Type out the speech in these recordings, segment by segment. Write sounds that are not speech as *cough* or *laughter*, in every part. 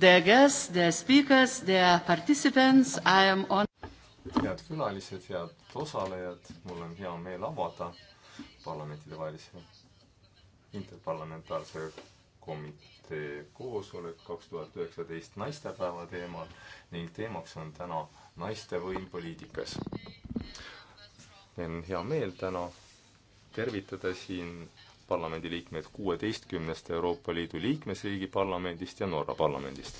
their guests, their speakers, their participants, I am on. head külalised, head osalejad, mul on hea meel avada parlamentidevahelise interparlamentaarse komitee koosolek kaks tuhat üheksateist naistepäeva teemal ning teemaks on täna naiste võim poliitikas. meil on hea meel täna tervitada siin parlamendiliikmed kuueteistkümnest Euroopa Liidu liikmesriigi parlamendist ja Norra parlamendist.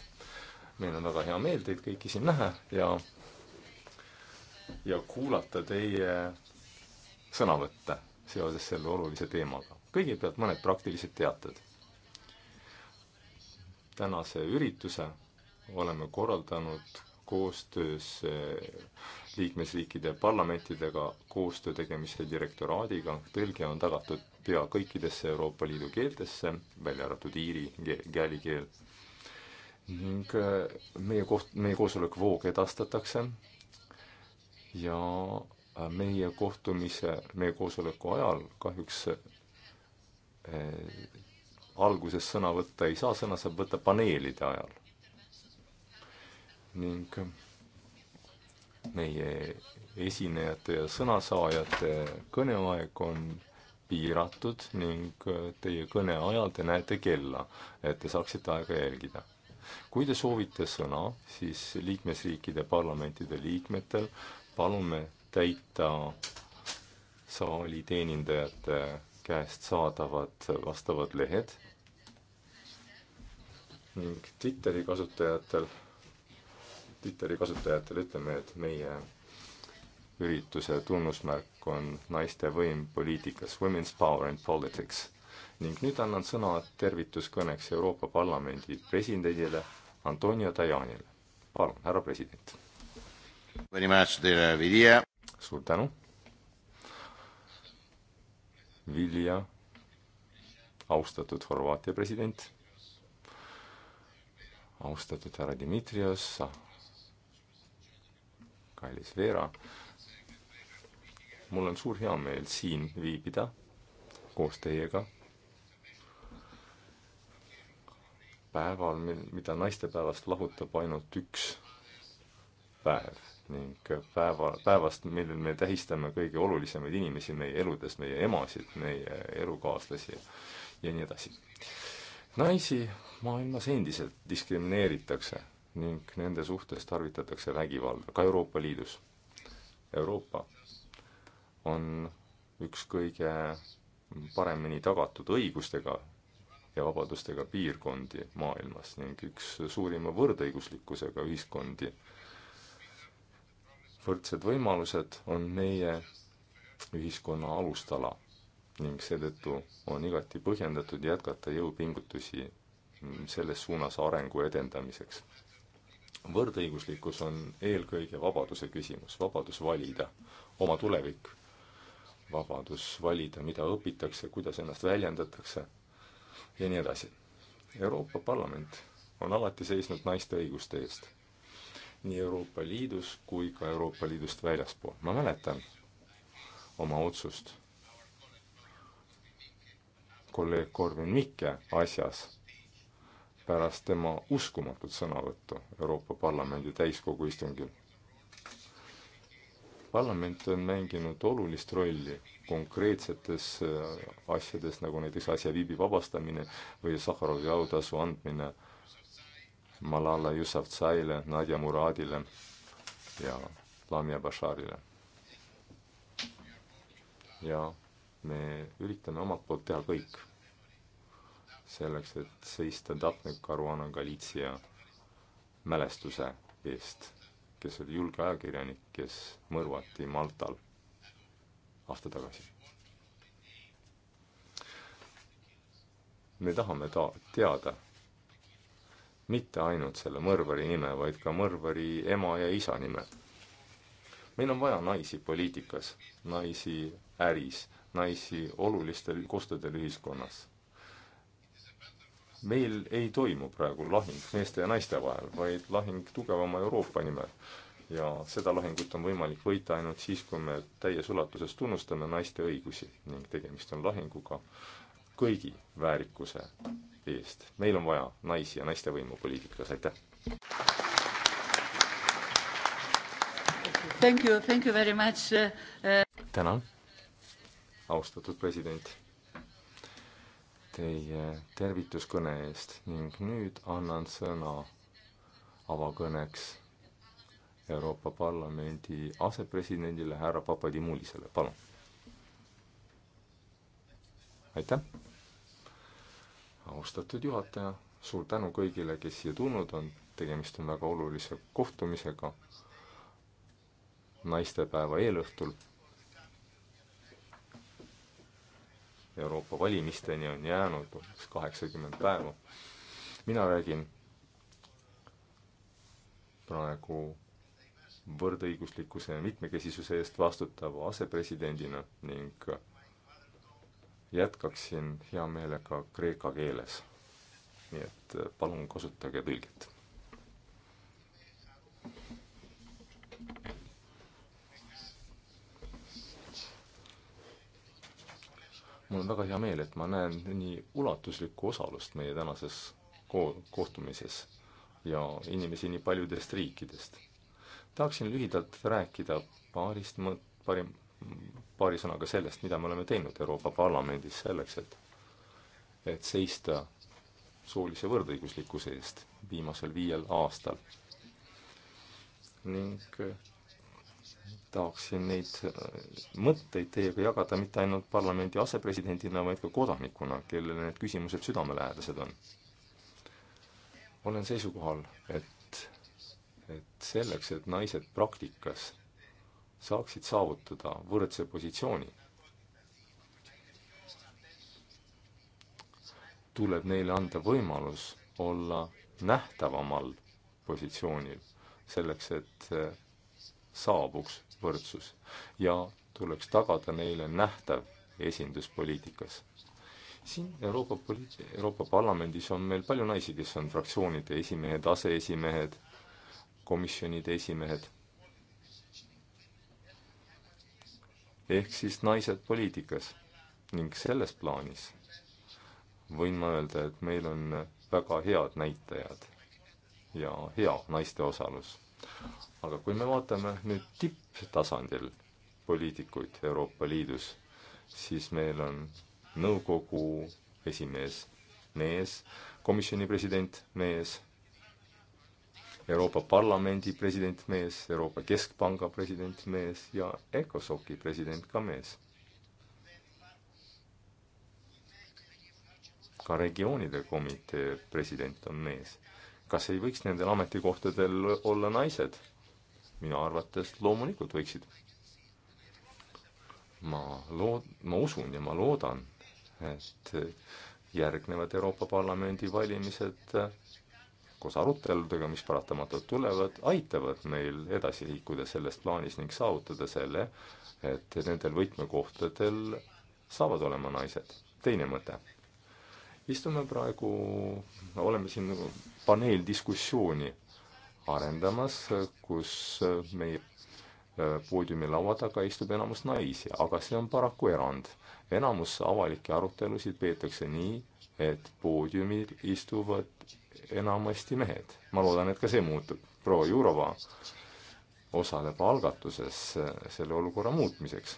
meil on väga hea meel teid kõiki siin näha ja ja kuulata teie sõnavõtte seoses selle olulise teemaga. kõigepealt mõned praktilised teated. tänase ürituse oleme korraldanud koostöös eh, liikmesriikide parlamentidega koostöö tegemise direktoraadiga. tõlge on tagatud pea kõikidesse Euroopa Liidu keeltesse, välja arvatud iiri, gääli keel. ning eh, meie koht, meie koosolek voog edastatakse ja eh, meie kohtumise, meie koosoleku ajal kahjuks alguses sõna võtta ei saa, sõna saab võtta paneelide ajal ning meie esinejate ja sõnasaajate kõneaeg on piiratud ning teie kõne ajal te näete kella, et te saaksite aega jälgida. kui te soovite sõna, siis liikmesriikide parlamentide liikmetel palume täita saali teenindajate käest saadavad vastavad lehed ning Twitteri kasutajatel Twitteri kasutajatele ütleme, et meie ürituse tunnusmärk on naiste võim poliitikas, Women's Power in Politics. ning nüüd annan sõna tervituskõneks Euroopa Parlamendi presidendile Antonio Tajanile. palun, härra president. suur tänu. Vilja, austatud Horvaatia president, austatud härra Dimitrios, kallis Veera. mul on suur heameel siin viibida koos teiega. päeval, mil, mida naistepäevast lahutab ainult üks päev ning päeva, päevast, millel me tähistame kõige olulisemaid inimesi meie eludes, meie emasid, meie elukaaslasi ja nii edasi. naisi maailmas endiselt diskrimineeritakse ning nende suhtes tarvitatakse vägivalda, ka Euroopa Liidus. Euroopa on üks kõige paremini tagatud õigustega ja vabadustega piirkondi maailmas ning üks suurima võrdõiguslikkusega ühiskondi. võrdsed võimalused on meie ühiskonna alustala ning seetõttu on igati põhjendatud jätkata jõupingutusi selles suunas arengu edendamiseks võrdõiguslikkus on eelkõige vabaduse küsimus, vabadus valida oma tulevik, vabadus valida, mida õpitakse, kuidas ennast väljendatakse ja nii edasi. Euroopa Parlament on alati seisnud naiste õiguste eest, nii Euroopa Liidus kui ka Euroopa Liidust väljaspool. ma mäletan oma otsust kolleeg Korvin Mikke asjas pärast tema uskumatut sõnavõttu Euroopa Parlamendi täiskogu istungil. parlament on mänginud olulist rolli konkreetsetes äh, asjades, nagu näiteks asja viibi vabastamine või Sahharovi autasu andmine Malala Yousafzaile, Nadja Muradile ja Lamia Basharile. ja me üritame omalt poolt teha kõik selleks, et seista Daphne Caruana Galizia mälestuse eest, kes oli julge ajakirjanik, kes mõrvati Maltal aasta tagasi. me tahame ta-, teada mitte ainult selle mõrvari nime, vaid ka mõrvari ema ja isa nime. meil on vaja naisi poliitikas, naisi äris, naisi olulistel kohtadel ühiskonnas meil ei toimu praegu lahing meeste ja naiste vahel, vaid lahing tugevama Euroopa nimel. ja seda lahingut on võimalik võita ainult siis, kui me täies ulatuses tunnustame naiste õigusi ning tegemist on lahinguga kõigi väärikuse eest. meil on vaja naisi ja naiste võimu poliitikas, aitäh! Thank you, thank you very much uh,. uh tänan, austatud president teie tervituskõne eest ning nüüd annan sõna avakõneks Euroopa Parlamendi asepresidendile härra Papadimulisele, palun. aitäh, austatud juhataja, suur tänu kõigile, kes siia tulnud on, tegemist on väga olulise kohtumisega naistepäeva eelõhtul Euroopa valimisteni on jäänud umbes kaheksakümmend päeva. mina räägin praegu võrdõiguslikkuse ja mitmekesisuse eest vastutava asepresidendina ning jätkaksin hea meelega kreeka keeles. nii et palun kasutage tõlget mul on väga hea meel, et ma näen nii ulatuslikku osalust meie tänases ko-, kohtumises ja inimesi nii paljudest riikidest. tahaksin lühidalt rääkida paarist mõ-, parim, paari sõnaga sellest, mida me oleme teinud Euroopa Parlamendis selleks, et et seista soolise võrdõiguslikkuse eest viimasel viiel aastal. ning tahaksin neid äh, mõtteid teiega jagada mitte ainult parlamendi asepresidendina, vaid ka kodanikuna, kellele need küsimused südamelähedased on. olen seisukohal, et, et selleks, et naised praktikas saaksid saavutada võrdse positsiooni, tuleb neile anda võimalus olla nähtavamal positsioonil, selleks et äh, saabuks võrdsus ja tuleks tagada neile nähtav esinduspoliitikas. siin Euroopa poliit-, Euroopa Parlamendis on meil palju naisi, kes on fraktsioonide esimehed, aseesimehed, komisjonide esimehed, ehk siis naised poliitikas. ning selles plaanis võin ma öelda, et meil on väga head näitajad ja hea naiste osalus aga kui me vaatame nüüd tipptasandil poliitikuid Euroopa Liidus, siis meil on nõukogu esimees mees, komisjoni president mees, Euroopa Parlamendi president mees, Euroopa Keskpanga president mees ja ECOSOC-i president ka mees. ka regioonide komitee president on mees kas ei võiks nendel ametikohtadel olla naised? minu arvates loomulikult võiksid. ma lood-, ma usun ja ma loodan, et järgnevad Euroopa Parlamendi valimised koos aruteludega, mis paratamatult tulevad, aitavad meil edasi liikuda selles plaanis ning saavutada selle, et nendel võtmekohtadel saavad olema naised. teine mõte. istume praegu, oleme siin paneeldiskussiooni arendamas, kus meie äh, poodiumi laua taga istub enamus naisi, aga see on paraku erand. enamus avalikke arutelusid peetakse nii, et poodiumil istuvad enamasti mehed. ma loodan, et ka see muutub. proua Jurova osaleb algatuses äh, selle olukorra muutmiseks.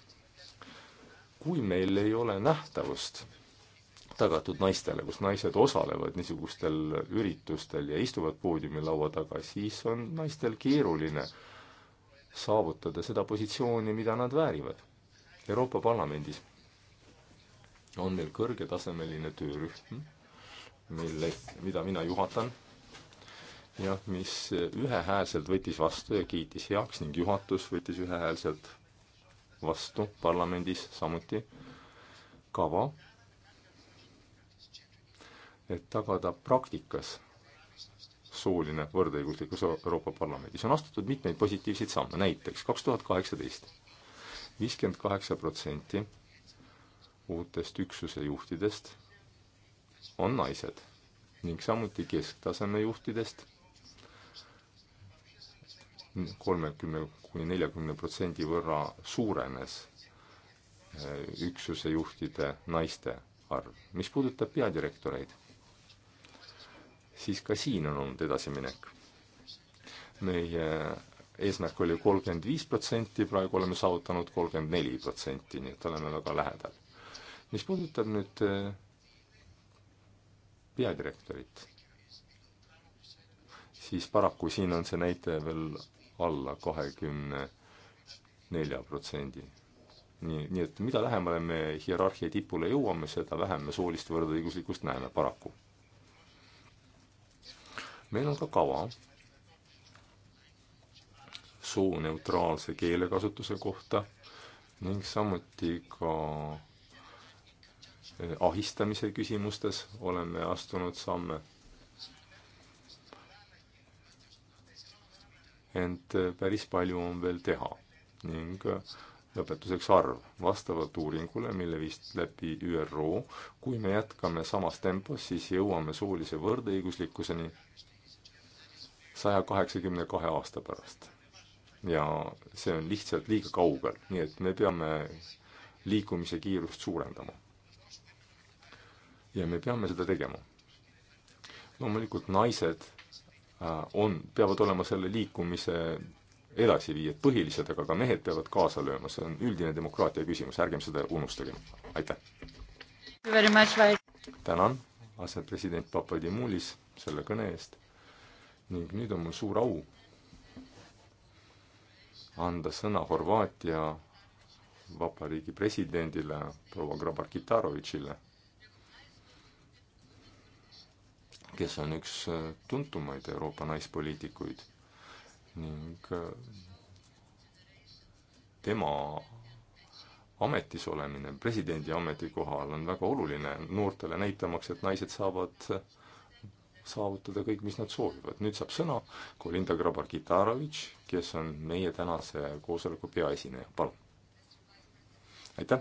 kui meil ei ole nähtavust tagatud naistele, kus naised osalevad niisugustel üritustel ja istuvad poodiumi laua taga, siis on naistel keeruline saavutada seda positsiooni, mida nad väärivad. Euroopa Parlamendis on meil kõrgetasemeline töörühm, mille, mida mina juhatan ja mis ühehäälselt võttis vastu ja kiitis heaks ning juhatus võttis ühehäälselt vastu parlamendis samuti kava, et tagada praktikas sooline võrdõiguslikkus Euroopa Parlamendis. on astutud mitmeid positiivseid samme, näiteks kaks tuhat kaheksateist viiskümmend kaheksa protsenti uutest üksuse juhtidest on naised ning samuti kesktaseme juhtidest kolmekümne kuni neljakümne protsendi võrra suurenes eh, üksuse juhtide naiste arv. mis puudutab peadirektoreid siis ka siin on olnud edasiminek. meie eesmärk oli kolmkümmend viis protsenti, praegu oleme saavutanud kolmkümmend neli protsenti, nii et oleme väga lähedal. mis puudutab nüüd eh, peadirektorit, siis paraku siin on see näitaja veel alla kahekümne nelja protsendi. nii, nii et mida lähemale me hierarhia tipule jõuame, seda vähem me soolist võrdõiguslikkust näeme paraku meil on ka kava sooneutraalse keelekasutuse kohta ning samuti ka eh, ahistamise küsimustes oleme astunud samme. ent eh, päris palju on veel teha ning eh, lõpetuseks arv. vastavalt uuringule, mille vist läbi ÜRO, kui me jätkame samas tempos, siis jõuame soolise võrdõiguslikkuseni saja kaheksakümne kahe aasta pärast. ja see on lihtsalt liiga kaugel, nii et me peame liikumise kiirust suurendama. ja me peame seda tegema. loomulikult naised äh, on, peavad olema selle liikumise edasiviijad põhilised, aga ka mehed peavad kaasa lööma, see on üldine demokraatia küsimus, ärgem seda unustagem, aitäh! tänan, asepresident Papadimulis selle kõne eest ning nüüd on mul suur au anda sõna Horvaatia vabariigi presidendile proua Grabar-Kitarovitšile, kes on üks äh, tuntumaid Euroopa naispoliitikuid ning äh, tema ametis olemine presidendi ametikohal on väga oluline noortele näitamaks, et naised saavad äh, saavutada kõik, mis nad soovivad. nüüd saab sõna Kolinda Grabar-Kitarovitš, kes on meie tänase koosoleku peaesineja, palun. aitäh,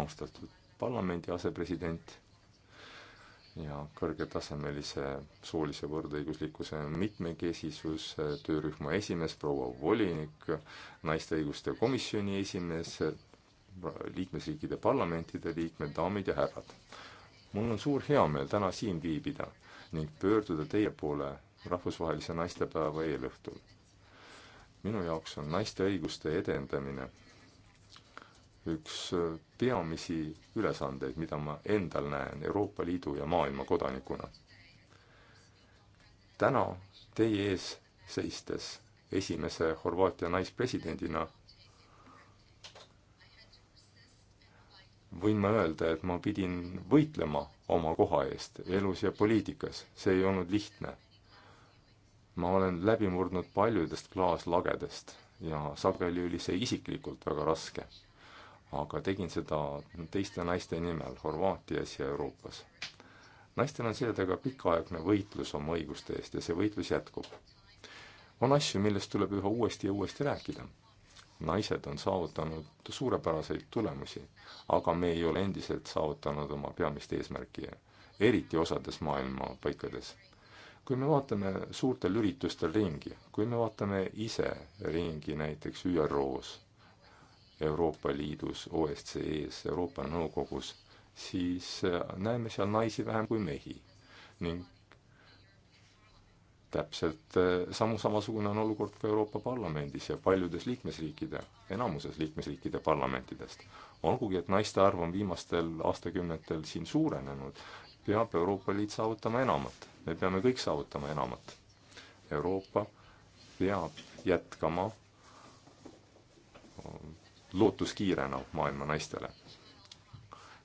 austatud parlamendi asepresident ja kõrgetasemelise soolise võrdõiguslikkuse mitmekesisuse töörühma esimees, proua volinik, naiste õiguste komisjoni esimees, liikmesriikide parlamentide liikmed, daamid ja härrad. mul on suur heameel täna siin viibida ning pöörduda teie poole rahvusvahelise naistepäeva eelõhtul. minu jaoks on naiste õiguste edendamine üks äh, peamisi ülesandeid, mida ma endal näen Euroopa Liidu ja maailma kodanikuna. täna teie ees seistes esimese Horvaatia naispresidendina võin ma öelda, et ma pidin võitlema oma koha eest elus ja poliitikas, see ei olnud lihtne. ma olen läbi murdnud paljudest klaaslagedest ja sageli oli see isiklikult väga raske. aga tegin seda teiste naiste nimel Horvaatias ja Euroopas. naistel on selja taga pikaaegne võitlus oma õiguste eest ja see võitlus jätkub. on asju, millest tuleb üha uuesti ja uuesti rääkida naised on saavutanud suurepäraseid tulemusi, aga me ei ole endiselt saavutanud oma peamist eesmärki, eriti osades maailma paikades. kui me vaatame suurtel üritustel ringi, kui me vaatame ise ringi näiteks ÜRO-s, Euroopa Liidus, OSCE-s, Euroopa Nõukogus, siis näeme seal naisi vähem kui mehi ning täpselt eh, samu, samasugune on olukord ka Euroopa Parlamendis ja paljudes liikmesriikide, enamuses liikmesriikide parlamentidest. olgugi, et naiste arv on viimastel aastakümnetel siin suurenenud, peab Euroopa Liit saavutama enamat. me peame kõik saavutama enamat. Euroopa peab jätkama eh, lootuskiirena maailma naistele.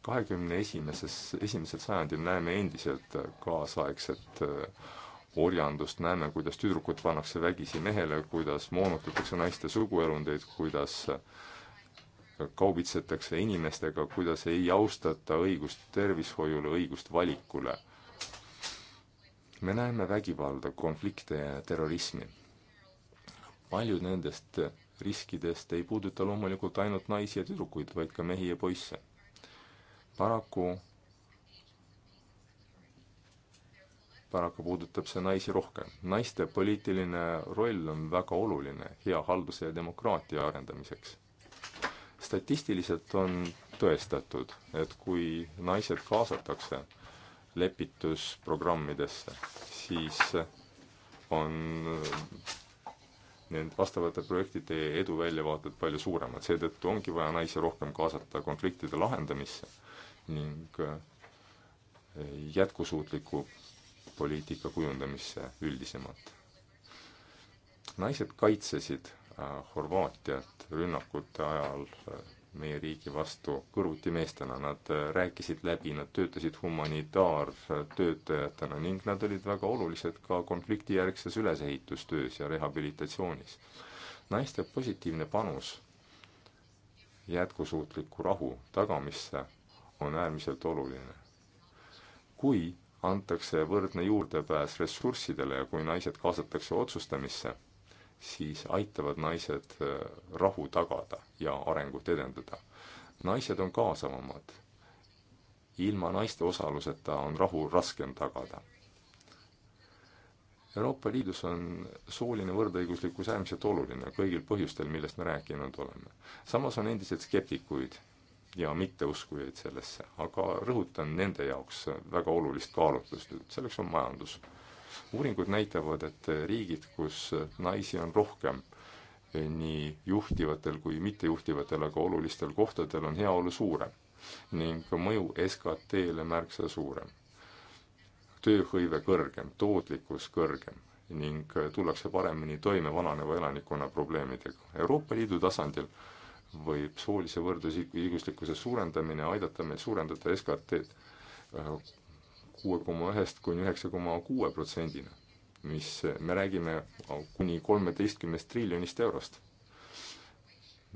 kahekümne esimeses, esimesel sajandil näeme endiselt eh, kaasaegset äh, orjandust, näeme, kuidas tüdrukud pannakse vägisi mehele, kuidas moonutatakse naiste suguelundeid, kuidas kaubitsetakse inimestega, kuidas ei austata õigust tervishoiule, õigust valikule. me näeme vägivalda, konflikte ja terrorismi. paljud nendest riskidest ei puuduta loomulikult ainult naisi ja tüdrukuid, vaid ka mehi ja poisse. paraku paraku puudutab see naisi rohkem. naiste poliitiline roll on väga oluline hea halduse ja demokraatia arendamiseks. statistiliselt on tõestatud, et kui naised kaasatakse lepitusprogrammidesse, siis on need vastavate projektide edu väljavaated palju suuremad, seetõttu ongi vaja naisi rohkem kaasata konfliktide lahendamisse ning jätkusuutliku poliitika kujundamisse üldisemalt. naised kaitsesid äh, Horvaatiat rünnakute ajal äh, meie riigi vastu kõrvuti meestena, nad äh, rääkisid läbi, nad töötasid humanitaartöötajatena ning nad olid väga olulised ka konfliktijärgses ülesehitustöös ja rehabilitatsioonis. naiste positiivne panus jätkusuutliku rahu tagamisse on äärmiselt oluline. kui antakse võrdne juurdepääs ressurssidele ja kui naised kaasatakse otsustamisse, siis aitavad naised äh, rahu tagada ja arengut edendada. naised on kaasavamad. ilma naiste osaluseta on rahu raskem tagada. Euroopa Liidus on sooline võrdõiguslikkus äärmiselt oluline kõigil põhjustel, millest me rääkinud oleme. samas on endiselt skeptikuid ja mitteuskujaid sellesse, aga rõhutan nende jaoks väga olulist kaalutlust, selleks on majandus. uuringud näitavad, et riigid, kus naisi on rohkem, nii juhtivatel kui mittejuhtivatel, aga olulistel kohtadel on heaolu suurem ning mõju SKT-le märksa suurem. tööhõive kõrgem, tootlikkus kõrgem ning tullakse paremini toime vananeva elanikkonna probleemidega. Euroopa Liidu tasandil võib soolise võrdõiguslikkuse suurendamine aidata meil suurendada SKT-d äh, kuue koma ühest kuni üheksa koma kuue protsendini, mis, äh, me räägime äh, kuni kolmeteistkümnest triljonist eurost.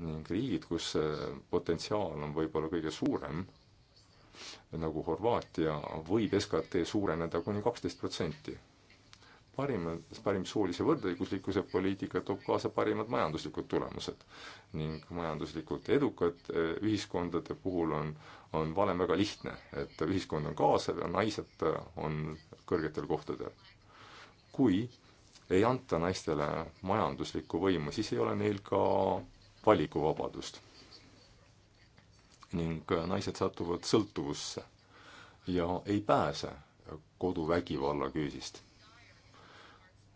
ning riigid, kus potentsiaal on võib-olla kõige suurem, nagu Horvaatia, võib SKT suureneda kuni kaksteist protsenti parim, parim soolise võrdõiguslikkuse poliitika toob kaasa parimad majanduslikud tulemused. ning majanduslikult edukad eh, ühiskondade puhul on, on valem väga lihtne, et ühiskond on kaasav ja naised eh, on kõrgetel kohtadel. kui ei anta naistele majanduslikku võimu, siis ei ole neil ka valikuvabadust. ning eh, naised satuvad sõltuvusse ja ei pääse koduvägivalla küüsist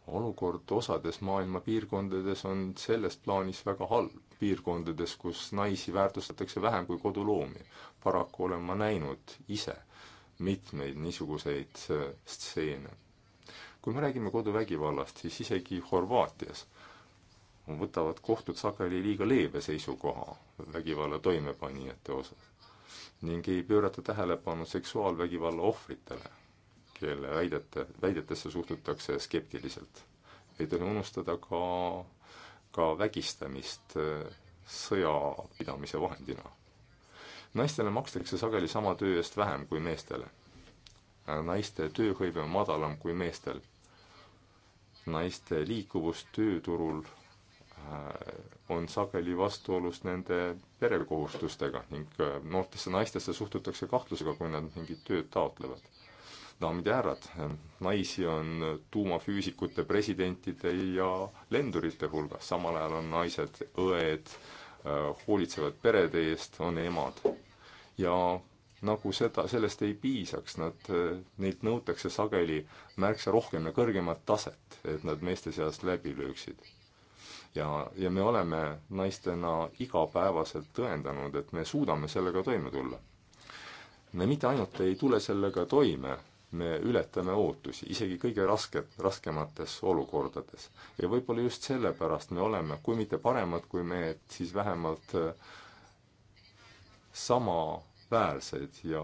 olukord osades maailma piirkondades on selles plaanis väga halb, piirkondades, kus naisi väärtustatakse vähem kui koduloomi. paraku olen ma näinud ise mitmeid niisuguseid äh, stseene. kui me räägime koduvägivallast, siis isegi Horvaatias võtavad kohtud sageli liiga leebe seisukoha vägivalla toimepanijate osas ning ei pöörata tähelepanu seksuaalvägivalla ohvritele kelle väidete, väidetesse suhtutakse skeptiliselt. ei tohi unustada ka, ka vägistamist äh, sõjapidamise vahendina. naistele makstakse sageli sama töö eest vähem kui meestele. Äh, naiste tööhõive on madalam kui meestel. naiste liikuvus tööturul äh, on sageli vastuolus nende perekohustustega ning noortesse naistesse suhtutakse kahtlusega, kui nad mingit tööd taotlevad daamid ja härrad, naisi on tuumafüüsikute, presidentide ja lendurite hulgas, samal ajal on naised õed, äh, hoolitsevad perede eest, on emad. ja nagu seda, sellest ei piisaks, nad, äh, neilt nõutakse sageli märksa rohkem ja kõrgemat taset, et nad meeste seast läbi lööksid. ja, ja me oleme naistena igapäevaselt tõendanud, et me suudame sellega toime tulla. me mitte ainult ei tule sellega toime, me ületame ootusi, isegi kõige raske, raskemates olukordades. ja võib-olla just sellepärast me oleme, kui mitte paremad kui me, et siis vähemalt äh, samaväärsed ja,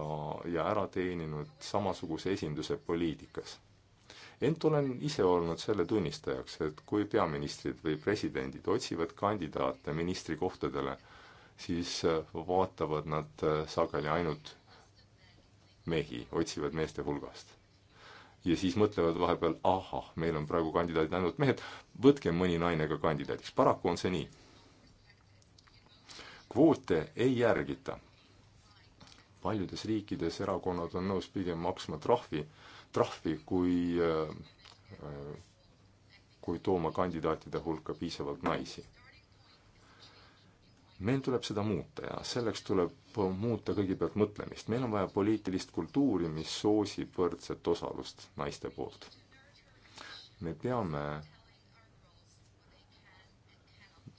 ja ära teeninud samasuguse esinduse poliitikas. ent olen ise olnud selle tunnistajaks, et kui peaministrid või presidendid otsivad kandidaate ministrikohtadele, siis äh, vaatavad nad äh, sageli ainult mehi, otsivad meeste hulgast. ja siis mõtlevad vahepeal, ahah, meil on praegu kandidaadid ainult mehed, võtke mõni naine ka kandidaadiks, paraku on see nii. kvoote ei järgita. paljudes riikides erakonnad on nõus pigem maksma trahvi, trahvi kui, äh, äh, kui tooma kandidaatide hulka piisavalt naisi meil tuleb seda muuta ja selleks tuleb muuta kõigepealt mõtlemist. meil on vaja poliitilist kultuuri, mis soosib võrdset osalust naiste poolt. me peame,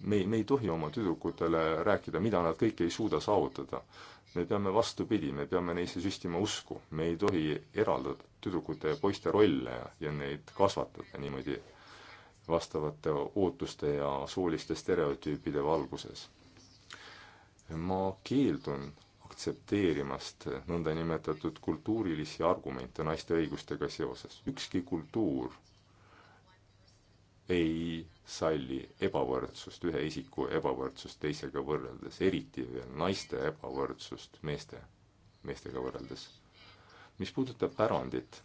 me ei, me ei tohi oma tüdrukutele rääkida, mida nad kõik ei suuda saavutada. me peame vastupidi, me peame neisse süstima usku, me ei tohi eraldada tüdrukute ja poiste rolle ja, ja neid kasvatada niimoodi vastavate ootuste ja sooliste stereotüüpide valguses ma keeldun aktsepteerimast nõndanimetatud kultuurilisi argumente naiste õigustega seoses. ükski kultuur ei salli ebavõrdsust, ühe isiku ebavõrdsust teisega võrreldes, eriti veel naiste ebavõrdsust meeste, meestega võrreldes. mis puudutab pärandit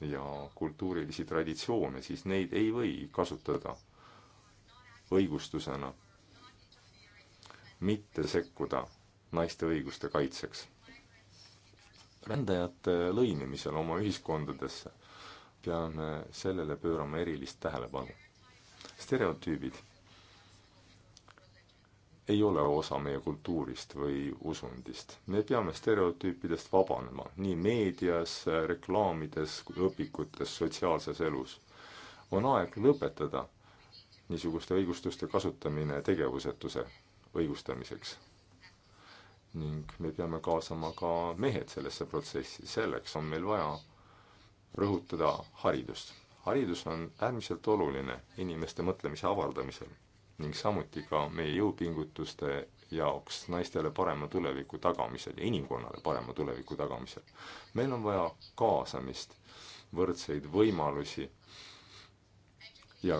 ja kultuurilisi traditsioone, siis neid ei või kasutada õigustusena mitte sekkuda naiste õiguste kaitseks. rändajate lõimimisel oma ühiskondadesse peame eh, sellele pöörama erilist tähelepanu. stereotüübid ei ole osa meie kultuurist või usundist. me peame stereotüüpidest vabanema nii meedias, reklaamides, õpikutes, sotsiaalses elus. on aeg lõpetada niisuguste õigustuste kasutamine tegevusetuse õigustamiseks. ning me peame kaasama ka mehed sellesse protsessi, selleks on meil vaja rõhutada haridust. haridus on äärmiselt oluline inimeste mõtlemise avardamisel ning samuti ka meie jõupingutuste jaoks naistele parema tuleviku tagamisel ja inimkonnale parema tuleviku tagamisel. meil on vaja kaasamist, võrdseid võimalusi ja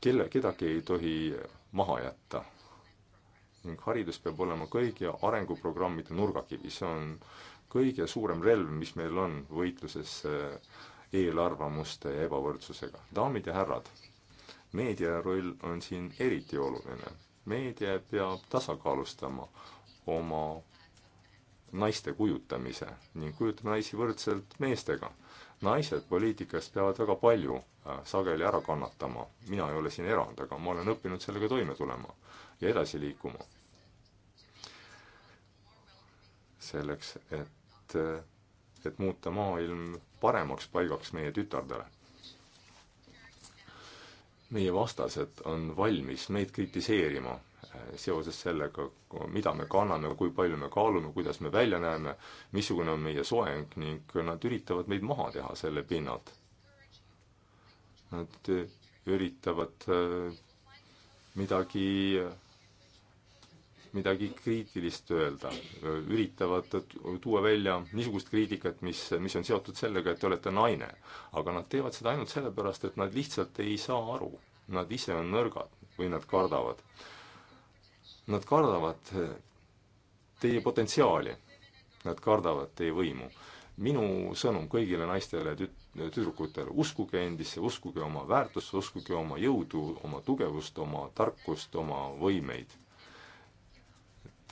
kelle, kedagi ei tohi maha jätta ning haridus peab olema kõigi arenguprogrammide nurgakivi, see on kõige suurem relv, mis meil on võitluses äh, eelarvamuste ja ebavõrdsusega. daamid ja härrad, meedia roll on siin eriti oluline. meedia peab tasakaalustama oma naiste kujutamise ning kujutama naisi võrdselt meestega. naised poliitikas peavad väga palju äh, sageli ära kannatama, mina ei ole siin erand, aga ma olen õppinud sellega toime tulema ja edasi liikuma. selleks, et, et muuta maailm paremaks paigaks meie tütardele. meie vastased on valmis meid kritiseerima eh, seoses sellega, mida me kanname, kui palju me kaalume, kuidas me välja näeme, missugune on meie soeng ning nad üritavad meid maha teha selle pinnalt. Nad eh, üritavad eh, midagi midagi kriitilist öelda, üritavad tuua välja niisugust kriitikat, mis, mis on seotud sellega, et te olete naine. aga nad teevad seda ainult sellepärast, et nad lihtsalt ei saa aru. Nad ise on nõrgad või nad kardavad. Nad kardavad teie potentsiaali. Nad kardavad teie võimu. minu sõnum kõigile naistele tüt-, tüdrukutele, uskuge endisse, uskuge oma väärtusse, uskuge oma jõudu, oma tugevust, oma tarkust, oma võimeid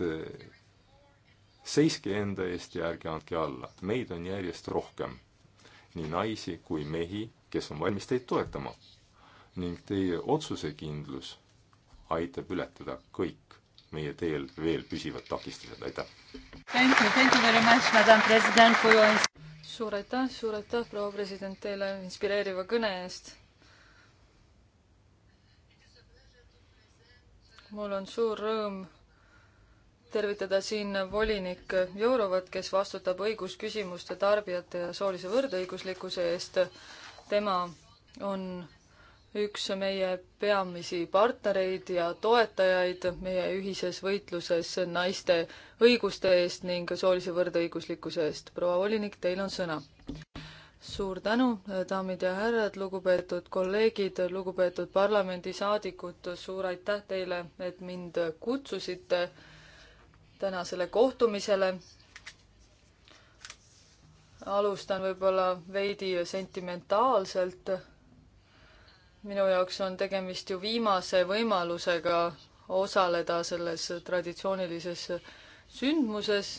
Eh, seiske enda eest ja ärge andke alla. meid on järjest rohkem, nii naisi kui mehi, kes on valmis teid toetama. ning teie otsusekindlus aitab ületada kõik meie teel veel püsivad takistused, aitäh! suur aitäh, suur aitäh, proua president, teile inspireeriva kõne eest! mul on suur rõõm tervitada siin volinik Jourovat, kes vastutab õigusküsimuste tarbijate ja soolise võrdõiguslikkuse eest. tema on üks meie peamisi partnereid ja toetajaid meie ühises võitluses naiste õiguste eest ning soolise võrdõiguslikkuse eest. proua volinik, teil on sõna. suur tänu, daamid ja härrad, lugupeetud kolleegid, lugupeetud parlamendisaadikud, suur aitäh teile, et mind kutsusite tänasele kohtumisele. alustan võib-olla veidi sentimentaalselt. minu jaoks on tegemist ju viimase võimalusega osaleda selles traditsioonilises sündmuses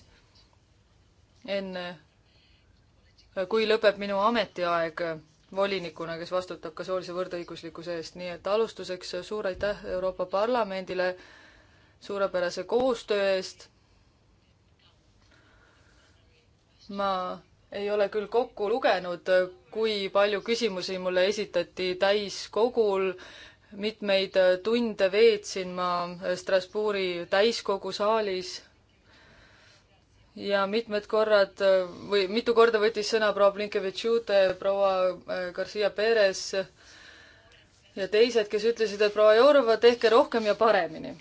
enne, kui lõpeb minu ametiaeg volinikuna, kes vastutab ka soolise võrdõiguslikkuse eest, nii et alustuseks suur aitäh Euroopa Parlamendile suurepärase koostöö eest. ma ei ole küll kokku lugenud, kui palju küsimusi mulle esitati täiskogul. mitmeid tunde veetsin ma Strasbourgi täiskogu saalis. ja mitmed korrad või mitu korda võttis sõna proua Blinkevitš-Jute, proua äh, Garcia Perez ja teised, kes ütlesid, et proua Jourova, tehke rohkem ja paremini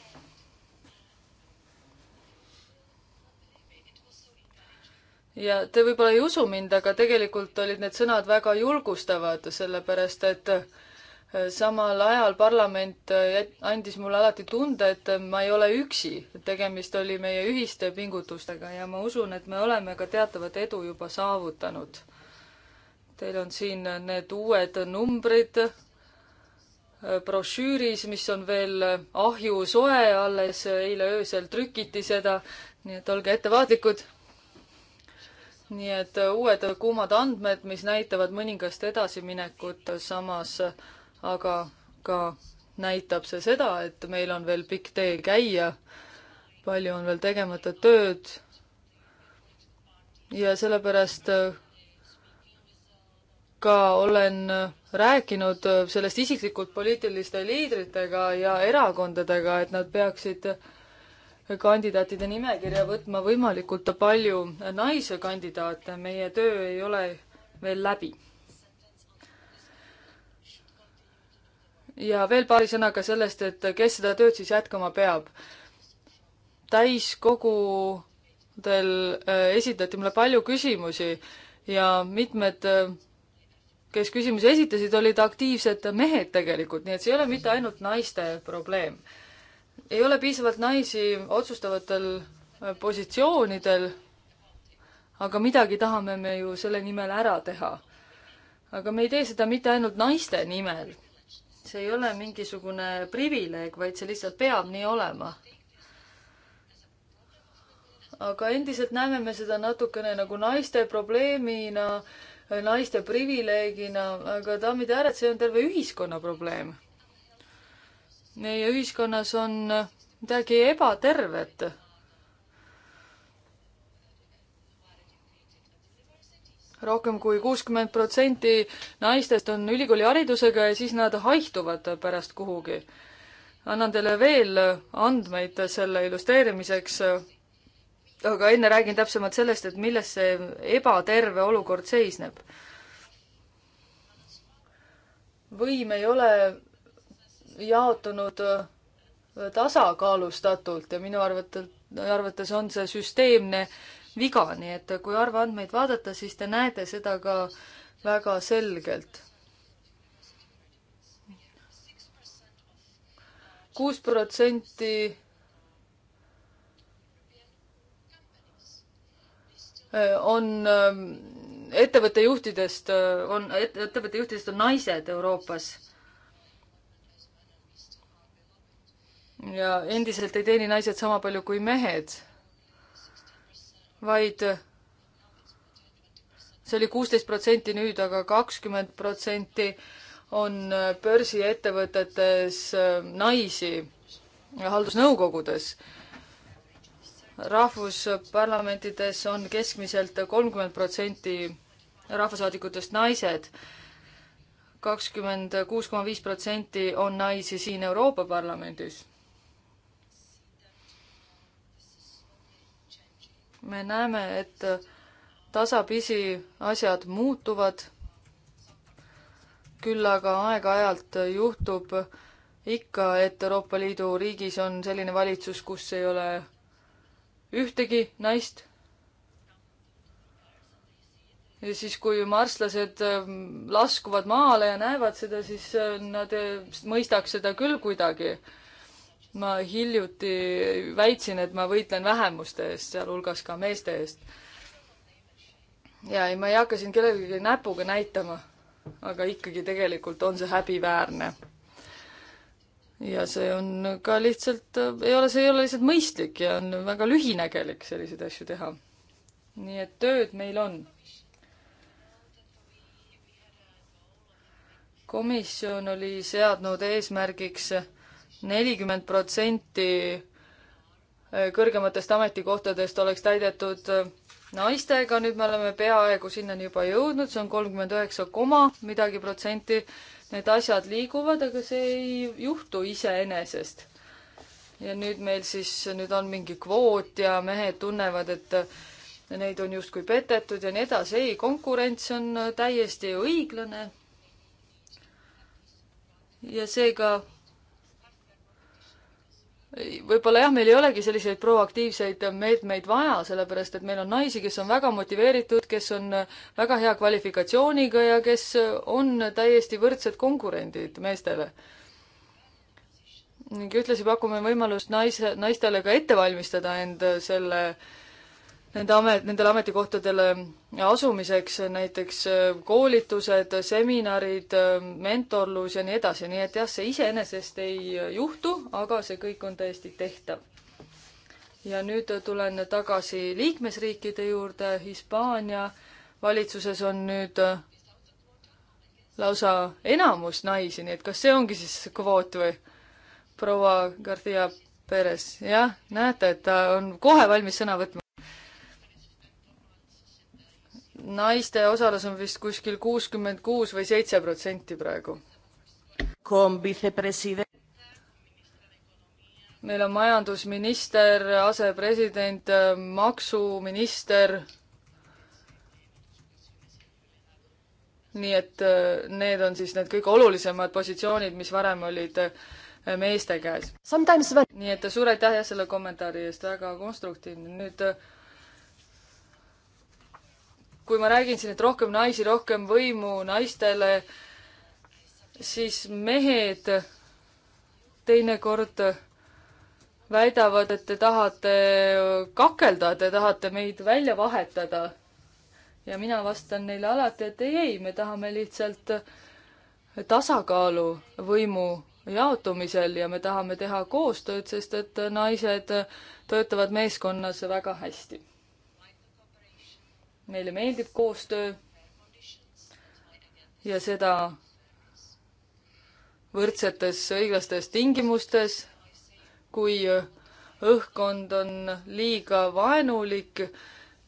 ja te võib-olla ei usu mind, aga tegelikult olid need sõnad väga julgustavad, sellepärast et äh, samal ajal parlament äh, andis mulle alati tunde, et äh, ma ei ole üksi, tegemist oli meie ühiste pingutustega ja ma usun, et me oleme ka teatavat edu juba saavutanud. Teil on siin need uued numbrid brošüüris, mis on veel ahjusoe, alles eile öösel trükiti seda, nii et olge ettevaatlikud nii et äh, uued kuumad andmed, mis näitavad mõningast edasiminekut, äh, samas äh, aga ka näitab see seda, et meil on veel pikk tee käia, palju on veel tegemata tööd ja sellepärast ka olen rääkinud sellest isiklikult poliitiliste liidritega ja erakondadega, et nad peaksid äh, kandidaatide nimekirja võtma võimalikult palju naiskandidaate, meie töö ei ole veel läbi. ja veel paari sõnaga sellest, et kes seda tööd siis jätkama peab. täiskogudel äh, esitati mulle palju küsimusi ja mitmed, äh, kes küsimusi esitasid, olid aktiivsed mehed tegelikult, nii et see ei ole mitte ainult naiste probleem ei ole piisavalt naisi otsustavatel äh, positsioonidel, aga midagi tahame me ju selle nimel ära teha. aga me ei tee seda mitte ainult naiste nimel. see ei ole mingisugune privileeg, vaid see lihtsalt peab nii olema. aga endiselt näeme me seda natukene nagu naiste probleemina, naiste privileegina, aga daamid ja härrad, see on terve ühiskonna probleem meie ühiskonnas on äh, midagi ebatervet. rohkem kui kuuskümmend protsenti naistest on ülikooliharidusega ja siis nad haihtuvad pärast kuhugi. annan teile veel äh, andmeid selle illustreerimiseks. Äh, aga enne räägin täpsemalt sellest, et milles see ebaterve olukord seisneb. võim ei ole jaotunud äh, tasakaalustatult ja minu arvates, arvates on see süsteemne viga, nii et kui arvandmeid vaadata, siis te näete seda ka väga selgelt. kuus protsenti on ähm, ettevõtte juhtidest, äh, on ettevõtte juhtidest on naised Euroopas ja endiselt ei teeni naised sama palju kui mehed, vaid see oli kuusteist protsenti nüüd aga, aga kakskümmend protsenti on börsiettevõtetes äh, naisi haldusnõukogudes. rahvusparlamentides on keskmiselt kolmkümmend protsenti rahvasaadikutest naised, kakskümmend kuus koma viis protsenti on naisi siin Euroopa Parlamendis me näeme, et tasapisi asjad muutuvad, küll aga aeg-ajalt juhtub ikka, et Euroopa Liidu riigis on selline valitsus, kus ei ole ühtegi naist. ja siis, kui marslased ähm, laskuvad maale ja näevad seda, siis äh, nad äh, mõistaks seda küll kuidagi ma hiljuti väitsin, et ma võitlen vähemuste eest, sealhulgas ka meeste eest. ja ei, ma ei hakka siin kellelegi näpuga näitama, aga ikkagi tegelikult on see häbiväärne. ja see on ka lihtsalt, ei ole, see ei ole lihtsalt mõistlik ja on väga lühinägelik selliseid asju teha. nii et tööd meil on. komisjon oli seadnud eesmärgiks nelikümmend protsenti eh, kõrgematest ametikohtadest oleks täidetud eh, naistega, nüüd me oleme peaaegu sinnani juba jõudnud, see on kolmkümmend üheksa koma midagi protsenti. Need asjad liiguvad, aga see ei juhtu iseenesest. ja nüüd meil siis, nüüd on mingi kvoot ja mehed tunnevad, et eh, neid on justkui petetud ja nii edasi. ei, konkurents on täiesti õiglane. ja seega võib-olla jah, meil ei olegi selliseid proaktiivseid meetmeid vaja, sellepärast et meil on naisi, kes on väga motiveeritud, kes on väga hea kvalifikatsiooniga ja kes on täiesti võrdsed konkurendid meestele. ning ühtlasi pakume võimalust naise, naistele ka ette valmistada end selle äh, nende amet, nendele ametikohtadele asumiseks, näiteks äh, koolitused, seminarid, äh, mentorlus ja nii edasi, nii et jah, see iseenesest ei juhtu, aga see kõik on täiesti tehtav. ja nüüd tulen tagasi liikmesriikide juurde, Hispaania valitsuses on nüüd äh, lausa enamus naisi, nii et kas see ongi siis kvoot või? proua Garcia Perez, jah, näete, et ta on kohe valmis sõna võtma naiste osalus on vist kuskil kuuskümmend kuus või seitse protsenti praegu. meil on majandusminister, asepresident, maksuminister. nii et äh, need on siis need kõige olulisemad positsioonid, mis varem olid äh, meeste käes. nii et äh, suur aitäh jah selle kommentaari eest, väga konstruktiivne. nüüd äh, kui ma räägin siin, et rohkem naisi, rohkem võimu naistele, siis mehed teinekord väidavad, et te tahate kakelda, te tahate meid välja vahetada. ja mina vastan neile alati, et ei, ei, me tahame lihtsalt tasakaalu võimu jaotumisel ja me tahame teha koostööd, sest et naised töötavad meeskonnas väga hästi meile meeldib koostöö ja seda võrdsetes õiglastes tingimustes, kui õhkkond on liiga vaenulik,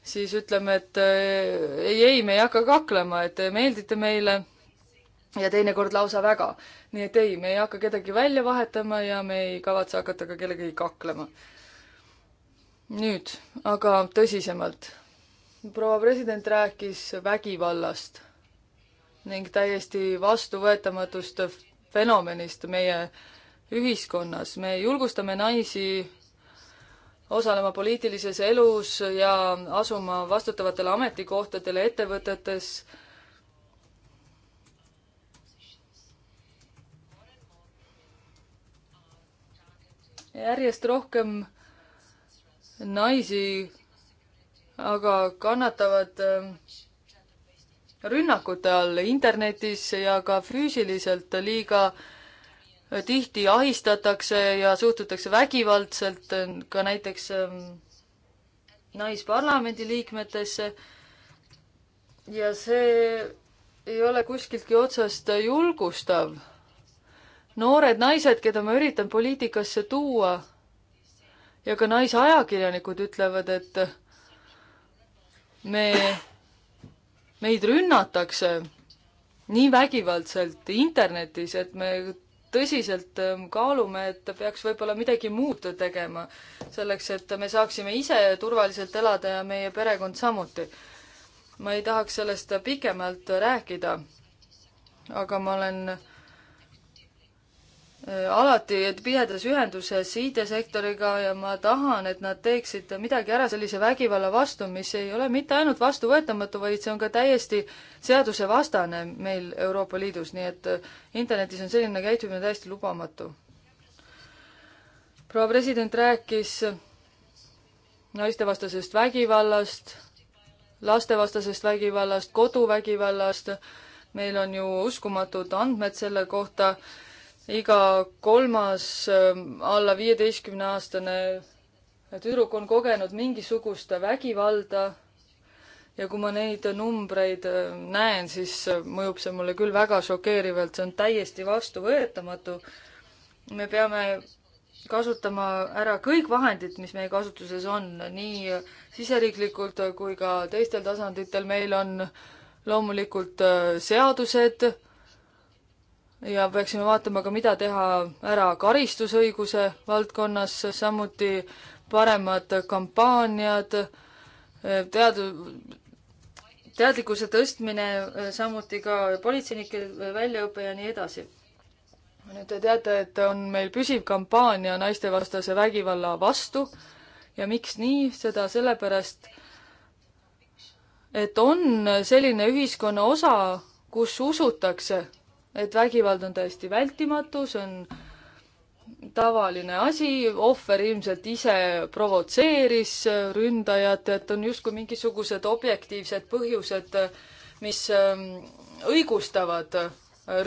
siis ütleme, et eh, ei, ei, me ei hakka kaklema, et te meeldite meile ja teinekord lausa väga. nii et ei, me ei hakka kedagi välja vahetama ja me ei kavatse hakata ka kellegagi kaklema. nüüd aga tõsisemalt proua president rääkis vägivallast ning täiesti vastuvõetamatust fenomenist meie ühiskonnas. me julgustame naisi osalema poliitilises elus ja asuma vastutavatele ametikohtadele ettevõtetes. järjest rohkem naisi aga kannatavad äh, rünnakute all internetis ja ka füüsiliselt liiga äh, tihti ahistatakse ja suhtutakse vägivaldselt äh, ka näiteks ähm, naisparlamendi liikmetesse. ja see ei ole kuskiltki otsast julgustav. noored naised, keda ma üritan poliitikasse tuua ja ka naisajakirjanikud ütlevad, et me, meid rünnatakse nii vägivaldselt internetis, et me tõsiselt ähm, kaalume, et peaks võib-olla midagi muud tegema, selleks et me saaksime ise turvaliselt elada ja meie perekond samuti. ma ei tahaks sellest pikemalt rääkida, aga ma olen äh, Äh, alati, et pidades ühenduses IT-sektoriga ja ma tahan, et nad teeksid midagi ära sellise vägivalla vastu, mis ei ole mitte ainult vastuvõetamatu, vaid see on ka täiesti seadusevastane meil Euroopa Liidus, nii et äh, internetis on selline käitumine täiesti lubamatu. proua president rääkis naistevastasest vägivallast, lastevastasest vägivallast, koduvägivallast, meil on ju uskumatud andmed selle kohta iga kolmas ähm, alla viieteistkümne aastane tüdruk on kogenud mingisugust vägivalda. ja kui ma neid numbreid ähm, näen, siis äh, mõjub see mulle küll väga šokeerivalt, see on täiesti vastuvõetamatu. me peame kasutama ära kõik vahendid, mis meie kasutuses on, nii siseriiklikult kui ka teistel tasanditel. meil on loomulikult äh, seadused ja peaksime vaatama ka, mida teha ära karistusõiguse valdkonnas, samuti paremad kampaaniad, teadu-, teadlikkuse tõstmine, samuti ka politseinike väljaõpe ja nii edasi. nüüd te teate, et on meil püsiv kampaania naistevastase vägivalla vastu ja miks nii, seda sellepärast, et on selline ühiskonna osa, kus usutakse et vägivald on täiesti vältimatu, see on tavaline asi, ohver ilmselt ise provotseeris ründajat, et on justkui mingisugused objektiivsed põhjused, mis ähm, õigustavad äh,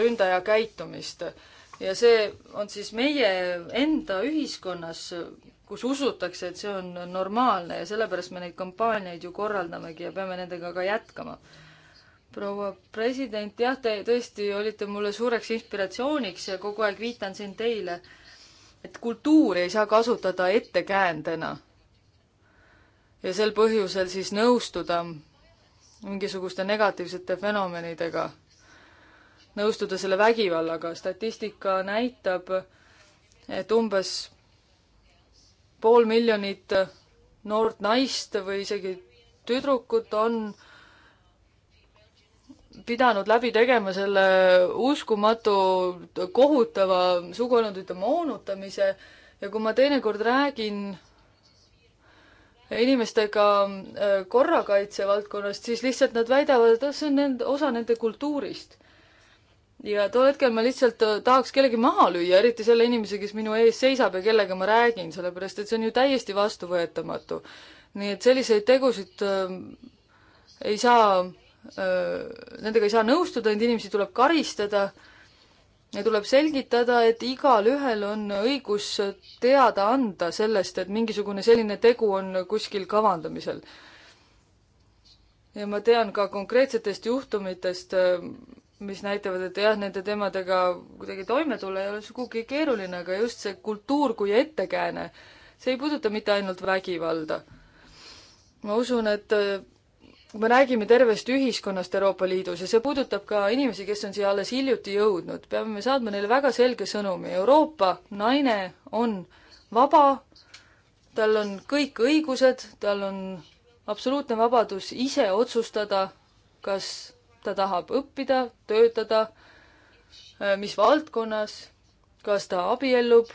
ründaja käitumist. ja see on siis meie enda ühiskonnas, kus usutakse, et see on normaalne ja sellepärast me neid kampaaniaid ju korraldamegi ja peame nendega ka jätkama proua president, jah, te tõesti olite mulle suureks inspiratsiooniks ja kogu aeg viitan siin teile, et kultuuri ei saa kasutada ettekäändena. ja sel põhjusel siis nõustuda mingisuguste negatiivsete fenomenidega, nõustuda selle vägivallaga. statistika näitab, et umbes pool miljonit noort naist või isegi tüdrukut on äh, pidanud läbi tegema selle uskumatu kohutava suguelundite moonutamise ja kui ma teinekord räägin inimestega äh, korrakaitse valdkonnast, siis lihtsalt nad väidavad, et noh, see on nende, osa nende kultuurist. ja tol hetkel ma lihtsalt äh, tahaks kellegi maha lüüa, eriti selle inimese, kes minu ees seisab ja kellega ma räägin, sellepärast et see on ju täiesti vastuvõetamatu. nii et selliseid tegusid äh, ei saa nendega ei saa nõustuda, neid inimesi tuleb karistada ja tuleb selgitada, et igalühel on õigus teada anda sellest, et mingisugune selline tegu on kuskil kavandamisel. ja ma tean ka konkreetsetest juhtumitest, mis näitavad, et jah, nende teemadega kuidagi toime tulla ei ole sugugi keeruline, aga just see kultuur kui ettekääne, see ei puuduta mitte ainult vägivalda. ma usun, et me räägime tervest ühiskonnast Euroopa Liidus ja see puudutab ka inimesi, kes on siia alles hiljuti jõudnud. peame saatma neile väga selge sõnumi. Euroopa naine on vaba, tal on kõik õigused, tal on absoluutne vabadus ise otsustada, kas ta tahab õppida, töötada, äh, mis valdkonnas, kas ta abiellub,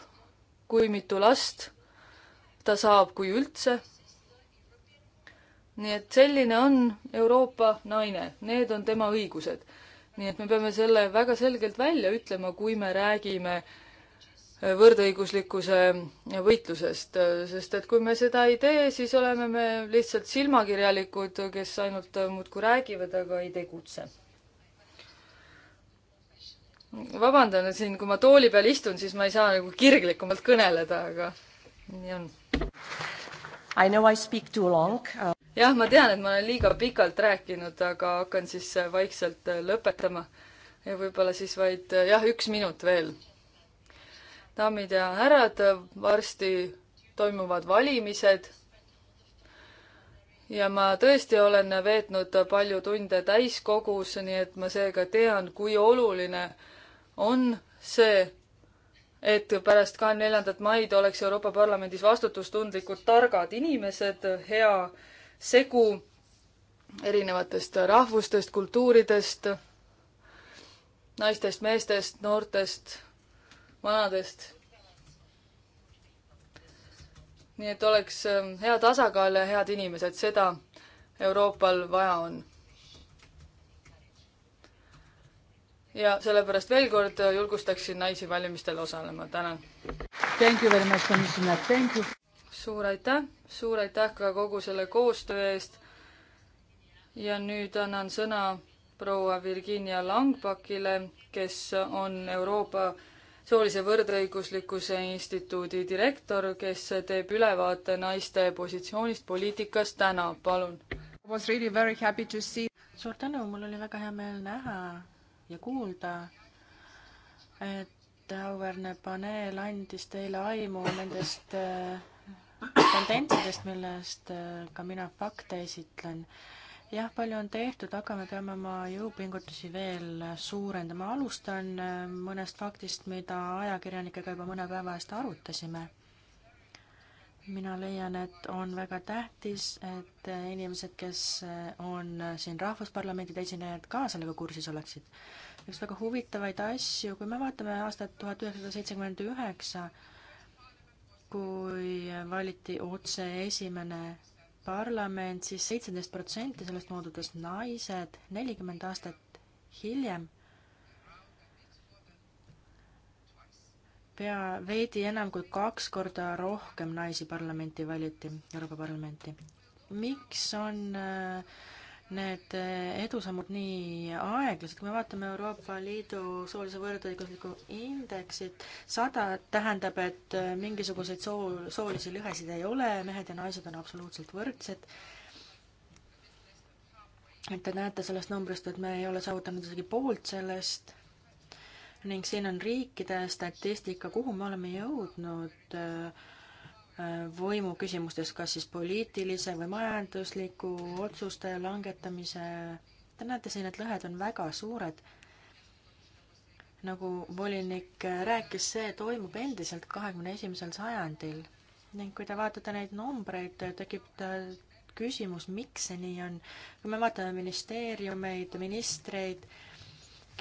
kui mitu last ta saab, kui üldse nii et selline on Euroopa naine, need on tema õigused. nii et me peame selle väga selgelt välja ütlema, kui me räägime äh, võrdõiguslikkuse äh, võitlusest, äh, sest et kui me seda ei tee, siis oleme me lihtsalt silmakirjalikud, kes ainult muudkui räägivad, aga ei tegutse. vabandan, et siin, kui ma tooli peal istun, siis ma ei saa nagu kirglikumalt kõneleda, aga nii on. I know I speak too long uh jah, ma tean, et ma olen liiga pikalt rääkinud, aga hakkan siis vaikselt lõpetama. ja võib-olla siis vaid jah, üks minut veel. daamid ja härrad, varsti toimuvad valimised. ja ma tõesti olen veetnud palju tunde täiskogus, nii et ma seega tean, kui oluline on see, et pärast kahekümne neljandat maid oleks Euroopa Parlamendis vastutustundlikud targad inimesed, hea segu erinevatest rahvustest, kultuuridest, naistest, meestest, noortest, vanadest. nii et oleks ähm, hea tasakaal ja head inimesed, seda Euroopal vaja on. ja sellepärast veel kord julgustaksin naisi valimistel osalema, tänan. Thank you very much, komisjonär, thank you suur aitäh, suur aitäh ka kogu selle koostöö eest. ja nüüd annan sõna proua Virginia Langbakile, kes on Euroopa soolise võrdõiguslikkuse instituudi direktor, kes teeb ülevaate naiste positsioonist poliitikas täna, palun. Really suur tänu, mul oli väga hea meel näha ja kuulda, et auväärne paneel andis teile aimu nendest äh, tendentsidest, millest äh, ka mina fakte esitlen. jah, palju on tehtud, aga me peame oma jõupingutusi veel suurendama. alustan äh, mõnest faktist, mida ajakirjanikega juba mõne päeva eest arutasime mina leian, et on väga tähtis, et äh, inimesed, kes on siin rahvusparlamendide esinejad, ka sellega kursis oleksid. üks väga huvitavaid asju, kui me vaatame aastat tuhat üheksasada seitsekümmend üheksa, kui valiti otse esimene parlament siis, siis seitseteist protsenti sellest moodudas naised, nelikümmend aastat hiljem pea veidi enam kui kaks korda rohkem naisi parlamenti valiti, Euroopa Parlamenti. miks on äh, need edusammud nii aeglased, kui me vaatame Euroopa Liidu soolise võrdõiguslikku indeksit, sada tähendab, et mingisuguseid soo, soolisi lõhesid ei ole, mehed ja naised on absoluutselt võrdsed. et te näete sellest numbrist, et me ei ole saavutanud isegi poolt sellest ning siin on riikide statistika, kuhu me oleme jõudnud äh, võimu küsimustes, kas siis poliitilise või majandusliku otsuste langetamise. Te näete siin, et lõhed on väga suured. nagu volinik rääkis, see toimub endiselt kahekümne esimesel sajandil ning kui te vaatate neid numbreid, tekib küsimus, miks see nii on. kui me vaatame ministeeriumeid, ministreid,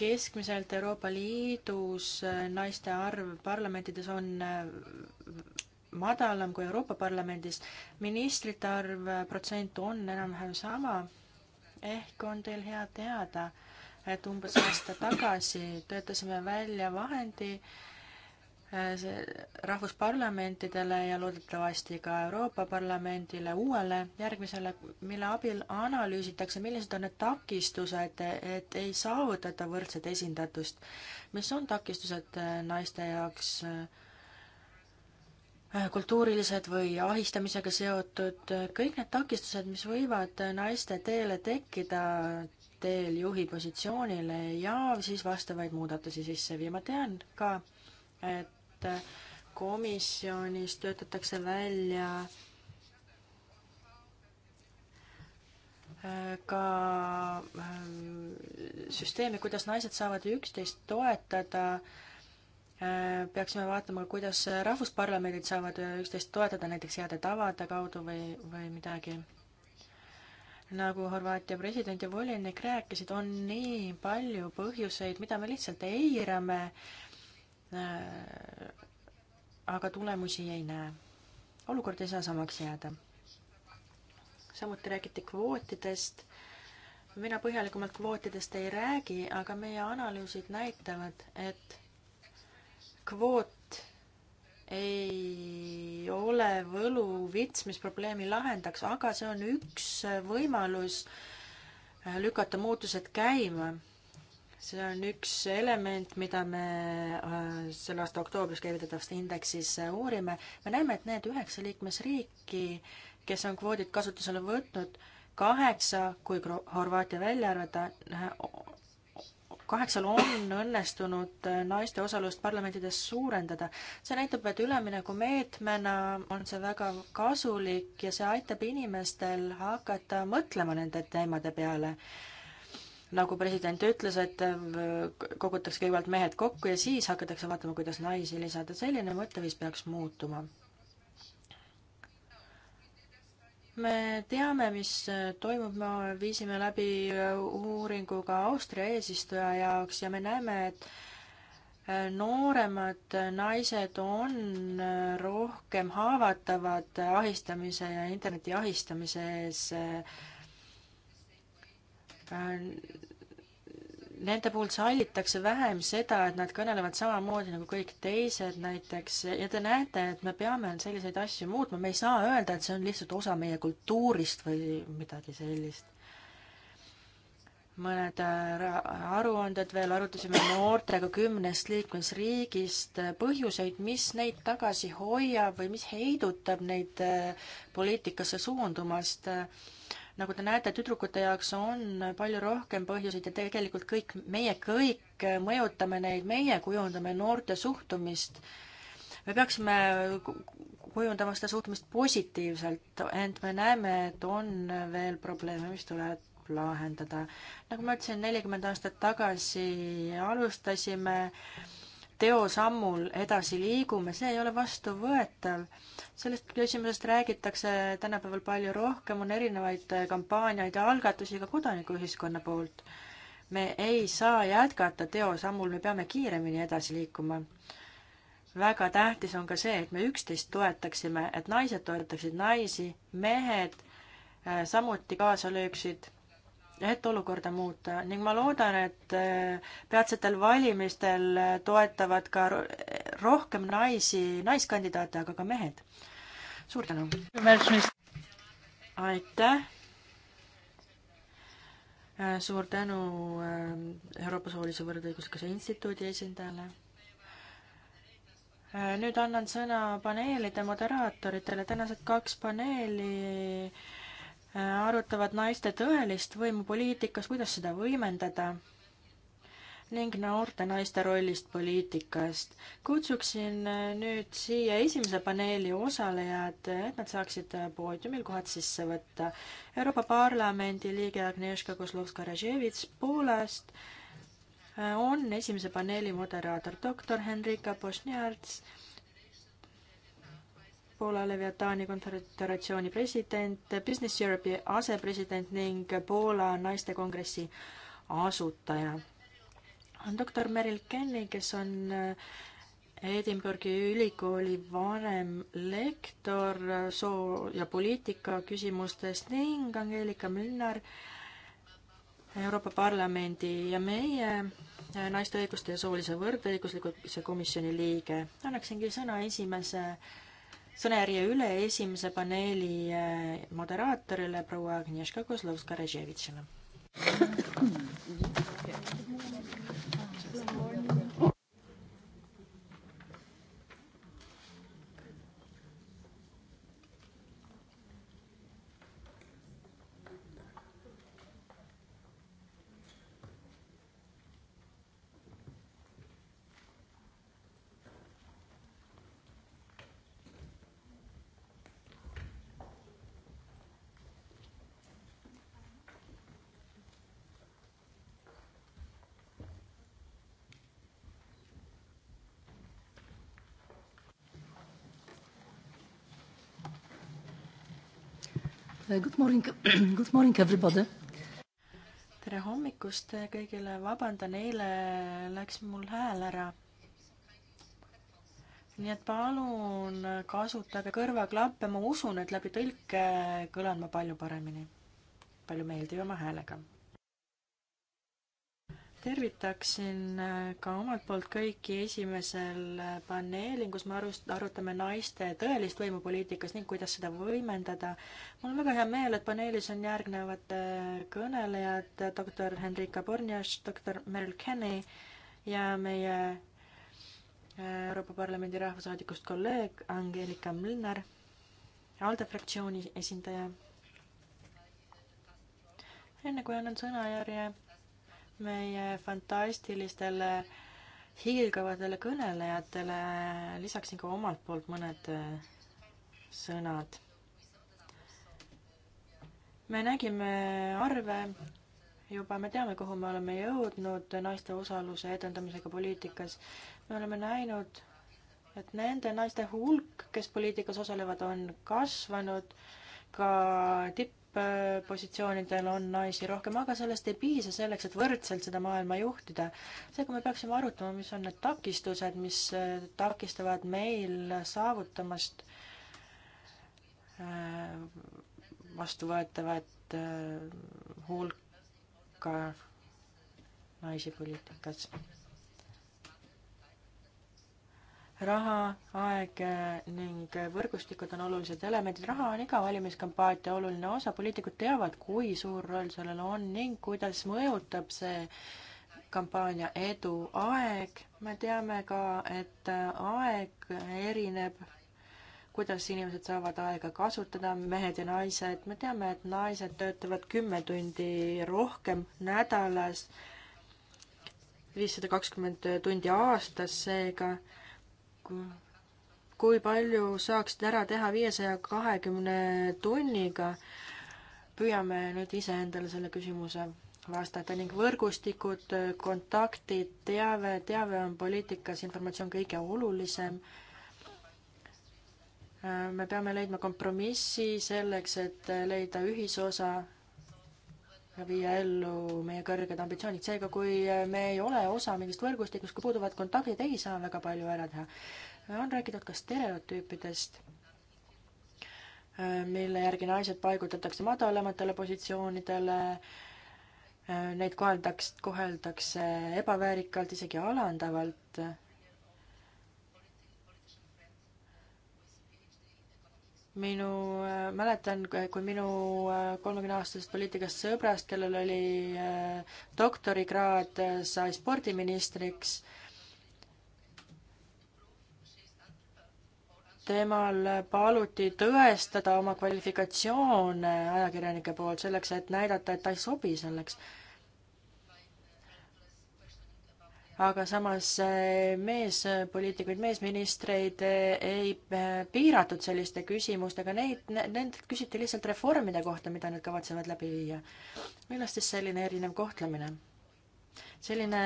keskmiselt Euroopa Liidus naiste arv parlamentides on madalam kui Euroopa Parlamendis. ministrite arv, äh, protsent on enam-vähem sama. ehk on teil hea teada, et umbes aasta tagasi töötasime välja vahendi äh, rahvusparlamentidele ja loodetavasti ka Euroopa Parlamendile uuele järgmisele, mille abil analüüsitakse, millised on need takistused, et ei saavutata võrdset esindatust. mis on takistused äh, naiste jaoks äh, Äh, kultuurilised või ahistamisega seotud, äh, kõik need takistused, mis võivad naiste teele tekkida, teel juhi positsioonile ja siis vastavaid muudatusi sisse viia. ma tean ka, et komisjonis töötatakse välja äh, ka süsteemi, kuidas naised saavad üksteist toetada äh, Äh, peaksime vaatama, kuidas rahvusparlamendid saavad üksteist toetada näiteks heade tavade kaudu või, või midagi. nagu Horvaatia president ja volinik rääkisid, on nii palju põhjuseid, mida me lihtsalt eirame, äh, aga tulemusi ei näe. olukord ei saa samaks jääda. samuti räägiti kvootidest. mina põhjalikumalt kvootidest ei räägi, aga meie analüüsid näitavad, et kvoot ei ole võluvits, mis probleemi lahendaks, aga see on üks võimalus lükata muutused käima see on üks element, mida me äh, selle aasta oktoobris käivitatavast indeksis äh, uurime. me näeme, et need üheksa liikmesriiki, kes on kvoodid kasutusele võtnud, kaheksa, kui Horvaatia välja arvata, kaheksal on õnnestunud äh, naiste osalust parlamentides suurendada. see näitab, et üleminekumeetmena on see väga kasulik ja see aitab inimestel hakata mõtlema nende teemade peale. nagu president ütles, et äh, kogutakse kõigepealt mehed kokku ja siis hakatakse vaatama, kuidas naisi lisada. selline mõtteviis peaks muutuma me teame, mis toimub, me viisime läbi äh, uuringu ka Austria eesistuja jaoks ja me näeme, et äh, nooremad naised on äh, rohkem haavatavad ahistamise ja interneti ahistamise ees nende puhul sallitakse vähem seda, et nad kõnelevad samamoodi nagu kõik teised näiteks ja te näete, et me peame selliseid asju muutma, me ei saa öelda, et see on lihtsalt osa meie kultuurist või midagi sellist. mõned äh, aruanded veel, arutasime noortega kümnest liikmesriigist põhjuseid, mis neid tagasi hoiab või mis heidutab neid äh, poliitikasse suundumast äh, nagu te näete, tüdrukute jaoks on palju rohkem põhjuseid ja tegelikult kõik, meie kõik mõjutame neid, meie kujundame noorte suhtumist. me peaksime kujundama seda suhtumist positiivselt, ent me näeme, et on veel probleeme, mis tulevad lahendada. nagu ma ütlesin, nelikümmend aastat tagasi alustasime äh, teosammul edasi liigume, see ei ole vastuvõetav. sellest küsimusest räägitakse tänapäeval palju rohkem, on erinevaid kampaaniaid ja algatusi ka kodanikuühiskonna poolt. me ei saa jätkata teosammul, me peame kiiremini edasi liikuma. väga tähtis on ka see, et me üksteist toetaksime, et naised toetaksid naisi, mehed eh, samuti kaasa lööksid et olukorda muuta ning ma loodan, et äh, peatsetel valimistel toetavad ka rohkem naisi, naiskandidaate, aga ka mehed. suur tänu! aitäh! Äh, suur tänu äh, Euroopa Soolise Võrdõiguslikkuse Instituudi esindajale. nüüd annan sõna paneelide moderaatoritele. tänased kaks paneeli arutavad naiste tõelist võimu poliitikas, kuidas seda võimendada ning noorte naiste rollist poliitikast. kutsuksin äh, nüüd siia esimese paneeli osalejad, et nad saaksid äh, poodiumil kohad sisse võtta. Euroopa Parlamendi liige Agnieszka Kozlovska-Raževits Poolast äh, on esimese paneeli moderaator doktor Henrika Bosniarts Poolale veab Taani konföderatsiooni president, Business Europe'i asepresident ning Poola naistekongressi asutaja. doktor Meril Kenny, kes on äh, Edinburghi ülikooli vanem lektor äh, soo- ja poliitika küsimustes ning Angeelika Münnar, Euroopa Parlamendi ja meie äh, naiste õiguste ja soolise võrdõiguslikkuse komisjoni liige. annaksingi sõna esimese sõnajärje üle esimese paneeli eh, moderaatorile proua Agnieszka Kozlovska-Reževitšile. Eh, good morning, *clears throat* good morning everybody. tere hommikust kõigile, vabandan, eile läks mul hääl ära. nii et palun kasutage kõrvaklappe, ma usun, et läbi tõlke kõlan ma palju paremini, palju meeldivama häälega tervitaksin äh, ka omalt poolt kõiki esimesel äh, paneelil, kus me arust-, arutame naiste tõelist võimu poliitikas ning kuidas seda võimendada. mul on väga hea meel, et paneelis on järgnevad äh, kõnelejad, doktor Henrika Bornjaš, doktor Merl Kenny ja meie Euroopa Parlamendi rahvasaadikust kolleeg Angeelika Mlnar, ALDE fraktsiooni esindaja. enne kui annan sõnajärje meie fantastilistele hiilgavatele kõnelejatele lisaksin ka omalt poolt mõned äh, sõnad. me nägime arve juba, me teame, kuhu me oleme jõudnud naiste osaluse edendamisega poliitikas. me oleme näinud, et nende naiste hulk, kes poliitikas osalevad, on kasvanud ka tipp tipp-positsioonidel on naisi rohkem, aga sellest ei piisa selleks, et võrdselt seda maailma juhtida. seega me peaksime arutama, mis on need takistused, mis äh, takistavad meil saavutamast äh, vastuvõetavat äh, hulka naisi poliitikas raha, aeg eh, ning võrgustikud on olulised elemendid. raha on iga valimiskampaania oluline osa, poliitikud teavad, kui suur roll sellel on ning kuidas mõjutab see kampaania edu. aeg, me teame ka, et eh, aeg erineb, kuidas inimesed saavad aega kasutada, mehed ja naised. me teame, et naised töötavad kümme tundi rohkem nädalas, viissada kakskümmend tundi aastas seega kui palju saaksid ära teha viiesaja kahekümne tonniga, püüame nüüd iseendale selle küsimuse vastata ning võrgustikud, kontaktid, teave, teave on poliitikas informatsioon kõige olulisem. me peame leidma kompromissi selleks, et leida ühisosa viia ellu meie kõrged ambitsioonid. seega, kui me ei ole osa mingist võrgustikust, kui puuduvad kontaktid, ei saa väga palju ära teha. on räägitud ka stereotüüpidest, mille järgi naised paigutatakse madalamatele positsioonidele, neid koheldaks, koheldakse ebaväärikalt, isegi alandavalt minu, äh, mäletan, kui minu äh, kolmekümneaastasest poliitikast sõbrast, kellel oli äh, doktorikraad, sai spordiministriks. temal paluti tõestada oma kvalifikatsioone ajakirjanike poolt selleks, et näidata, et ta ei sobi selleks aga samas eh, meespoliitikuid, meesministreid eh, ei eh, piiratud selliste küsimustega, neid, nendelt küsiti lihtsalt reformide kohta, mida nad kavatsevad läbi viia. millest siis selline erinev kohtlemine? selline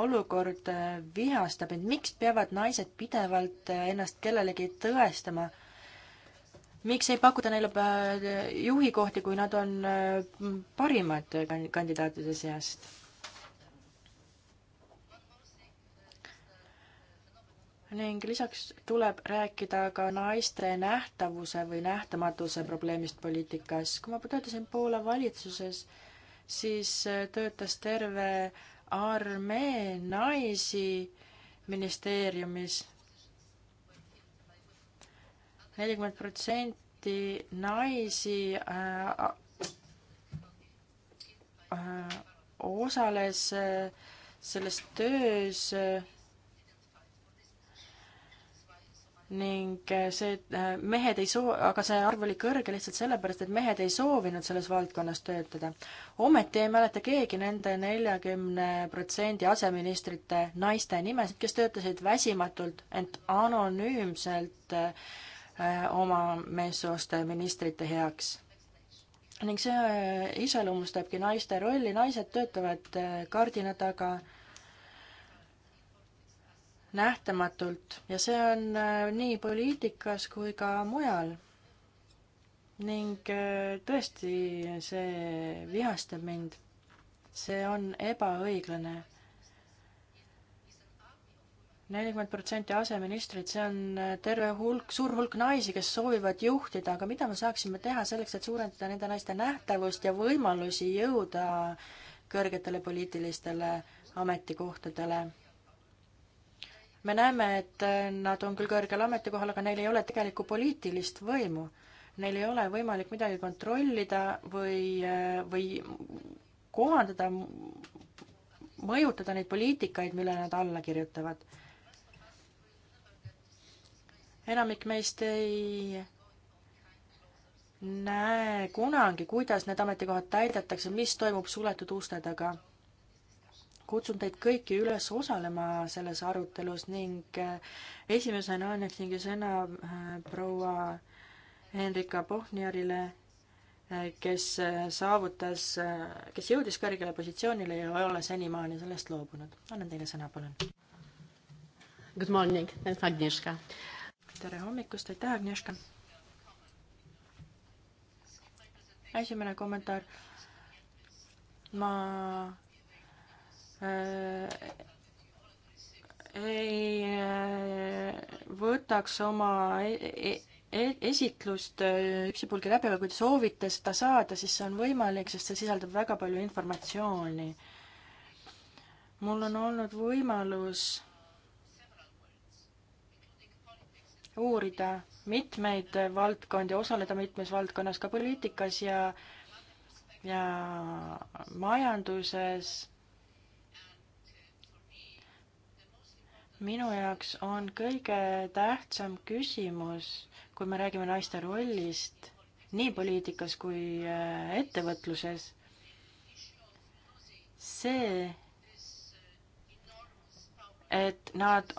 olukord vihastab, et miks peavad naised pidevalt ennast kellelegi tõestama miks ei pakuta neile juhikohti, kui nad on parimad kandidaatide seast? ning lisaks tuleb rääkida ka naiste nähtavuse või nähtamatuse probleemist poliitikas. kui ma töötasin Poola valitsuses, siis äh, töötas terve armee naisi ministeeriumis. nelikümmend protsenti naisi äh, äh, osales äh, selles töös äh, ning eh, see, eh, mehed ei soo-, aga see arv oli kõrge lihtsalt sellepärast, et mehed ei soovinud selles valdkonnas töötada. ometi ei mäleta keegi nende neljakümne protsendi aseministrite naiste nimesid, kes töötasid väsimatult, ent anonüümselt eh, oma meessoost ministrite heaks. ning see iseloomustabki naiste rolli, naised töötavad kardina taga äh, nähtamatult ja see on äh, nii poliitikas kui ka mujal. ning äh, tõesti, see vihastab mind. see on ebaõiglane nelikümmend protsenti aseministrit, see on äh, terve hulk, suur hulk naisi, kes soovivad juhtida, aga mida me saaksime teha selleks, et suurendada nende naiste nähtavust ja võimalusi jõuda kõrgetele poliitilistele ametikohtadele? me näeme, et äh, nad on küll kõrgel ametikohal, aga neil ei ole tegelikku poliitilist võimu. Neil ei ole võimalik midagi kontrollida või, äh, või kohandada, mõjutada neid poliitikaid, millele nad alla kirjutavad. enamik meist ei näe kunagi, kuidas need ametikohad täidetakse, mis toimub suletud uste taga kutsun teid kõiki üles osalema selles arutelus ning äh, esimesena annaksingi sõna äh, proua Henrika Pohniarile, äh, kes saavutas, kes jõudis kõrgele positsioonile ja ei ole senimaani sellest loobunud. annan teile sõna, palun. Good morning, Agnieszka. tere hommikust, aitäh, Agnieszka. esimene kommentaar ma Äh, ei äh, võtaks oma e, e, e, esitlust äh, üksipulgi läbi, aga kui te soovite seda saada, siis see on võimalik, sest see sisaldab väga palju informatsiooni. mul on olnud võimalus uurida mitmeid valdkondi, osaleda mitmes valdkonnas, ka poliitikas ja, ja majanduses minu jaoks on kõige tähtsam küsimus, kui me räägime naiste rollist nii poliitikas kui äh, ettevõtluses, see, et nad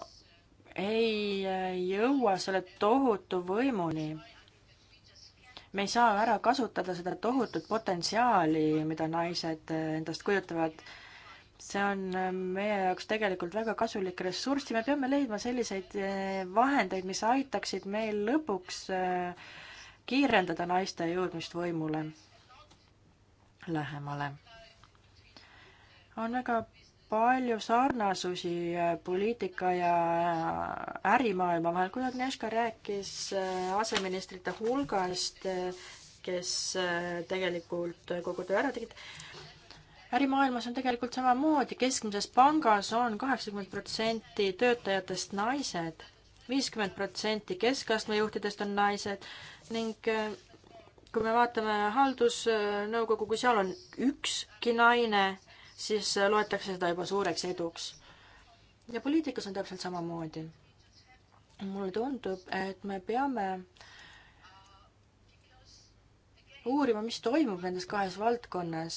ei äh, jõua selle tohutu võimuni. me ei saa ära kasutada seda tohutut potentsiaali, mida naised äh, endast kujutavad see on äh, meie jaoks tegelikult väga kasulik ressurss ja me peame leidma selliseid äh, vahendeid, mis aitaksid meil lõpuks äh, kiirendada naiste jõudmist võimule lähemale. on väga palju sarnasusi poliitika ja ärimaailma vahel, kui Agnieszka rääkis aseministrite hulgast, kes tegelikult kogu töö ära tegid ärimaailmas on tegelikult samamoodi, keskmises pangas on kaheksakümmend protsenti töötajatest naised, viiskümmend protsenti keskastme juhtidest on naised ning eh, kui me vaatame haldusnõukogu, kui seal on ükski naine, siis loetakse seda juba suureks eduks. ja poliitikas on täpselt samamoodi. mulle tundub, et me peame äh, uurima, mis toimub nendes kahes valdkonnas.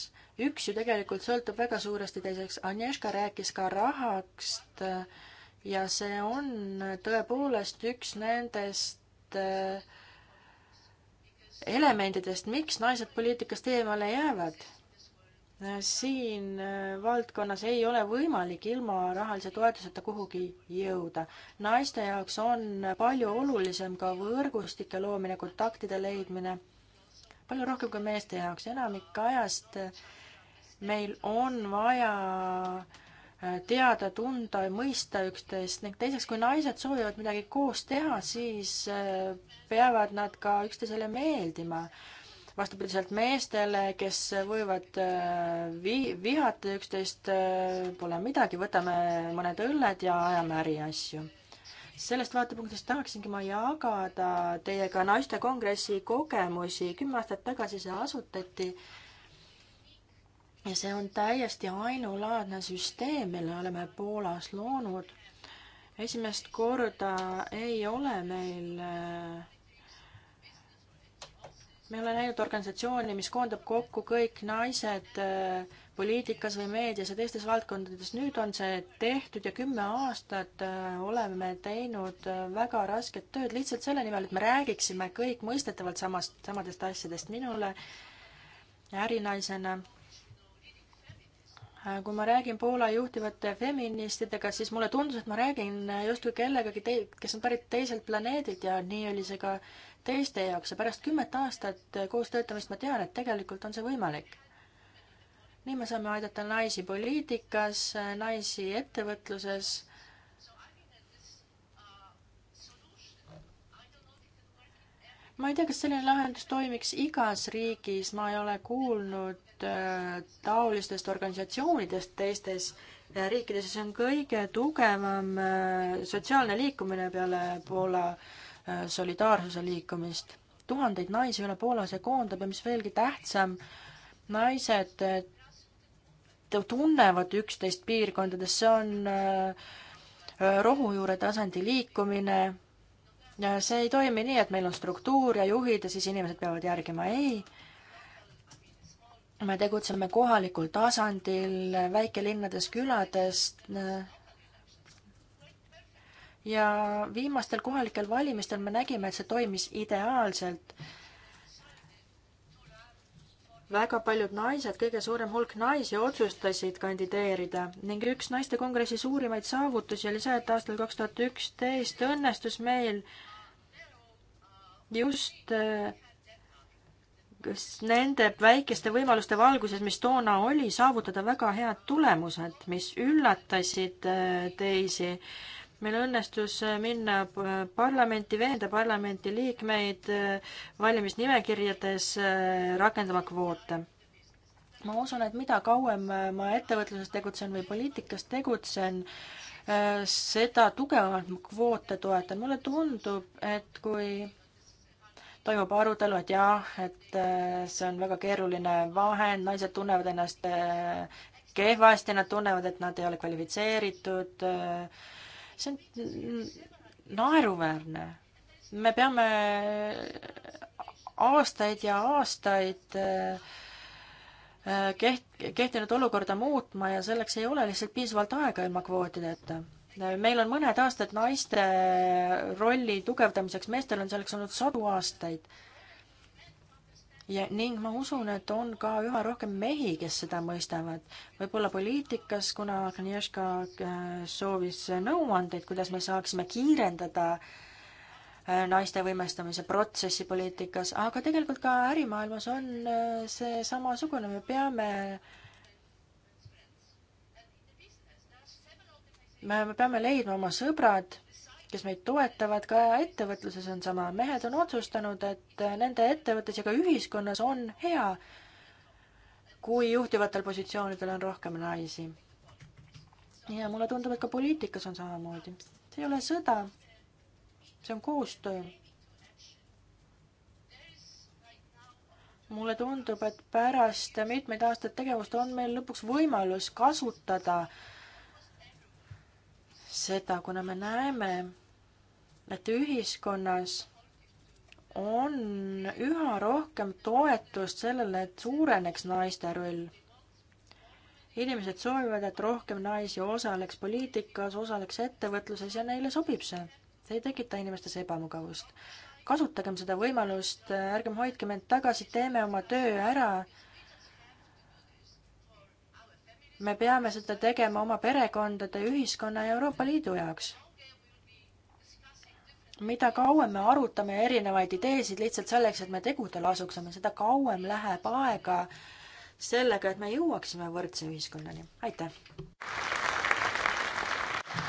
üks ju tegelikult sõltub väga suuresti teiseks, Agnieszka rääkis ka rahast äh, ja see on äh, tõepoolest üks nendest äh, elementidest, miks naised poliitikast eemale jäävad. siin valdkonnas ei ole võimalik ilma rahalise toetuseta kuhugi jõuda. naiste jaoks on palju olulisem ka võrgustike loomine, kontaktide leidmine palju rohkem kui meeste jaoks, enamik ajast meil on vaja äh, teada, tunda ja mõista üksteist ning teiseks, kui naised soovivad midagi koos teha, siis äh, peavad nad ka üksteisele meeldima. vastupidiselt meestele, kes võivad äh, vi-, vihata üksteist, pole midagi, võtame mõned õlled ja ajame äriasju sellest vaatepunktist tahaksingi ma jagada teiega naistekongressi kogemusi. kümme aastat tagasi see asutati ja see on täiesti ainulaadne süsteem, mille oleme Poolas loonud. esimest korda ei ole meil äh, me oleme näinud organisatsiooni, mis koondab kokku kõik naised äh, poliitikas või meedias ja teistes valdkondades. nüüd on see tehtud ja kümme aastat äh, oleme teinud äh, väga rasket tööd lihtsalt selle nimel, et me räägiksime kõik mõistetavalt samast, samadest asjadest. minule ärinaisena kui ma räägin Poola juhtivate feministidega, siis mulle tundus, et ma räägin justkui kellegagi, kes on pärit teiselt planeedilt ja nii oli see ka äh, teiste jaoks ja pärast kümmet aastat koos töötamist ma tean, et tegelikult on see võimalik. nii me saame aidata naisi poliitikas, naisi ettevõtluses. ma ei tea, kas selline lahendus toimiks igas riigis, ma ei ole kuulnud äh, taolistest organisatsioonidest teistes äh, riikides ja see on kõige tugevam äh, sotsiaalne liikumine peale Poola äh, Äh, solidaarsuse liikumist. tuhandeid naisi üle Poola see koondab ja mis veelgi tähtsam, naised tunnevad üksteist piirkondades, see on äh, rohujuure tasandi liikumine ja see ei toimi nii, et meil on struktuur ja juhid ja siis inimesed peavad järgima, ei. me tegutseme kohalikul tasandil, väikelinnades, külades äh, ja viimastel kohalikel valimistel me nägime, et see toimis ideaalselt. väga paljud naised, kõige suurem hulk naisi otsustasid kandideerida ning üks naistekongressi suurimaid saavutusi oli see, et aastal kaks tuhat üksteist õnnestus meil just kas äh, nende väikeste võimaluste valguses, mis toona oli, saavutada väga head tulemused, mis üllatasid äh, teisi meil õnnestus äh, minna äh, parlamenti, veenda parlamenti liikmeid äh, valimisnimekirjades rakendama kvoote. ma usun, et mida kauem ma ettevõtluses tegutsen või poliitikas tegutsen, seda tugevamalt ma kvoote toetan. mulle tundub, et kui toimub arutelu, et jah, et see on väga keeruline vahend, naised tunnevad ennast kehvasti, nad tunnevad, et nad ei ole kvalifitseeritud äh, see on mm, naeruväärne. me peame aastaid ja aastaid äh, äh, keht-, kehtinud olukorda muutma ja selleks ei ole lihtsalt piisavalt aega ilma kvootideta. Äh, meil on mõned aastad naiste rolli tugevdamiseks, meestel on selleks olnud sadu aastaid ja ning ma usun, et on ka üha rohkem mehi, kes seda mõistavad. võib-olla poliitikas, kuna Agnieszka äh, soovis nõuandeid, kuidas me saaksime kiirendada äh, naiste võimestamise protsessi poliitikas, aga tegelikult ka ärimaailmas on äh, see samasugune, me peame me, me peame leidma oma sõbrad kes meid toetavad, ka ettevõtluses on sama. mehed on otsustanud, et nende ettevõttes ja ka ühiskonnas on hea, kui juhtivatel positsioonidel on rohkem naisi. ja mulle tundub, et ka poliitikas on samamoodi. see ei ole sõda, see on koostöö. mulle tundub, et pärast mitmeid aastaid tegevust on meil lõpuks võimalus kasutada äh, seda, kuna me näeme, et ühiskonnas on üha rohkem toetust sellele, et suureneks naiste roll. inimesed soovivad, et rohkem naisi osaleks poliitikas, osaleks ettevõtluses ja neile sobib see. see ei tekita inimestes ebamugavust. kasutagem seda võimalust, ärgem hoidkem end tagasi, teeme oma töö ära me peame seda tegema oma perekondade, ühiskonna ja Euroopa Liidu jaoks. mida kauem me arutame erinevaid ideesid lihtsalt selleks, et me tegudele asuksime, seda kauem läheb aega sellega, et me jõuaksime võrdse ühiskonnani. aitäh!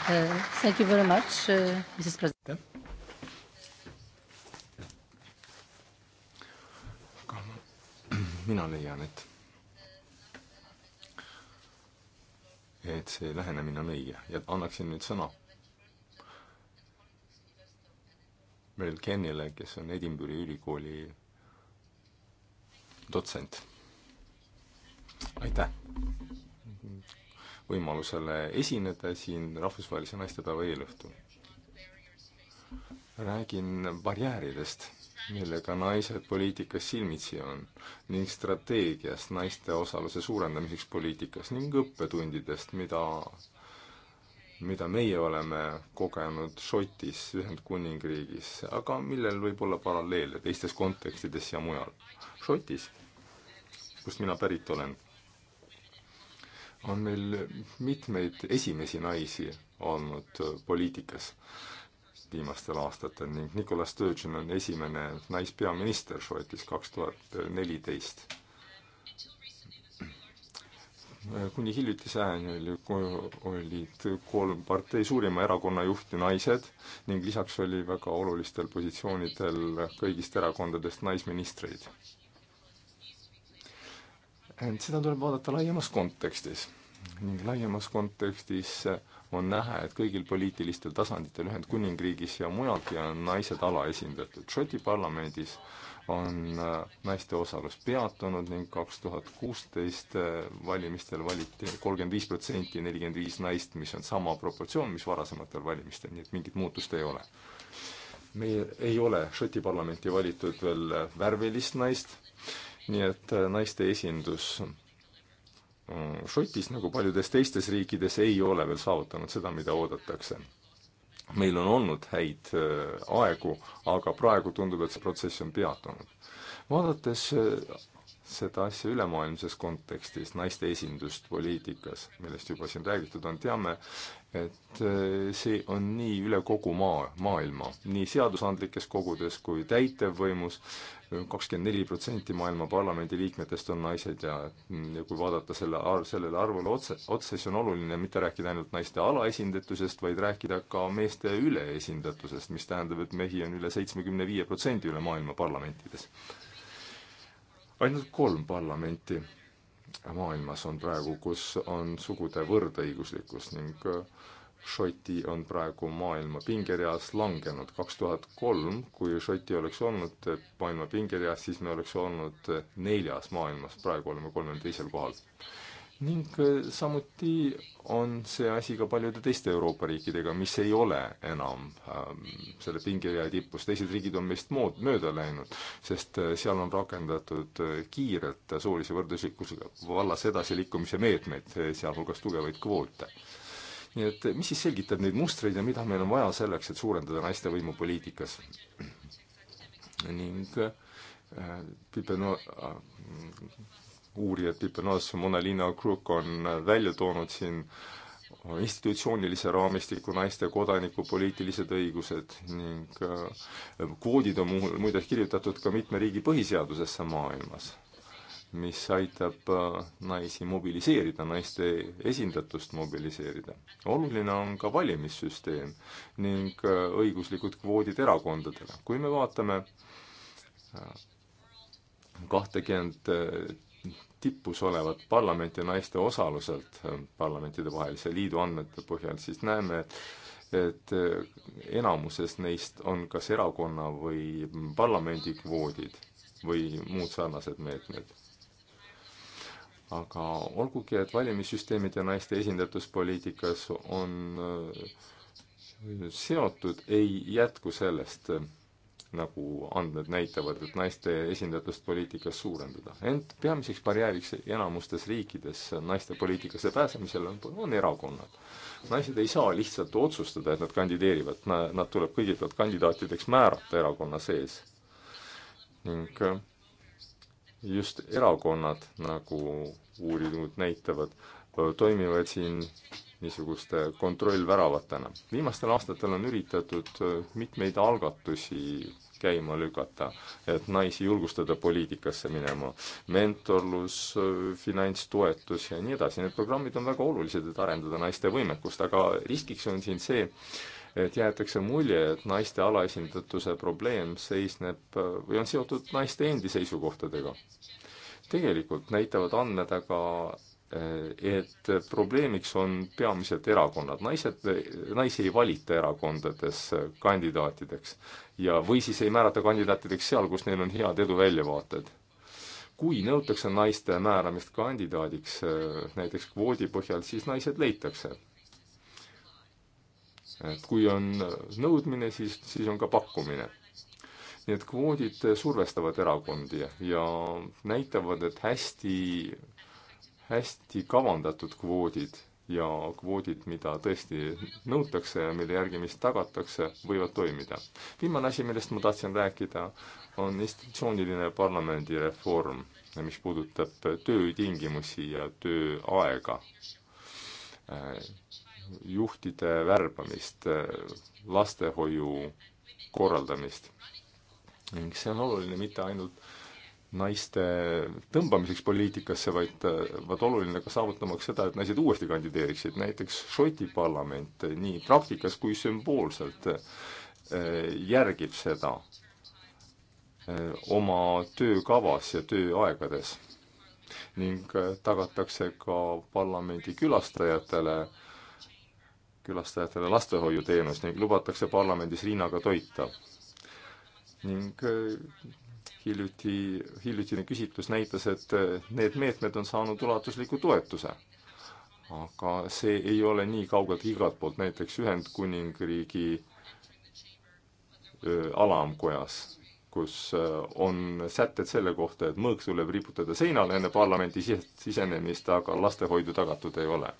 Uh, thank you very much, uh, Mrs President. *clears throat* mina leian, et et see lähenemine on õige ja annaksin nüüd sõna Merel Kennile, kes on Edinburghi ülikooli dotsent. aitäh võimalusele esineda siin rahvusvahelise naistepäeva eelõhtul. räägin barjääridest millega naised poliitikas silmitsi on ning strateegiast naiste osaluse suurendamiseks poliitikas ning õppetundidest, mida, mida meie oleme kogenud Šotis, Ühendkuningriigis, aga millel võib olla paralleele teistes kontekstides ja mujal. Šotis, kust mina pärit olen, on meil mitmeid esimesi naisi olnud poliitikas viimastel aastatel ning Nicolas Sturgeon on esimene naispeaminister Šotis kaks tuhat neliteist. kuni hiljutise ajani oli, olid kolm partei suurima erakonna juhti naised ning lisaks oli väga olulistel positsioonidel kõigist erakondadest naisministreid. ent seda tuleb vaadata laiemas kontekstis ning laiemas kontekstis on näha, et kõigil poliitilistel tasanditel Ühendkuningriigis ja mujalgi on naised alaesindatud. Šoti parlamendis on äh, naiste osalus peatunud ning kaks tuhat kuusteist äh, valimistel valiti kolmkümmend viis protsenti nelikümmend viis naist, mis on sama proportsioon, mis varasematel valimistel, nii et mingit muutust ei ole. meil ei ole Šoti parlamenti valitud veel värvilist naist, nii et äh, naiste esindus Äh, Šotis nagu paljudes teistes riikides ei ole veel saavutanud seda, mida oodatakse. meil on olnud häid äh, aegu, aga praegu tundub, et see protsess on peatunud. vaadates äh, seda asja ülemaailmses kontekstis, naiste esindust poliitikas, millest juba siin räägitud on, teame, et see on nii üle kogu maa, maailma, nii seadusandlikes kogudes kui täitevvõimus kakskümmend neli protsenti maailma parlamendi liikmetest on naised ja, ja kui vaadata selle, sellele arvule otse, otsa, siis on oluline mitte rääkida ainult naiste alaesindatusest, vaid rääkida ka meeste üleesindatusest, mis tähendab, et mehi on üle seitsmekümne viie protsendi üle maailma parlamentides. ainult kolm parlamenti maailmas on praegu, kus on sugude võrdõiguslikkus ning äh, Šoti on praegu maailma pingereas langenud. kaks tuhat kolm, kui Šoti oleks olnud maailma pingereas, siis me oleks olnud neljas maailmas, praegu oleme kolmekümne teisel kohal. ning äh, samuti on see asi ka paljude teiste Euroopa riikidega, mis ei ole enam ähm, selle pingerea tipus, teised riigid on meist mood mööda läinud, sest äh, seal on rakendatud äh, kiiret soolise võrdõiguslikkuse vallas edasiliikumise meetmeid, sealhulgas tugevaid kvoote nii et eh, mis siis selgitab neid mustreid ja mida meil on vaja selleks, et suurendada naiste võimu poliitikas? ning äh, eh, Pipeno äh, uurijad Pipenos ja Monalina Kruk on välja toonud siin institutsioonilise raamistiku, naiste kodaniku poliitilised õigused ning äh, kvoodid on muuhul muide kirjutatud ka mitme riigi põhiseadusesse maailmas mis aitab äh, naisi mobiliseerida, naiste esindatust mobiliseerida. oluline on ka valimissüsteem ning äh, õiguslikud kvoodid erakondadele. kui me vaatame äh, kahtekümmet tipus olevat parlamenti naiste osaluselt parlamentidevahelise liidu andmete põhjal, siis näeme, et et enamuses neist on kas erakonna või parlamendi kvoodid või muud sarnased meetmed aga olgugi, et valimissüsteemid ja naiste esindatuspoliitikas on äh, seotud, ei jätku sellest, äh, nagu andmed näitavad, et naiste esindatust poliitikas suurendada. ent peamiseks barjääriks enamustes riikides naiste poliitikasse pääsemisel on, on erakonnad. naised ei saa lihtsalt otsustada, et nad kandideerivad, nad tuleb kõigepealt kandidaatideks määrata erakonna sees. ning äh, just erakonnad, nagu uuringud näitavad, toimivad siin niisuguste kontrollväravatena. viimastel aastatel on üritatud äh, mitmeid algatusi käima lükata, et naisi julgustada poliitikasse minema. mentorlus, äh, finantstoetus ja nii edasi, need programmid on väga olulised, et arendada naiste võimekust, aga riskiks on siin see, et jäetakse mulje, et naiste alaesindatuse probleem seisneb või on seotud naiste endi seisukohtadega. tegelikult näitavad andmed aga, eh, et probleemiks on peamiselt erakonnad, naised, naisi ei valita erakondades kandidaatideks ja, või siis ei määrata kandidaatideks seal, kus neil on head eduväljavaated kui nõutakse naiste määramist kandidaadiks eh, näiteks kvoodi põhjal, siis naised leitakse et kui on äh, nõudmine, siis, siis on ka pakkumine. nii et kvoodid äh, survestavad erakondi ja näitavad, et hästi, hästi kavandatud kvoodid ja kvoodid, mida tõesti nõutakse ja mille järgimist tagatakse, võivad toimida. viimane asi, millest ma tahtsin rääkida, on institutsiooniline parlamendireform, mis puudutab töötingimusi ja tööaega äh, juhtide värbamist, lastehoiu korraldamist. ning see on oluline mitte ainult naiste tõmbamiseks poliitikasse, vaid, vaid oluline ka saavutamaks seda, et naised uuesti kandideeriksid, näiteks Šoti parlament nii praktikas kui sümboolselt eh, järgib seda eh, oma töökavas ja tööaegades ning eh, tagatakse ka parlamendi külastajatele äh, külastajatele lastehoiuteenus ning lubatakse parlamendis rinnaga toita. ning äh, hiljuti, hiljutine küsitlus näitas, et äh, need meetmed on saanud ulatusliku toetuse. aga see ei ole nii kaugeltki igalt poolt, näiteks Ühendkuningriigi äh, alamkojas, kus on sätted selle kohta, et mõõk tuleb riputada seinale enne parlamendi sisenemist, aga lastehoidu tagatud ei ole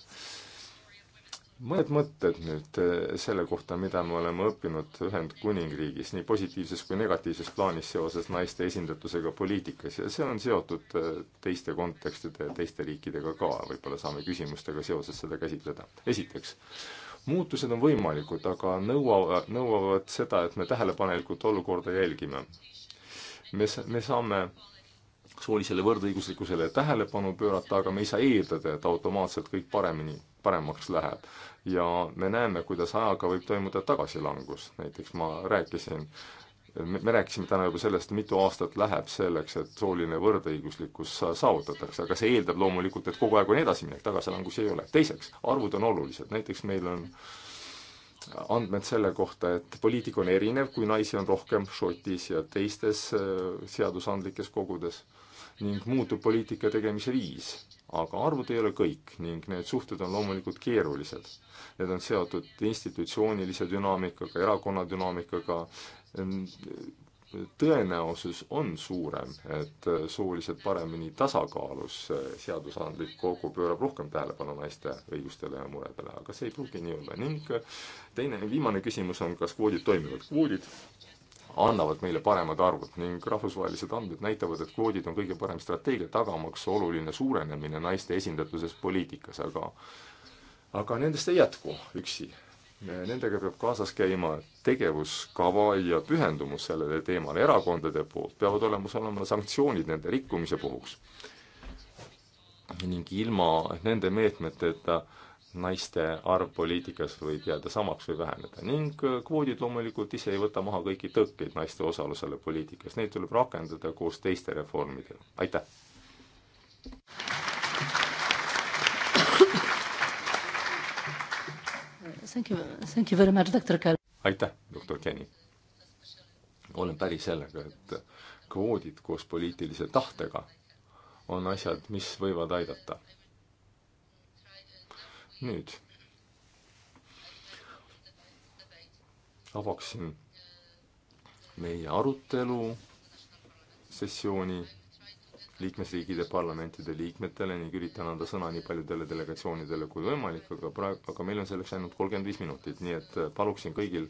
mõned mõtted nüüd eh, selle kohta, mida me oleme õppinud Ühendkuningriigis nii positiivses kui negatiivses plaanis seoses naiste esindatusega poliitikas ja see on seotud eh, teiste kontekstide ja teiste riikidega ka, võib-olla saame küsimustega seoses seda käsitleda. esiteks, muutused on võimalikud, aga nõua, nõuavad seda, et me tähelepanelikult olukorda jälgime. me, me saame soolisele võrdõiguslikkusele tähelepanu pöörata, aga me ei saa eeldada, et automaatselt kõik paremini paremaks läheb ja me näeme, kuidas ajaga võib toimuda tagasilangus, näiteks ma rääkisin me rääkisime täna juba sellest, mitu aastat läheb selleks, et sooline võrdõiguslikkus saavutatakse, aga see eeldab loomulikult, et kogu aeg on edasiminek, tagasilangusi ei ole. teiseks, arvud on olulised, näiteks meil on andmed selle kohta, et poliitika on erinev, kui naisi on rohkem Šotis ja teistes äh, seadusandlikes kogudes ning muutub poliitika tegemise viis aga arvud ei ole kõik ning need suhted on loomulikult keerulised. Need on seotud institutsioonilise dünaamikaga, erakonna dünaamikaga, tõenäosus on suurem, et sooliselt paremini tasakaalus seadusandlik kogu pöörab rohkem tähelepanu naiste õigustele ja muredele, aga see ei pruugi nii olla ning teine, viimane küsimus on, kas kvoodid toimivad. kvoodid annavad meile paremad arvud ning rahvusvahelised andmed näitavad, et kvoodid on kõige parem strateegia tagamaks oluline suurenemine naiste esindatuses poliitikas, aga aga nendest ei jätku üksi. Nendega peab kaasas käima tegevuskava ja pühendumus sellele teemale erakondade poolt, peavad olemas olema sanktsioonid nende rikkumise puhuks. ning ilma nende meetmeteta äh, naiste arv poliitikas võib jääda samaks või väheneda ning äh, kvoodid loomulikult ise ei võta maha kõiki tõkkeid naiste osalusele poliitikas, neid tuleb rakendada koos teiste reformidega, aitäh! aitäh, doktor Kenny! olen päri sellega, et kvoodid koos poliitilise tahtega on asjad, mis võivad aidata nüüd avaksin meie arutelu sessiooni liikmesriigide parlamentide liikmetele ning üritan anda sõna nii paljudele delegatsioonidele kui võimalik, aga praegu, aga meil on selleks ainult kolmkümmend viis minutit, nii et äh, paluksin kõigil,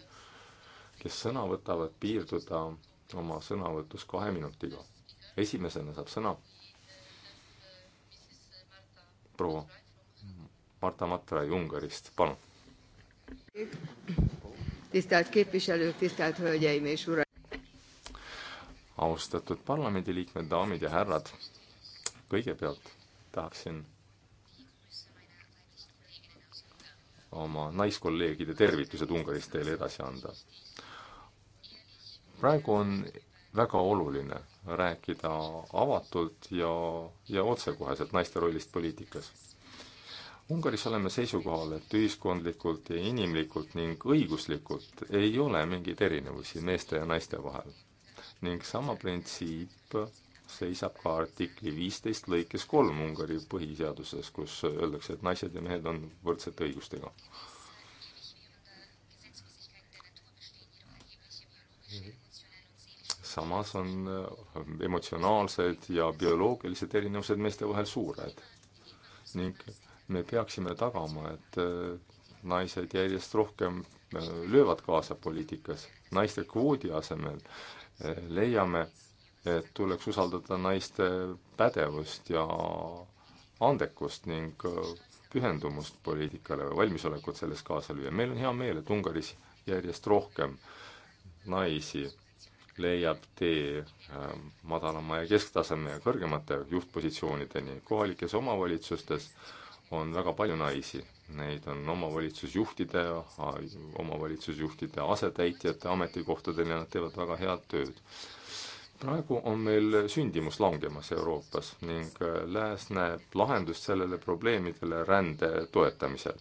kes sõna võtavad, piirduda oma sõnavõtus kahe minutiga. esimesena saab sõna proua Marta Matrai Ungarist, palun. tisztelt képviselők, tisztelt hölgyeim és uraim! austatud parlamendiliikmed, daamid ja härrad! kõigepealt tahaksin oma naiskolleegide tervitused Ungarist teile edasi anda. praegu on väga oluline rääkida avatult ja, ja otsekoheselt naiste rollist poliitikas Ungaris oleme seisukohal, et ühiskondlikult ja inimlikult ning õiguslikult ei ole mingeid erinevusi meeste ja naiste vahel. ning sama printsiip seisab ka artikli viisteist lõikes kolm Ungari põhiseaduses, kus öeldakse, et naised ja mehed on võrdsete õigustega. samas on emotsionaalsed ja bioloogilised erinevused meeste vahel suured ning me peaksime tagama, et äh, naised järjest rohkem äh, löövad kaasa poliitikas. naiste kvoodi asemel äh, leiame, et tuleks usaldada naiste pädevust ja andekust ning pühendumust poliitikale või valmisolekut selles kaasa lüüa. meil on hea meel, et Ungaris järjest rohkem naisi leiab tee madalama ja kesktaseme ja kõrgemate juhtpositsioonideni kohalikes omavalitsustes äh, on väga palju naisi. Neid on omavalitsusjuhtide, omavalitsusjuhtide asetäitjate ametikohtadel ja nad teevad väga head tööd. praegu on meil sündimus langemas Euroopas ning äh, Lääs näeb lahendust sellele probleemidele rände toetamisel.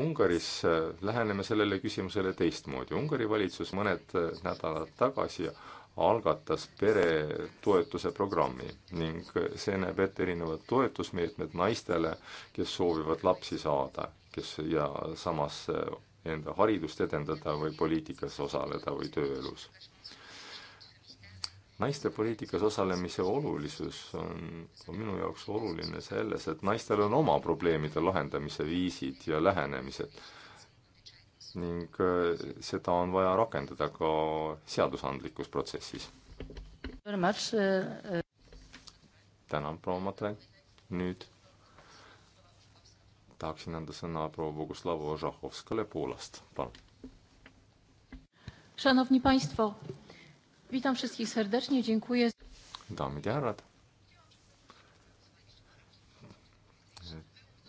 Ungaris äh, läheneme sellele küsimusele teistmoodi. Ungari valitsus mõned äh, nädalad tagasi algatas peretoetuse programmi ning see näeb ette erinevad toetusmeetmed naistele, kes soovivad lapsi saada, kes ja samas enda haridust edendada või poliitikas osaleda või tööelus. naiste poliitikas osalemise olulisus on, on minu jaoks oluline selles, et naistel on oma probleemide lahendamise viisid ja lähenemised ning äh, seda on vaja rakendada ka seadusandlikus protsessis. Äh, äh. tänan, proua Matre, nüüd tahaksin anda sõna proua Boguslava Ožahovskale Poolast, palun. Szanowni Państwo, witam wszystkich serdecznie, dziękuję. Damy ja härrad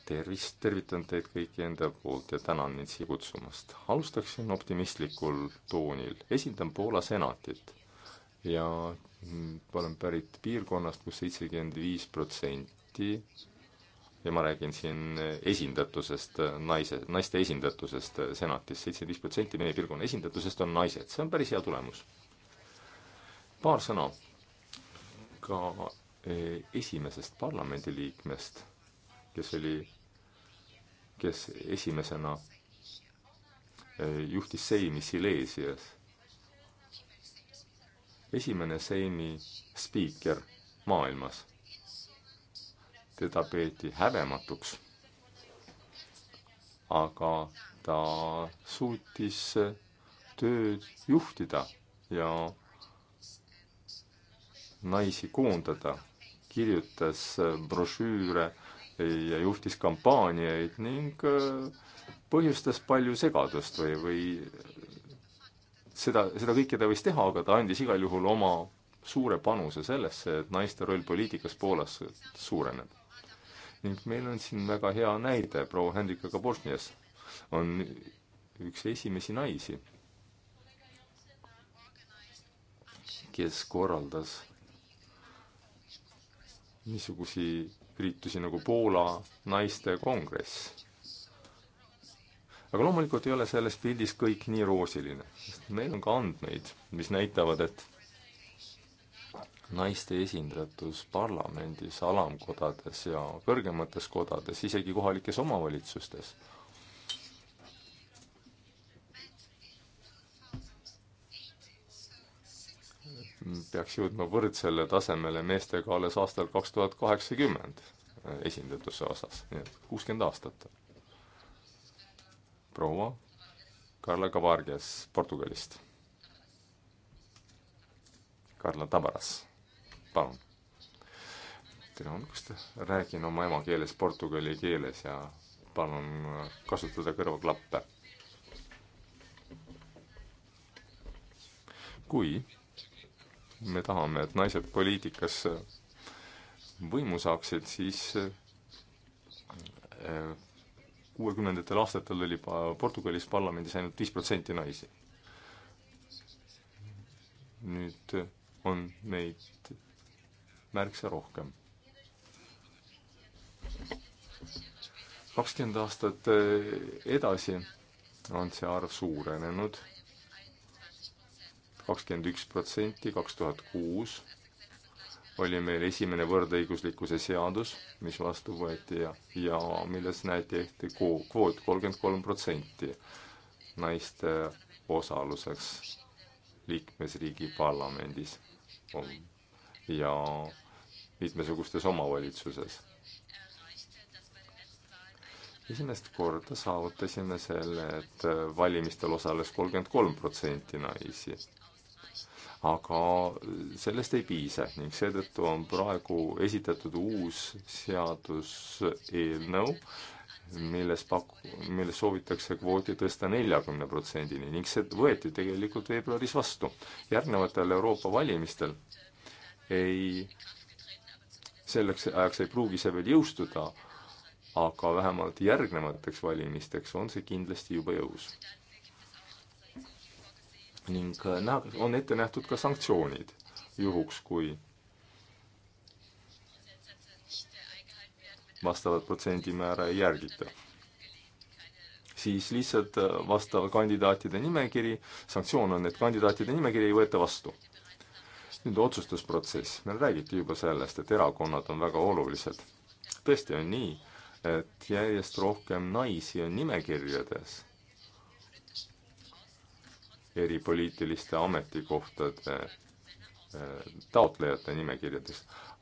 tervist, tervitan teid kõiki enda poolt ja tänan mind siia kutsumast. alustaksin optimistlikul toonil, esindan Poola senatit ja olen pärit piirkonnast kus, kus seitsekümmend viis protsenti ja ma räägin siin esindatusest, naise, naiste esindatusest senatis, seitsekümmend viis protsenti meie piirkonna esindatusest on naised, see on päris hea tulemus. paar sõna ka eh, esimesest parlamendiliikmest, kes oli kes esimesena äh, juhtis seimi Silesias. esimene seimi spiiker maailmas. teda peeti häbematuks, aga ta suutis äh, tööd juhtida ja naisi koondada, kirjutas äh, brošüüre ja juhtis kampaaniaid ning äh, põhjustas palju segadust või, või seda, seda kõike ta võis teha, aga ta andis igal juhul oma suure panuse sellesse, et naiste roll poliitikas Poolas suureneb. ning meil on siin väga hea näide, proua Hendrika Kabortnias on üks esimesi naisi, kes korraldas niisugusi üritusi nagu Poola naistekongress. aga loomulikult ei ole selles pildis kõik nii roosiline, sest meil on ka andmeid, mis näitavad, et naiste esindatus parlamendis, alamkodades ja kõrgemates kodades, isegi kohalikes omavalitsustes peaks jõudma võrdsele tasemele meestega alles aastal kaks tuhat kaheksakümmend äh, esindatuse osas, nii et kuuskümmend aastat. proua Carla Cavargas Portugalist. Carla Tabaras, palun. tere hommikust, räägin oma emakeeles portugali keeles ja palun äh, kasutada kõrvaklappe. kui me tahame, et naised poliitikas võimu saaksid, siis äh, kuuekümnendatel aastatel oli Portugalis parlamendis ainult viis protsenti naisi. nüüd on neid märksa rohkem. kakskümmend aastat äh, edasi on see arv suurenenud kakskümmend üks protsenti, kaks tuhat kuus oli meil esimene võrdõiguslikkuse seadus, mis vastu võeti ja, ja milles näeti ette kvoot kolmkümmend kolm protsenti naiste osaluseks liikmesriigi parlamendis ja mitmesugustes omavalitsuses. esimest korda saavutasime selle, et valimistel osales kolmkümmend kolm protsenti naisi aga sellest ei piisa ning seetõttu on praegu esitatud uus seaduseelnõu, milles pak-, milles soovitakse kvooti tõsta neljakümne protsendini ning see võeti tegelikult veebruaris vastu. järgnevatel Euroopa valimistel ei, selleks ajaks ei pruugi see veel jõustuda, aga vähemalt järgnevateks valimisteks on see kindlasti juba jõus ning äh, on ette nähtud ka sanktsioonid juhuks, kui vastavat protsendimäära ei järgita. siis lihtsalt äh, vastav kandidaatide nimekiri, sanktsioon on, et kandidaatide nimekiri ei võeta vastu. nüüd otsustusprotsess, meil räägiti juba sellest, et erakonnad on väga olulised. tõesti on nii, et järjest rohkem naisi on nimekirjades eri poliitiliste ametikohtade eh, taotlejate nimekirjades,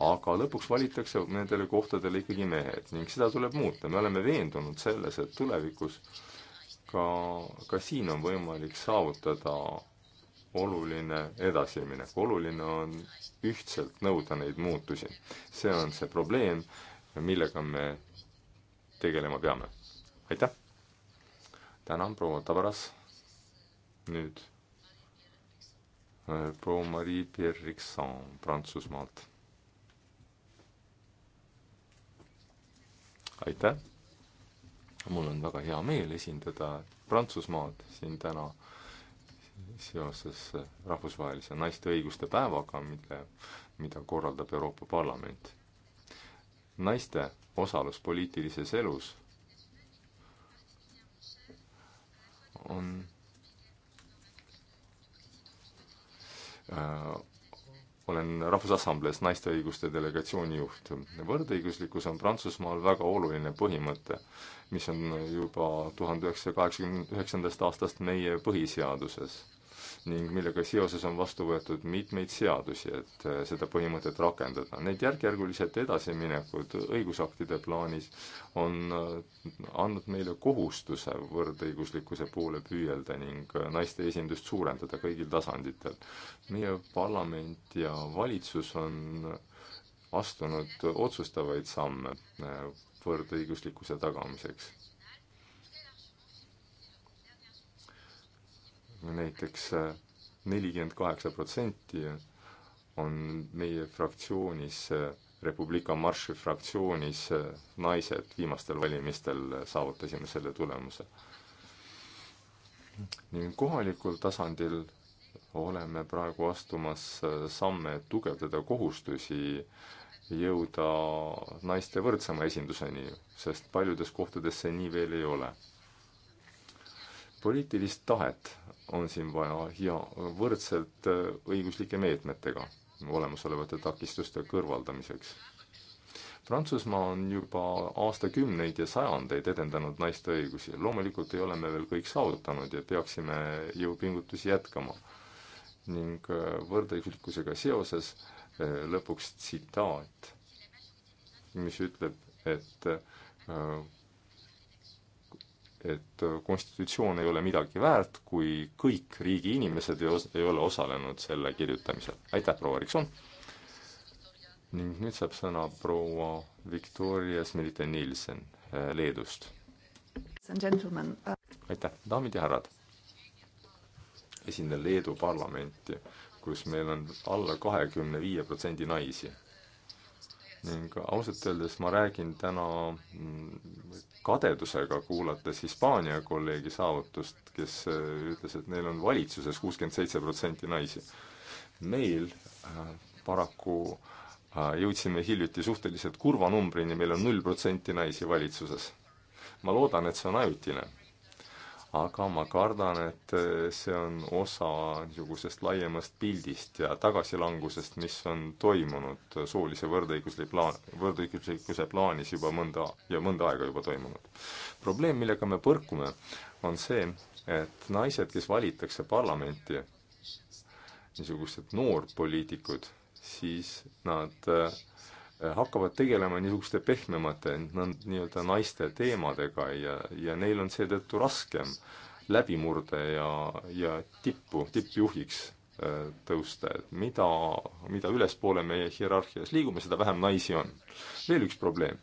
aga lõpuks valitakse nendele kohtadele ikkagi mehed ning seda tuleb muuta, me oleme veendunud selles, et tulevikus ka, ka siin on võimalik saavutada oluline edasiminek, oluline on ühtselt nõuda neid muutusi. see on see probleem, millega me tegelema peame. aitäh! tänan, proua Tabaras! nüüd äh, proua Marie Pierre Rixon Prantsusmaalt. aitäh! mul on väga hea meel esindada Prantsusmaad siin täna seoses äh, rahvusvahelise naiste õiguste päevaga, mille, mida korraldab Euroopa Parlament. naiste osalus poliitilises elus on Äh, olen Rahvusassamblees naiste õiguste delegatsiooni juht. võrdõiguslikkus on Prantsusmaal väga oluline põhimõte, mis on juba tuhande üheksasaja kaheksakümne üheksandast aastast meie põhiseaduses ning millega seoses on vastu võetud mitmeid seadusi, et äh, seda põhimõtet rakendada. Need järk-järgulised edasiminekud õigusaktide plaanis on äh, andnud meile kohustuse võrdõiguslikkuse poole püüelda ning äh, naiste esindust suurendada kõigil tasanditel. meie parlament ja valitsus on astunud otsustavaid samme võrdõiguslikkuse tagamiseks näiteks äh, nelikümmend kaheksa protsenti on meie fraktsioonis, äh, Republika Marši fraktsioonis äh, naised, viimastel valimistel saavutasime selle tulemuse. ning kohalikul tasandil oleme praegu astumas samme, et tugevdada kohustusi jõuda naiste võrdsema esinduseni, sest paljudes kohtades see nii veel ei ole poliitilist tahet on siin vaja ja võrdselt äh, õiguslike meetmetega olemasolevate takistuste kõrvaldamiseks. Prantsusmaa on juba aastakümneid ja sajandeid edendanud naiste õigusi. loomulikult ei ole me veel kõik saavutanud ja peaksime jõupingutusi jätkama. ning äh, võrdõiguslikkusega seoses äh, lõpuks tsitaat, mis ütleb, et et äh, konstitutsioon ei ole midagi väärt, kui kõik riigi inimesed ei os-, ei ole osalenud selle kirjutamisel. aitäh, proua Erikson! ning nüüd saab sõna proua Viktoria Smilita-Nielsen äh, Leedust. Uh aitäh, daamid ja härrad! esindan Leedu parlamenti, kus meil on alla kahekümne viie protsendi naisi ning ausalt öeldes ma räägin täna mm, kadedusega, kuulates Hispaania kolleegi saavutust, kes äh, ütles, et neil on valitsuses kuuskümmend seitse protsenti naisi. meil äh, paraku äh, jõudsime hiljuti suhteliselt kurva numbrini, meil on null protsenti naisi valitsuses. ma loodan, et see on ajutine aga ma kardan, et äh, see on osa niisugusest laiemast pildist ja tagasilangusest, mis on toimunud soolise võrdõigusli plaan, võrdõiguslikkuse plaanis juba mõnda ja mõnda aega juba toimunud. probleem, millega me põrkume, on see, et naised, kes valitakse parlamenti, niisugused noorpoliitikud, siis nad äh, hakkavad tegelema niisuguste pehmemate nii-öelda naiste teemadega ja, ja neil on seetõttu raskem läbimurde ja, ja tippu, tippjuhiks äh, tõusta, et mida, mida ülespoole meie hierarhias liigume, seda vähem naisi on. veel üks probleem,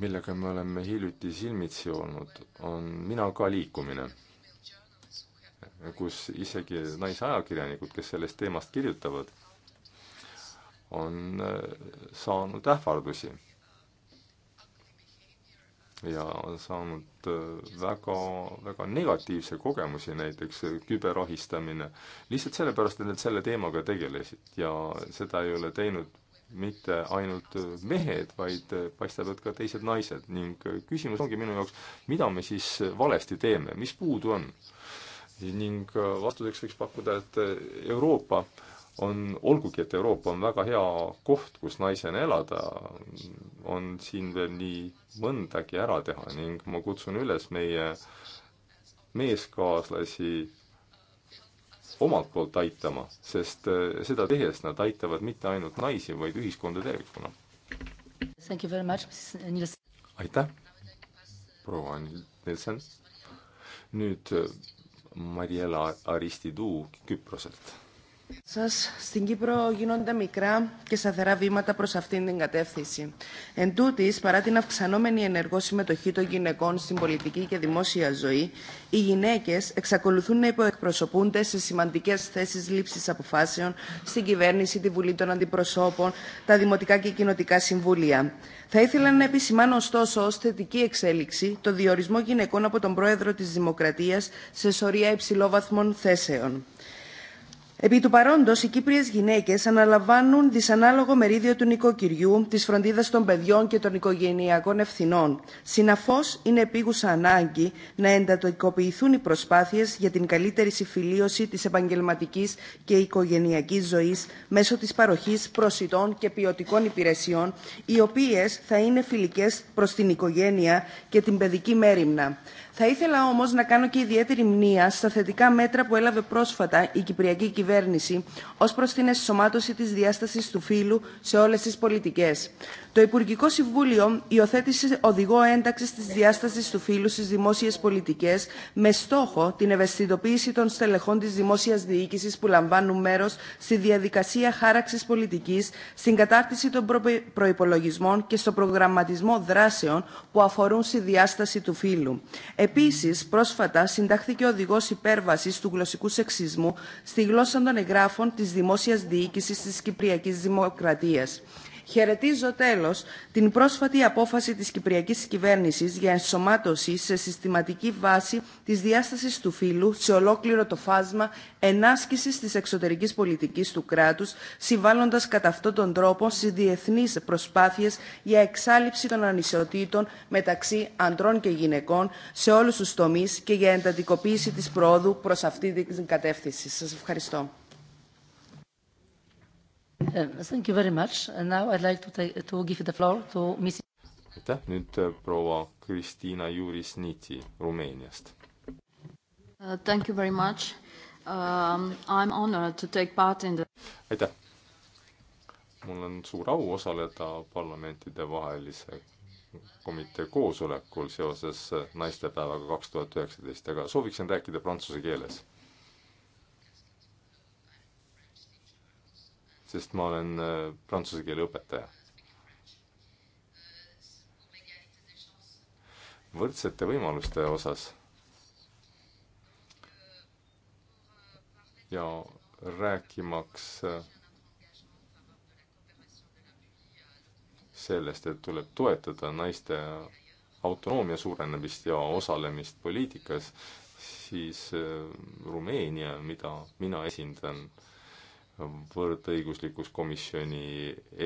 millega me oleme hiljuti silmitsi olnud, on mina ka liikumine, kus isegi naisajakirjanikud, kes sellest teemast kirjutavad, on eh, saanud ähvardusi ja on saanud eh, väga, väga negatiivse kogemusi, näiteks eh, küberahistamine, lihtsalt sellepärast, et nad selle teemaga tegelesid ja seda ei ole teinud mitte ainult mehed, vaid paistab, et ka teised naised ning küsimus ongi minu jaoks, mida me siis valesti teeme, mis puudu on? ning vastuseks võiks pakkuda, et Euroopa äh, on, olgugi et Euroopa on väga hea koht, kus naisena elada, on siin veel nii mõndagi ära teha ning ma kutsun üles meie meeskaaslasi omalt poolt aitama, sest eh, seda tehes nad aitavad mitte ainult naisi, vaid ühiskonda tervikuna. aitäh, proua Nilsen. nüüd eh, Mariela Aristidou Küproselt Σας στην Κύπρο γίνονται μικρά και σταθερά βήματα προς αυτήν την κατεύθυνση. Εν τούτης, παρά την αυξανόμενη ενεργό συμμετοχή των γυναικών στην πολιτική και δημόσια ζωή, οι γυναίκες εξακολουθούν να υποεκπροσωπούνται σε σημαντικές θέσεις λήψης αποφάσεων στην κυβέρνηση, τη Βουλή των Αντιπροσώπων, τα Δημοτικά και Κοινοτικά Συμβούλια. Θα ήθελα να επισημάνω ωστόσο ως θετική εξέλιξη το διορισμό γυναικών από τον Πρόεδρο της Δημοκρατίας σε σωρία υψηλόβαθμων θέσεων. Επί του παρόντος, οι Κύπριες γυναίκες αναλαμβάνουν δυσανάλογο μερίδιο του νοικοκυριού, της φροντίδας των παιδιών και των οικογενειακών ευθυνών. Συναφώς, είναι επίγουσα ανάγκη να εντατοικοποιηθούν οι προσπάθειες για την καλύτερη συμφιλίωση της επαγγελματικής και οικογενειακής ζωής μέσω της παροχής προσιτών και ποιοτικών υπηρεσιών, οι οποίες θα είναι φιλικές προς την οικογένεια και την παιδική μέρημνα. Θα ήθελα όμω να κάνω και ιδιαίτερη μνήα στα θετικά μέτρα που έλαβε πρόσφατα η Κυπριακή Κυβέρνηση ω προ την εσωμάτωση τη διάσταση του φύλου σε όλε τι πολιτικέ. Το Υπουργικό Συμβούλιο υιοθέτησε οδηγό ένταξη τη διάσταση του φύλου στι δημόσιε πολιτικέ με στόχο την ευαισθητοποίηση των στελεχών τη δημόσια διοίκηση που λαμβάνουν μέρο στη διαδικασία χάραξη πολιτική, στην κατάρτιση των προπολογισμών και στο προγραμματισμό δράσεων που αφορούν στη διάσταση του φύλου. Επίση, πρόσφατα συντάχθηκε οδηγό υπέρβαση του γλωσσικού σεξισμού στη γλώσσα των εγγράφων τη δημόσια διοίκηση τη Κυπριακή Δημοκρατία. Χαιρετίζω τέλος την πρόσφατη απόφαση της Κυπριακής Κυβέρνησης για ενσωμάτωση σε συστηματική βάση της διάστασης του φύλου σε ολόκληρο το φάσμα ενάσκησης της εξωτερικής πολιτικής του κράτους, συμβάλλοντας κατά αυτόν τον τρόπο στις διεθνείς προσπάθειες για εξάλληψη των ανισοτήτων μεταξύ ανδρών και γυναικών σε όλους τους τομείς και για εντατικοποίηση της προόδου προς αυτή την κατεύθυνση. Σας ευχαριστώ. Um, thank you very much. Now I'd like to take, to give the floor to Miss. aitäh, nüüd äh, proua Kristiina Juris-Niti Rumeeniast. Uh, thank you very much um,. I am honored to take part in the. aitäh. mul on suur au osaleda parlamentidevahelise komitee koosolekul seoses äh, naistepäevaga kaks tuhat üheksateist, aga sooviksin rääkida prantsuse keeles sest ma olen äh, prantsuse keele õpetaja. võrdsete võimaluste osas ja rääkimaks äh, sellest, et tuleb toetada naiste autonoomia suurenemist ja osalemist poliitikas, siis äh, Rumeenia, mida mina esindan, võrdõiguslikus komisjoni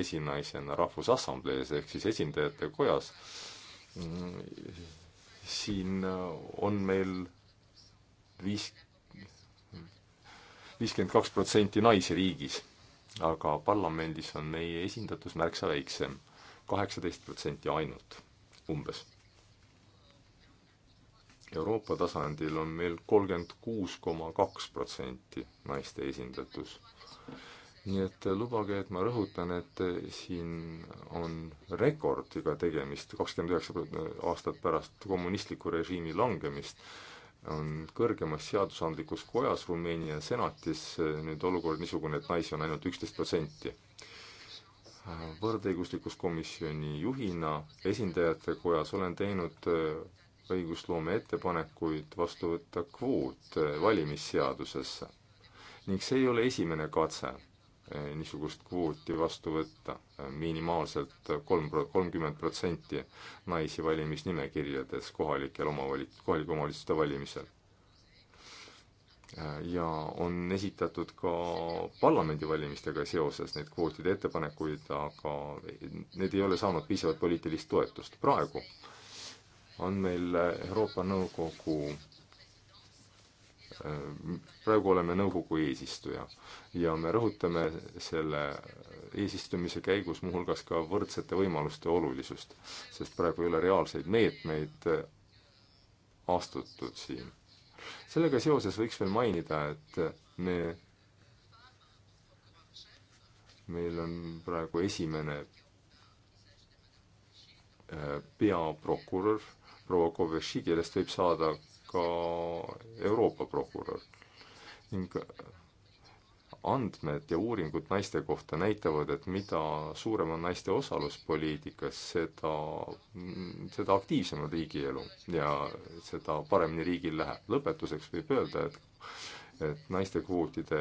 esinaisena Rahvusassamblees ehk siis esindajate kojas. siin on meil viis, viiskümmend kaks protsenti naisi riigis, aga parlamendis on meie esindatus märksa väiksem, kaheksateist protsenti ainult, umbes Euroopa tasandil on meil kolmkümmend kuus koma kaks protsenti naiste esindatus nii et eh, lubage, et ma rõhutan, et eh, siin on rekordiga tegemist, kakskümmend üheksa eh, aastat pärast kommunistliku režiimi langemist on kõrgemas seadusandlikus kojas Rumeenia senatis nüüd olukord niisugune, et naisi on ainult üksteist protsenti. võrdõiguslikkuskomisjoni juhina esindajate kojas olen teinud õigusloome ettepanekuid vastu võtta kvoot valimisseadusesse ning see ei ole esimene katse eh, niisugust kvooti vastu võtta eh, minimaalselt kolm, kolmkümmend protsenti naisi valimisnimekirjades kohalikel omavalit-, kohalike omavalitsuste valimisel. Eh, ja on esitatud ka parlamendivalimistega seoses neid kvootide ettepanekuid, aga need ei ole saanud piisavat poliitilist toetust. praegu on meil Euroopa Nõukogu praegu oleme nõukogu eesistuja ja me rõhutame selle eesistumise käigus muuhulgas ka võrdsete võimaluste olulisust, sest praegu ei ole reaalseid meetmeid astutud siin. sellega seoses võiks veel mainida, et me, meil on praegu esimene äh, peaprokurör, proua Kovešigi, kellest võib saada ka Euroopa prokurör ning andmed ja uuringud naiste kohta näitavad, et mida suurem on naiste osalus poliitikas, seda, seda aktiivsem on riigielu ja seda paremini riigil läheb. lõpetuseks võib öelda, et et naiste kvootide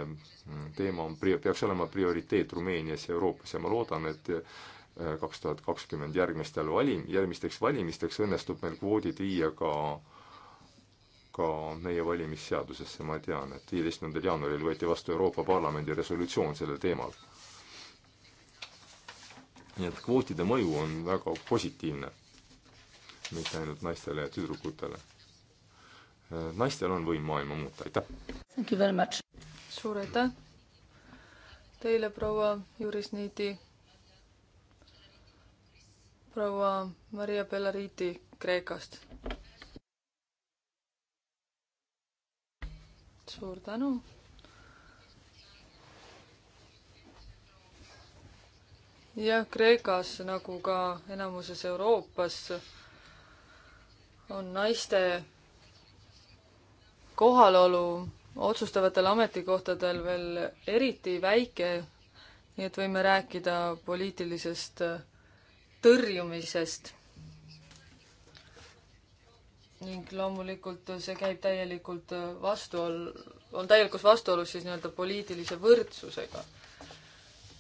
teema on, peaks olema prioriteet Rumeenias ja Euroopas ja ma loodan, et äh, kaks tuhat kakskümmend järgmistel valim-, järgmisteks valimisteks õnnestub meil kvoodid viia ka äh, ka meie valimisseadusesse, ma tean, et viieteistkümnendal jaanuaril võeti vastu Euroopa Parlamendi resolutsioon sellel teemal. nii et kvootide mõju on väga positiivne, mitte ainult naistele ja tüdrukutele. naistel on võim maailma muuta, aitäh! suur aitäh teile, proua jurisniidi, proua Maria Bellariti Kreekast suur tänu. jah, Kreekas nagu ka enamuses Euroopas on naiste kohalolu otsustavatel ametikohtadel veel eriti väike, nii et võime rääkida poliitilisest tõrjumisest ning loomulikult see käib täielikult vastuol-, on täielikus vastuolus siis nii-öelda poliitilise võrdsusega.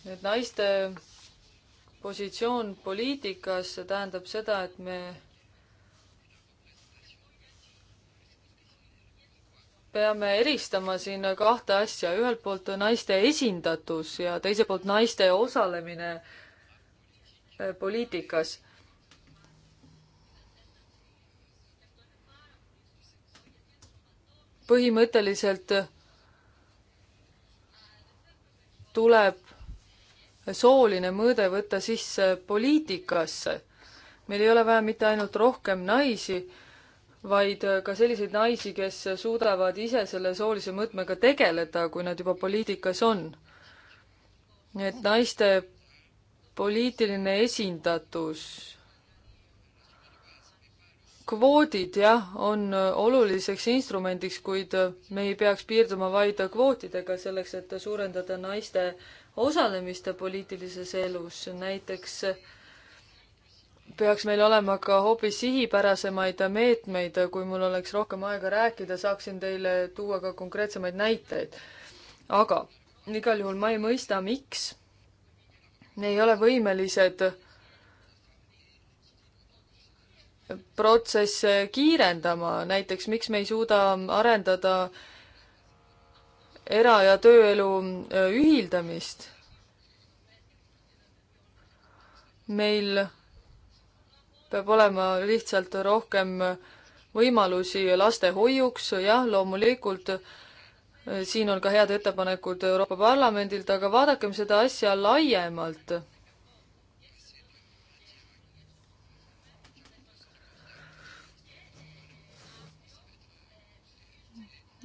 nii et naiste positsioon poliitikas, see tähendab seda, et me peame eristama siin kahte asja, ühelt poolt naiste esindatus ja teiselt poolt naiste osalemine poliitikas põhimõtteliselt tuleb sooline mõõde võtta sisse poliitikasse. meil ei ole vaja mitte ainult rohkem naisi, vaid ka selliseid naisi, kes suudavad ise selle soolise mõõtmega tegeleda, kui nad juba poliitikas on. nii et naiste poliitiline esindatus kvoodid jah, on äh, oluliseks instrumendiks, kuid äh, me ei peaks piirduma vaid kvootidega selleks, et suurendada naiste osalemist poliitilises elus, näiteks äh, peaks meil olema ka hoopis sihipärasemaid meetmeid, kui mul oleks rohkem aega rääkida, saaksin teile tuua ka konkreetsemaid näiteid. aga igal juhul ma ei mõista, miks me ei ole võimelised äh, protsesse kiirendama, näiteks miks me ei suuda arendada era- ja tööelu äh, ühildamist. meil peab olema lihtsalt rohkem võimalusi lastehoiuks, jah, loomulikult äh, siin on ka head ettepanekud Euroopa Parlamendilt, aga vaadakem seda asja laiemalt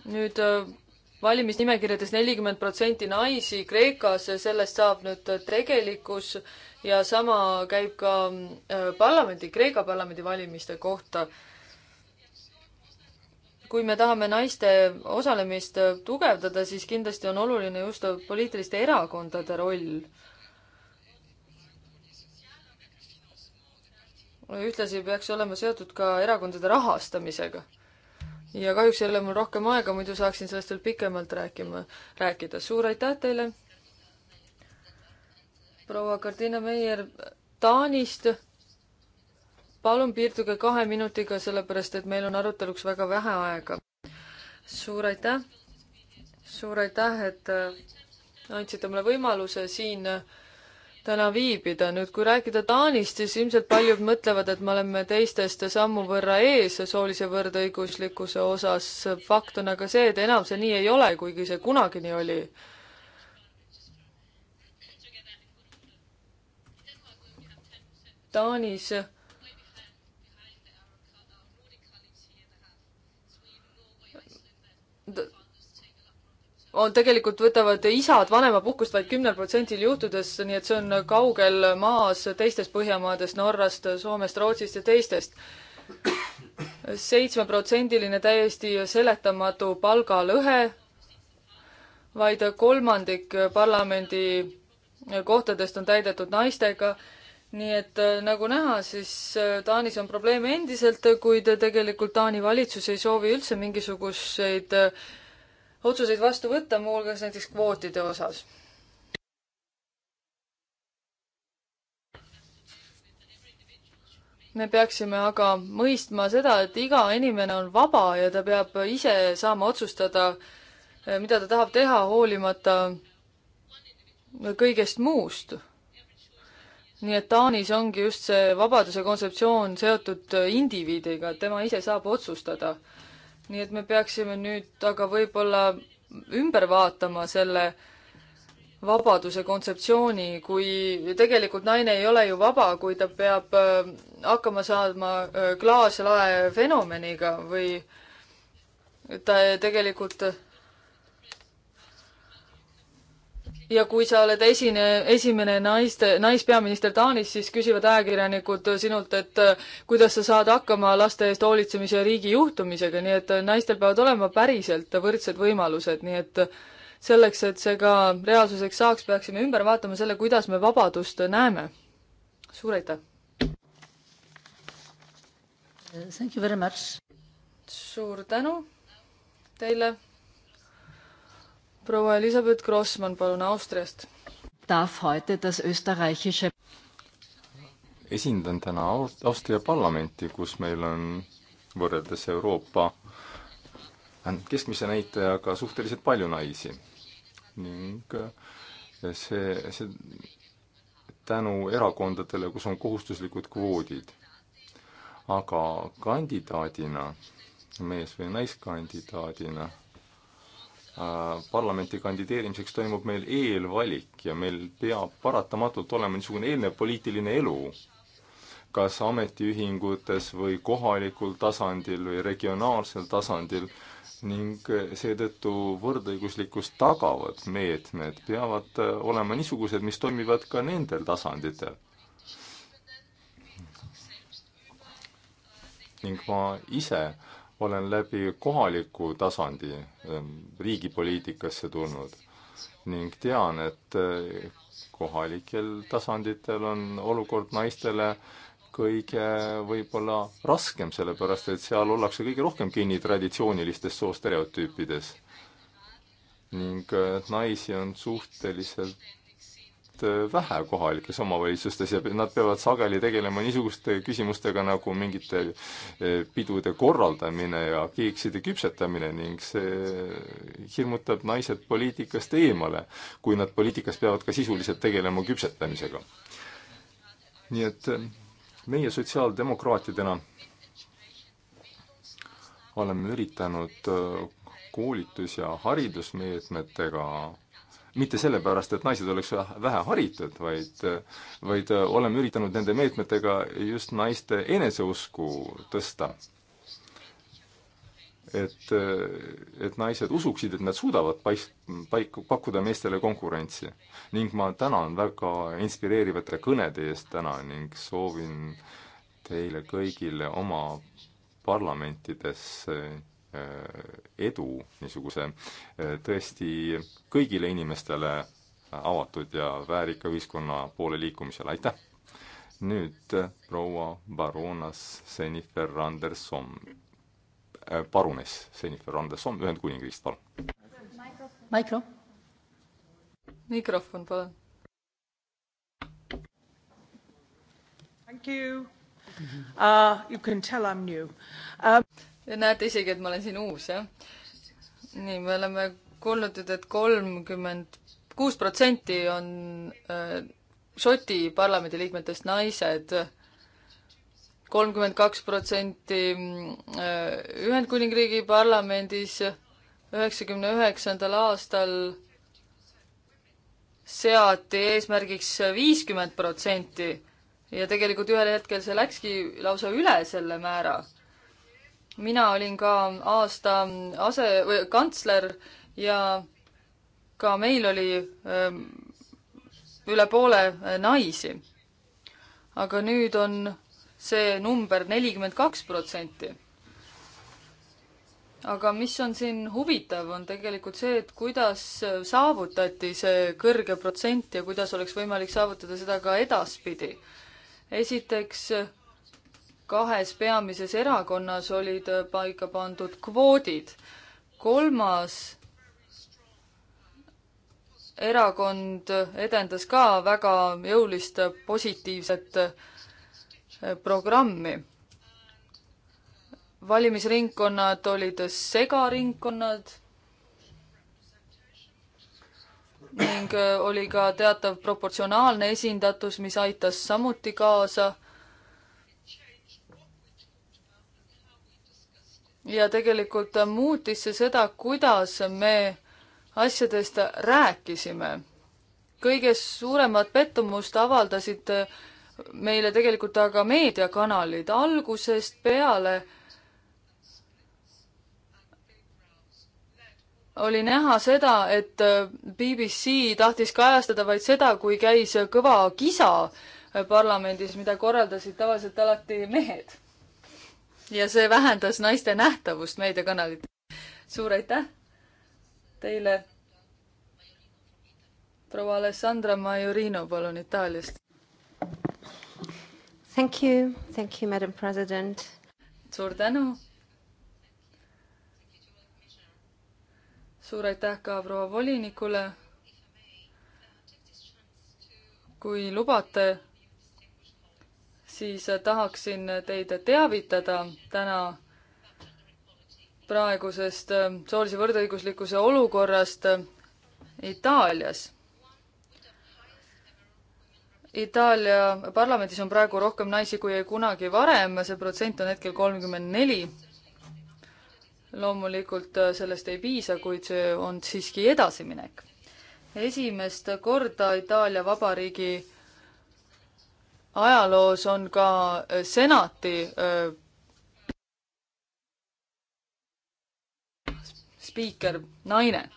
nüüd äh, valimisnimekirjades nelikümmend protsenti naisi Kreekas, sellest saab nüüd tegelikkus ja sama käib ka äh, parlamendi, Kreeka parlamendi valimiste kohta. kui me tahame naiste osalemist äh, tugevdada, siis kindlasti on oluline just poliitiliste erakondade roll ühtlasi peaks olema seotud ka erakondade rahastamisega ja kahjuks ei ole mul rohkem aega, muidu saaksin sellest veel pikemalt rääkima, rääkida. suur aitäh teile, proua Kardina Meier Taanist. palun piirduge kahe minutiga, sellepärast et meil on aruteluks väga vähe aega. suur aitäh, suur aitäh, et äh, andsite mulle võimaluse siin äh, täna viibida. nüüd, kui rääkida Taanist, siis ilmselt paljud mõtlevad, et me oleme teistest sammu võrra ees soolise võrdõiguslikkuse osas. fakt on aga see, et enam see nii ei ole, kuigi see kunagi nii oli. Taanis on tegelikult, võtavad isad vanemapuhkust vaid kümnel protsendil juhtudest, nii et see on kaugel maas teistest Põhjamaadest, Norrast, Soomest, Rootsist ja teistest. seitsmeprotsendiline täiesti seletamatu palgalõhe, vaid kolmandik parlamendi kohtadest on täidetud naistega nii et äh, nagu näha, siis äh, Taanis on probleeme endiselt, kuid tegelikult Taani valitsus ei soovi üldse mingisuguseid äh, otsuseid vastu võtta, muuhulgas näiteks kvootide osas. me peaksime aga mõistma seda, et iga inimene on vaba ja ta peab ise saama otsustada, eh, mida ta tahab teha, hoolimata kõigest muust nii et Taanis ongi just see vabaduse kontseptsioon seotud indiviidiga, et tema ise saab otsustada nii et me peaksime nüüd aga võib-olla ümber vaatama selle vabaduse kontseptsiooni, kui tegelikult naine ei ole ju vaba, kui ta peab äh, hakkama saama äh, klaaslae fenomeniga või ta tegelikult ja kui sa oled esine, esimene naiste, naispeaminister Taanis, siis küsivad ajakirjanikud sinult, et äh, kuidas sa saad hakkama laste eest hoolitsemise ja riigi juhtumisega, nii et äh, naistel peavad olema päriselt võrdsed võimalused, nii et äh, selleks, et see ka reaalsuseks saaks, peaksime ümber vaatama selle, kuidas me vabadust näeme. suur aitäh! Thank you very much! suur tänu teile! proua Elisabeth Grossmann, palun, Austriast. esindan täna Austria parlamenti, kus meil on võrreldes Euroopa keskmise näitajaga suhteliselt palju naisi ning eh, see, see tänu erakondadele, kus on kohustuslikud kvoodid. aga kandidaadina, mees- või naiskandidaadina Äh, parlamenti kandideerimiseks toimub meil eelvalik ja meil peab paratamatult olema niisugune eelnev poliitiline elu, kas ametiühingutes või kohalikul tasandil või regionaalsel tasandil ning seetõttu võrdõiguslikkust tagavad meetmed peavad äh, olema niisugused, mis toimivad ka nendel tasanditel. ning ma ise äh, olen läbi kohaliku tasandi ehm, riigipoliitikasse tulnud ning tean, et eh, kohalikel tasanditel on olukord naistele kõige võib-olla raskem, sellepärast et seal ollakse kõige rohkem kinni traditsioonilistes soostereotüüpides. ning eh, naisi on suhteliselt Äh, vähe kohalikes omavalitsustes ja nad peavad sageli tegelema niisuguste küsimustega nagu mingite äh, pidude korraldamine ja keekside küpsetamine ning see hirmutab naised poliitikast eemale, kui nad poliitikas peavad ka sisuliselt tegelema küpsetamisega. nii et äh, meie sotsiaaldemokraatidena oleme üritanud koolitus- ja haridusmeetmetega mitte sellepärast, et naised oleks vähe haritud, vaid, vaid äh, oleme üritanud nende meetmetega just naiste eneseusku tõsta. et, äh, et naised usuksid, et nad suudavad pais-, paik-, pakkuda meestele konkurentsi. ning ma tänan väga inspireerivate kõnede eest täna ning soovin teile kõigile oma parlamentides äh, Äh, edu niisuguse äh, tõesti kõigile inimestele avatud ja väärika ühiskonna poole liikumisel, aitäh! nüüd äh, proua baronas Senifer Anderson äh,, parunes Senifer Anderson Ühendkuningriigist, palun! mikro. mikrofon, palun. Thank you. Uh, you can tell I'm new. Uh näete isegi, et ma olen siin uus, jah. nii, me oleme kuulnud nüüd, et kolmkümmend kuus protsenti on äh, Šoti parlamendiliikmetest naised, kolmkümmend kaks protsenti äh, Ühendkuningriigi parlamendis üheksakümne üheksandal aastal seati eesmärgiks viiskümmend protsenti ja tegelikult ühel hetkel see läkski lausa üle selle määra mina olin ka aasta ase, või kantsler ja ka meil oli öö, ähm, üle poole äh, naisi. aga nüüd on see number nelikümmend kaks protsenti. aga mis on siin huvitav, on tegelikult see, et kuidas saavutati see kõrge protsent ja kuidas oleks võimalik saavutada seda ka edaspidi. esiteks kahes peamises erakonnas olid äh, paika pandud kvoodid. kolmas erakond äh, edendas ka väga jõulist äh, positiivset programmi. valimisringkonnad olid segaringkonnad ning oli ka teatav proportsionaalne esindatus, mis aitas samuti kaasa ja tegelikult muutis see seda, kuidas me asjadest rääkisime. kõige suuremat pettumust avaldasid meile tegelikult aga meediakanalid algusest peale oli näha seda, et BBC tahtis kajastada vaid seda, kui käis kõva kisa parlamendis, mida korraldasid tavaliselt alati mehed ja see vähendas naiste nähtavust meediakanalitel. suur aitäh teile. proua Alessandra Majorino, palun Itaaliast. Thank you, thank you, madam president. suur tänu. suur aitäh ka proua volinikule. kui lubate siis tahaksin teid teavitada täna praegusest soolise võrdõiguslikkuse olukorrast Itaalias. Itaalia parlamendis on praegu rohkem naisi kui kunagi varem, see protsent on hetkel kolmkümmend neli. loomulikult sellest ei piisa, kuid see on siiski edasiminek. esimest korda Itaalia Vabariigi ajaloos on ka äh, senati äh, spiiker naine.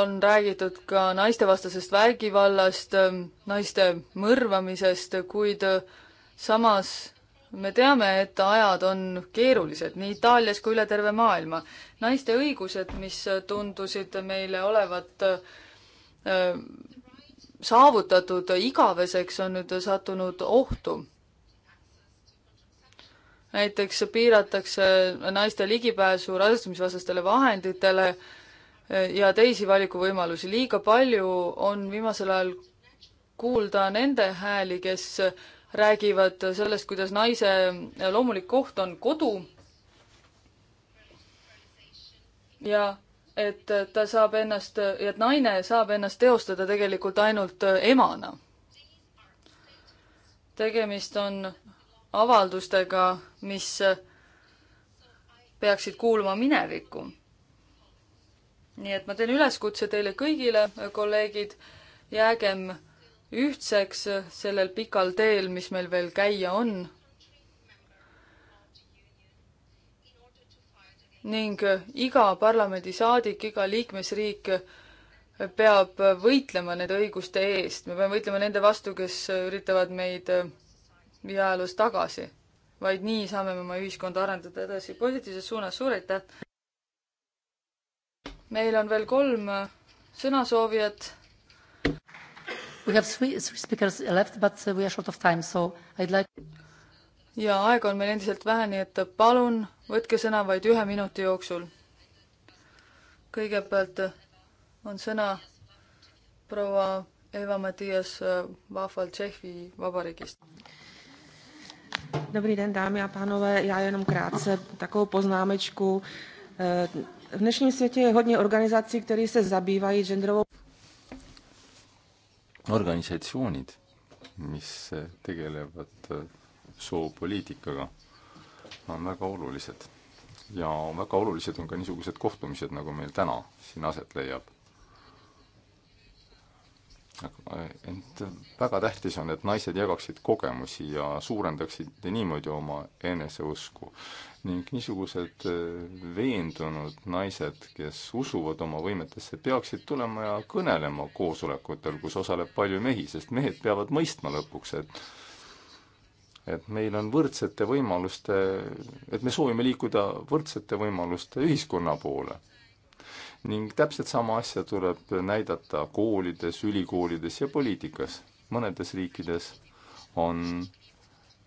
on räägitud ka naistevastasest vägivallast, ähm, naiste mõrvamisest, kuid äh, samas me teame, et ajad on keerulised nii Itaalias kui üle terve maailma. naiste õigused, mis tundusid meile olevat saavutatud igaveseks on nüüd sattunud ohtu. näiteks piiratakse naiste ligipääsu rasestumisvastastele vahenditele ja teisi valikuvõimalusi. liiga palju on viimasel ajal kuulda nende hääli, kes räägivad sellest, kuidas naise loomulik koht on kodu. ja et ta saab ennast, et naine saab ennast teostada tegelikult ainult emana. tegemist on avaldustega, mis peaksid kuuluma minevikku. nii et ma teen üleskutse teile kõigile, kolleegid, jäägem ühtseks sellel pikal teel, mis meil veel käia on ning äh, iga parlamendisaadik, iga liikmesriik äh, peab äh, võitlema nende õiguste eest, me peame võitlema nende vastu, kes üritavad meid viia ajaloos tagasi. vaid nii saame me oma ühiskonda arendada edasi positiivses suunas, suur aitäh! meil on veel kolm sõnasoovijat. We have three, three speakers left, but uh, we are short of time, so I'd like ja aega on meil endiselt vähe, nii et palun võtke sõna vaid ühe minuti jooksul. kõigepealt on sõna proua Eva-Matias äh, Vahval Tšehhi Vabariigist. Dobrý den, dámy a pánové. Já jenom krátce takovou poznámečku. Äh, v dnešním světě je hodně organizací, které se zabývají genderovou... Organisatsioonid, mis äh, tegelevad soopoliitikaga on väga olulised. ja väga olulised on ka niisugused kohtumised, nagu meil täna siin aset leiab. Eh, ent väga tähtis on, et naised jagaksid kogemusi ja suurendaksid niimoodi oma eneseusku. ning niisugused eh, veendunud naised, kes usuvad oma võimetesse, peaksid tulema ja kõnelema koosolekutel, kus osaleb palju mehi, sest mehed peavad mõistma lõpuks, et et meil on võrdsete võimaluste, et me soovime liikuda võrdsete võimaluste ühiskonna poole. ning täpselt sama asja tuleb näidata koolides, ülikoolides ja poliitikas. mõnedes riikides on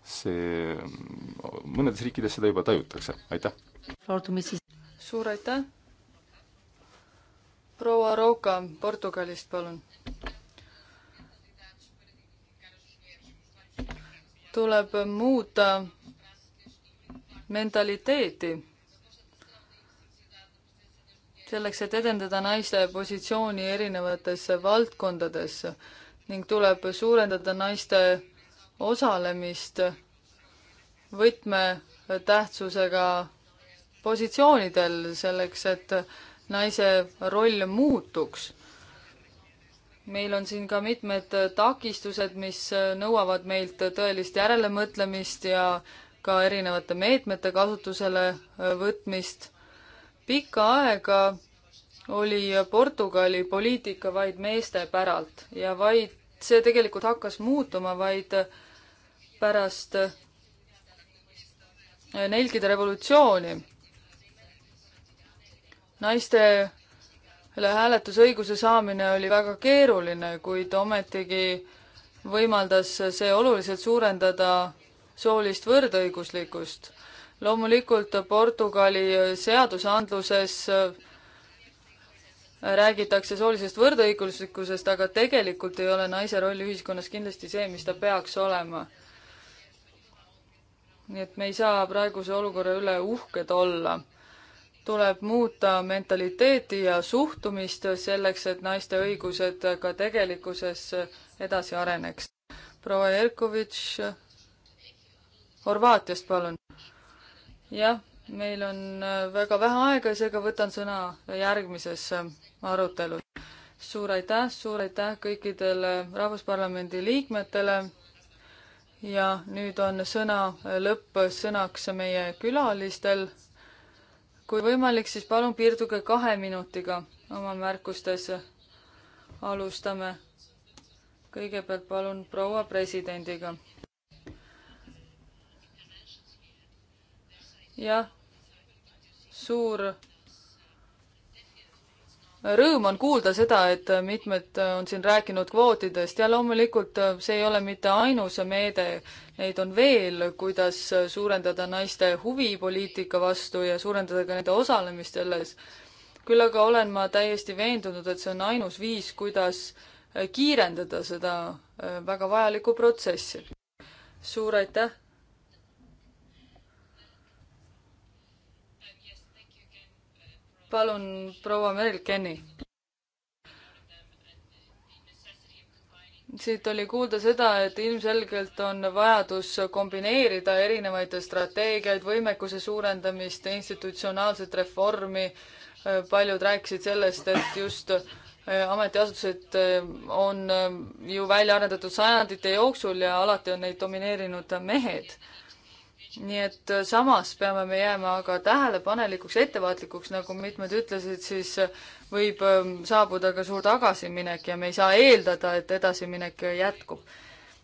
see, mõnedes riikides seda juba tajutakse, aitäh! suur aitäh! proua Rauka Portugalist, palun! tuleb muuta mentaliteeti selleks, et edendada naiste positsiooni erinevates valdkondades ning tuleb suurendada naiste osalemist võtmetähtsusega positsioonidel selleks, et naise roll muutuks meil on siin ka mitmed äh, takistused, mis äh, nõuavad meilt äh, tõelist järelemõtlemist ja ka erinevate meetmete kasutusele võtmist. pikka aega oli Portugali poliitika vaid meeste päralt ja vaid see tegelikult hakkas muutuma vaid pärast nelgide revolutsiooni. naiste üle hääletusõiguse saamine oli väga keeruline, kuid ometigi võimaldas see oluliselt suurendada soolist võrdõiguslikkust. loomulikult Portugali seadusandluses räägitakse soolisest võrdõiguslikkusest, aga tegelikult ei ole naise roll ühiskonnas kindlasti see, mis ta peaks olema. nii et me ei saa praeguse olukorra üle uhked olla tuleb muuta mentaliteeti ja suhtumist selleks, et naiste õigused ka tegelikkuses edasi areneks. proua Jerkovitš Horvaatiast, palun. jah, meil on äh, väga vähe aega, seega võtan sõna järgmises äh, arutelus. suur aitäh, suur aitäh kõikidele Rahvusparlamendi liikmetele ja nüüd on sõna äh, lõppsõnaks meie külalistel kui võimalik, siis palun piirduge kahe minutiga oma märkustes. alustame kõigepealt palun proua presidendiga. jah, suur rõõm on kuulda seda, et mitmed on siin rääkinud kvootidest ja loomulikult äh, see ei ole mitte ainus meede, neid on veel, kuidas suurendada naiste huvi poliitika vastu ja suurendada ka nende osalemist selles. küll aga olen ma täiesti veendunud, et see on ainus viis, kuidas äh, kiirendada seda äh, väga vajalikku protsessi. suur aitäh! palun, proua Meril Kenni. siit oli kuulda seda, et ilmselgelt on vajadus kombineerida erinevaid strateegiaid, võimekuse suurendamist, institutsionaalset reformi. paljud rääkisid sellest, et just eh, ametiasutused eh, on eh, ju välja arendatud sajandite jooksul ja alati on neid domineerinud mehed nii et äh, samas peame me jääma aga tähelepanelikuks, ettevaatlikuks, nagu mitmed ütlesid, siis äh, võib ähm, saabuda ka suur tagasiminek ja me ei saa eeldada, et edasiminek äh, jätkub.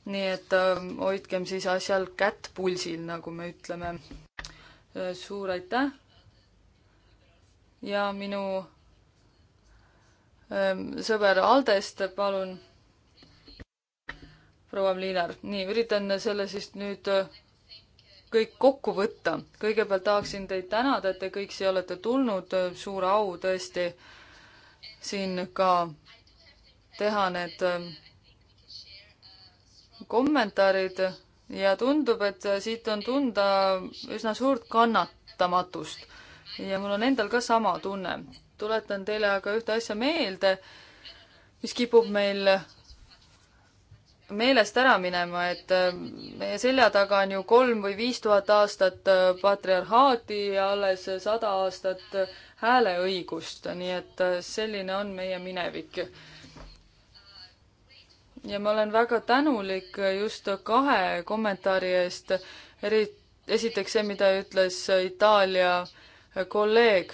nii et ähm, hoidkem siis asjal kätt pulsil, nagu me ütleme. suur aitäh. ja minu ähm, sõber Aldest, palun. proua Liinar, nii, üritan selle siis nüüd kõik kokku võtta. kõigepealt tahaksin teid tänada, et te kõik siia olete tulnud, suur au tõesti siin ka teha need ähm, kommentaarid ja tundub, et siit on tunda üsna suurt kannatamatust. ja mul on endal ka sama tunne. tuletan teile aga ühte asja meelde, mis kipub meil meelest ära minema, et äh, meie selja taga on ju kolm või viis tuhat aastat äh, patriarhaati ja alles sada aastat äh, hääleõigust, nii et selline on meie minevik. ja ma olen väga tänulik just kahe kommentaari eest, eri, esiteks see, mida ütles Itaalia kolleeg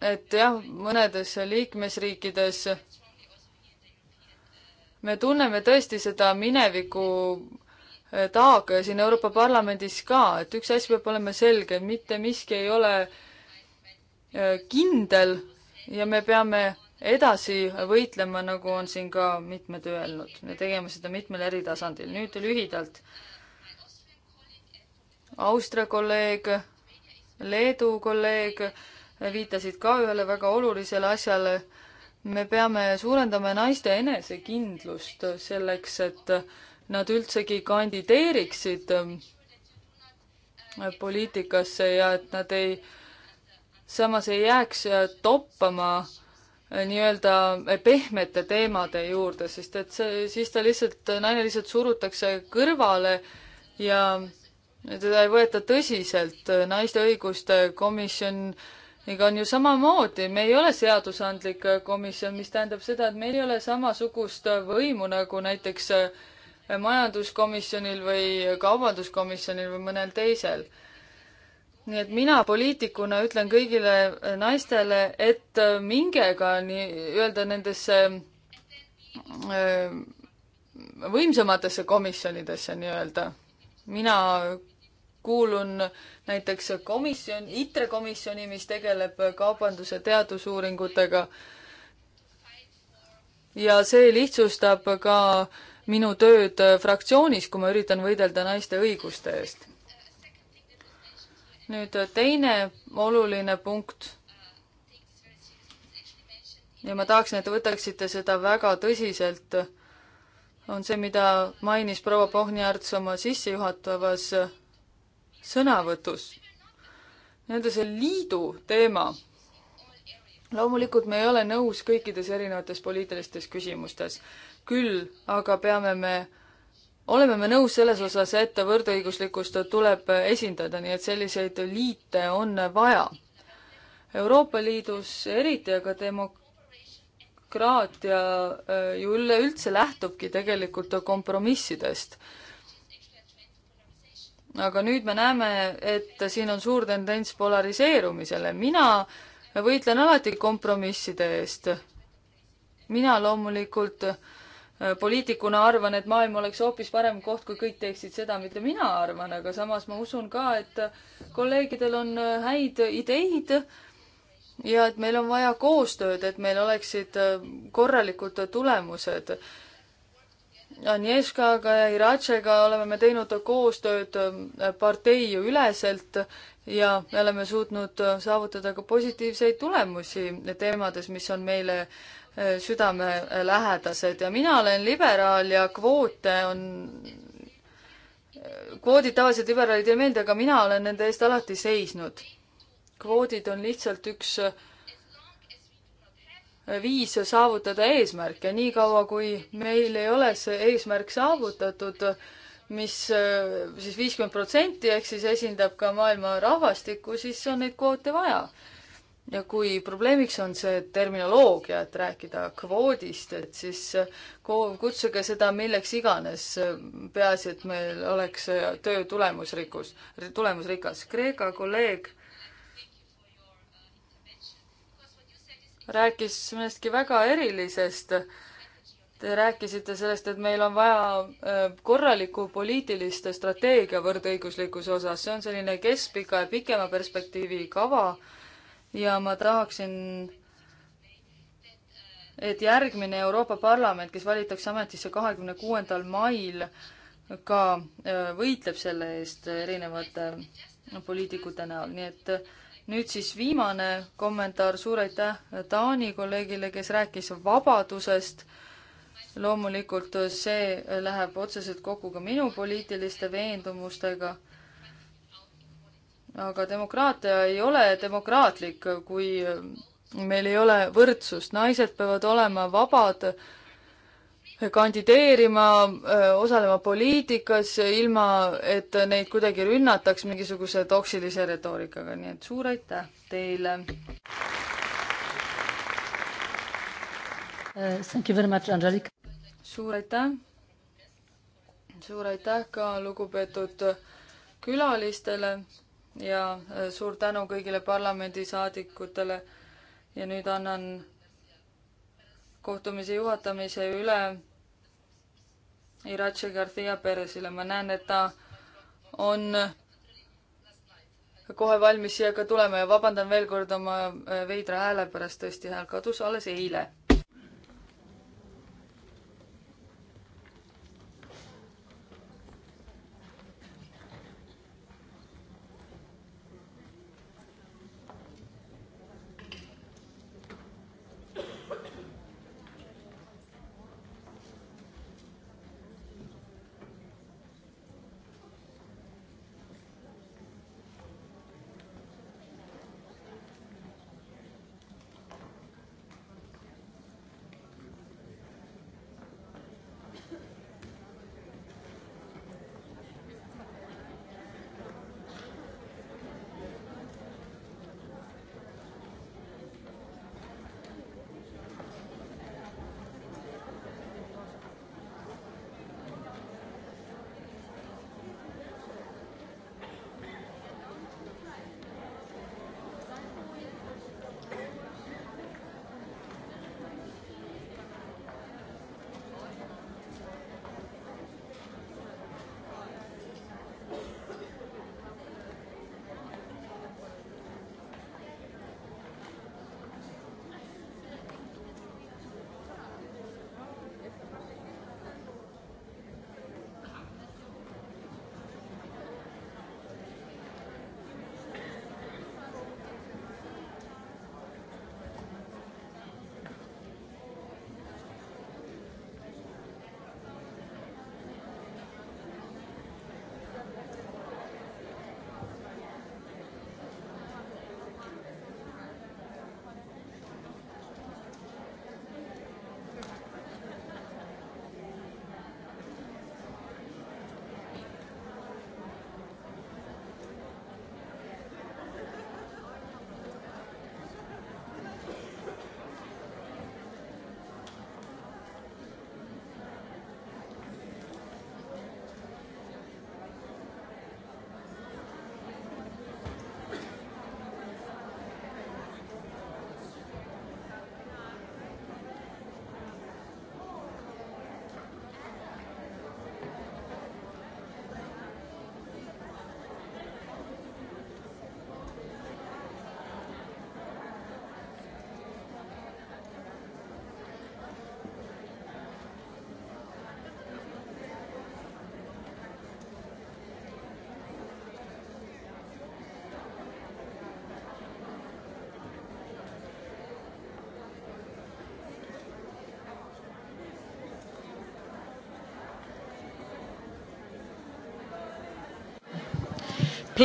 et jah, mõnedes liikmesriikides me tunneme tõesti seda mineviku eh, taaga ja siin Euroopa Parlamendis ka, et üks asi peab olema selge, mitte miski ei ole eh, kindel ja me peame edasi võitlema, nagu on siin ka mitmed öelnud. me tegema seda mitmel eri tasandil. nüüd lühidalt. Austria kolleeg, Leedu kolleeg viitasid ka ühele väga olulisele asjale me peame suurendama naiste enesekindlust selleks, et nad üldsegi kandideeriksid äh, poliitikasse ja et nad ei, samas ei jääks äh, toppama äh, nii-öelda pehmete teemade juurde, sest et see, siis ta lihtsalt, naine lihtsalt surutakse kõrvale ja teda ei võeta tõsiselt. naiste õiguste komisjon äh, ega on ju samamoodi, me ei ole seadusandlik äh, komisjon, mis tähendab seda, et meil ei ole samasugust äh, võimu nagu näiteks äh, majanduskomisjonil või kaubanduskomisjonil või mõnel teisel. nii et mina poliitikuna ütlen kõigile naistele, et minge ka nii-öelda nendesse võimsamatesse komisjonidesse nii-öelda. mina kuulun näiteks komisjon, ITRE komisjoni, mis tegeleb kaubanduse teadusuuringutega. ja see lihtsustab ka minu tööd fraktsioonis, kui ma üritan võidelda naiste õiguste eest. nüüd teine oluline punkt. ja ma tahaksin, et te võtaksite seda väga tõsiselt, on see, mida mainis proua Pohnjarts oma sissejuhatavas sõnavõtus. nii-öelda see liidu teema. loomulikult me ei ole nõus kõikides erinevates poliitilistes küsimustes, küll aga peame me oleme me nõus selles osas, et võrdõiguslikkust tuleb esindada, nii et selliseid liite on vaja. Euroopa Liidus eriti, aga demokraatia äh, ju üleüldse lähtubki tegelikult kompromissidest aga nüüd me näeme, et siin on suur tendents polariseerumisele. mina võitlen alati kompromisside eest. mina loomulikult äh, poliitikuna arvan, et maailm oleks hoopis parem koht, kui kõik teeksid seda, mida mina arvan, aga samas ma usun ka, et kolleegidel on äh, häid ideid ja et meil on vaja koostööd, et meil oleksid äh, korralikud tulemused Anjeskaga ja Iratšega oleme me teinud koostööd ähm, parteiüleselt ja me oleme suutnud äh, saavutada ka positiivseid tulemusi teemades, mis on meile äh, südamelähedased ja mina olen liberaal ja kvoote on, äh, kvoodid tavaliselt liberaalidele ei meeldi, aga mina olen nende eest alati seisnud. kvoodid on lihtsalt üks äh, viis saavutada eesmärke, niikaua kui meil ei ole see eesmärk saavutatud, mis siis viiskümmend protsenti ehk siis esindab ka maailma rahvastikku, siis on neid kvoote vaja. ja kui probleemiks on see terminoloogia, et rääkida kvoodist, et siis kutsuge seda milleks iganes, peaasi, et meil oleks töö tulemusrikkus, tulemusrikas. Kreeka kolleeg rääkis millestki väga erilisest. Te rääkisite sellest, et meil on vaja äh, korralikku poliitilist strateegia võrdõiguslikkuse osas, see on selline keskpika ja pikema perspektiivi kava ja ma tahaksin et järgmine Euroopa Parlament, kes valitakse ametisse kahekümne kuuendal mail, ka äh, võitleb selle eest erinevate poliitikute näol, nii et nüüd siis viimane kommentaar, suur aitäh Taani kolleegile, kes rääkis vabadusest. loomulikult see läheb otseselt kokku ka minu poliitiliste veendumustega. aga demokraatia ei ole demokraatlik, kui meil ei ole võrdsust, naised peavad olema vabad kandideerima, osalema poliitikas, ilma et neid kuidagi rünnataks mingisuguse toksilise retoorikaga, nii et suur aitäh teile! Uh, suur aitäh! suur aitäh ka lugupeetud külalistele ja suur tänu kõigile parlamendisaadikutele ja nüüd annan kohtumise juhatamise üle Iratše Garcia Peresile, ma näen, et ta on kohe valmis siia ka tulema ja vabandan veel kord oma äh, veidra hääle pärast, tõesti hääl kadus alles eile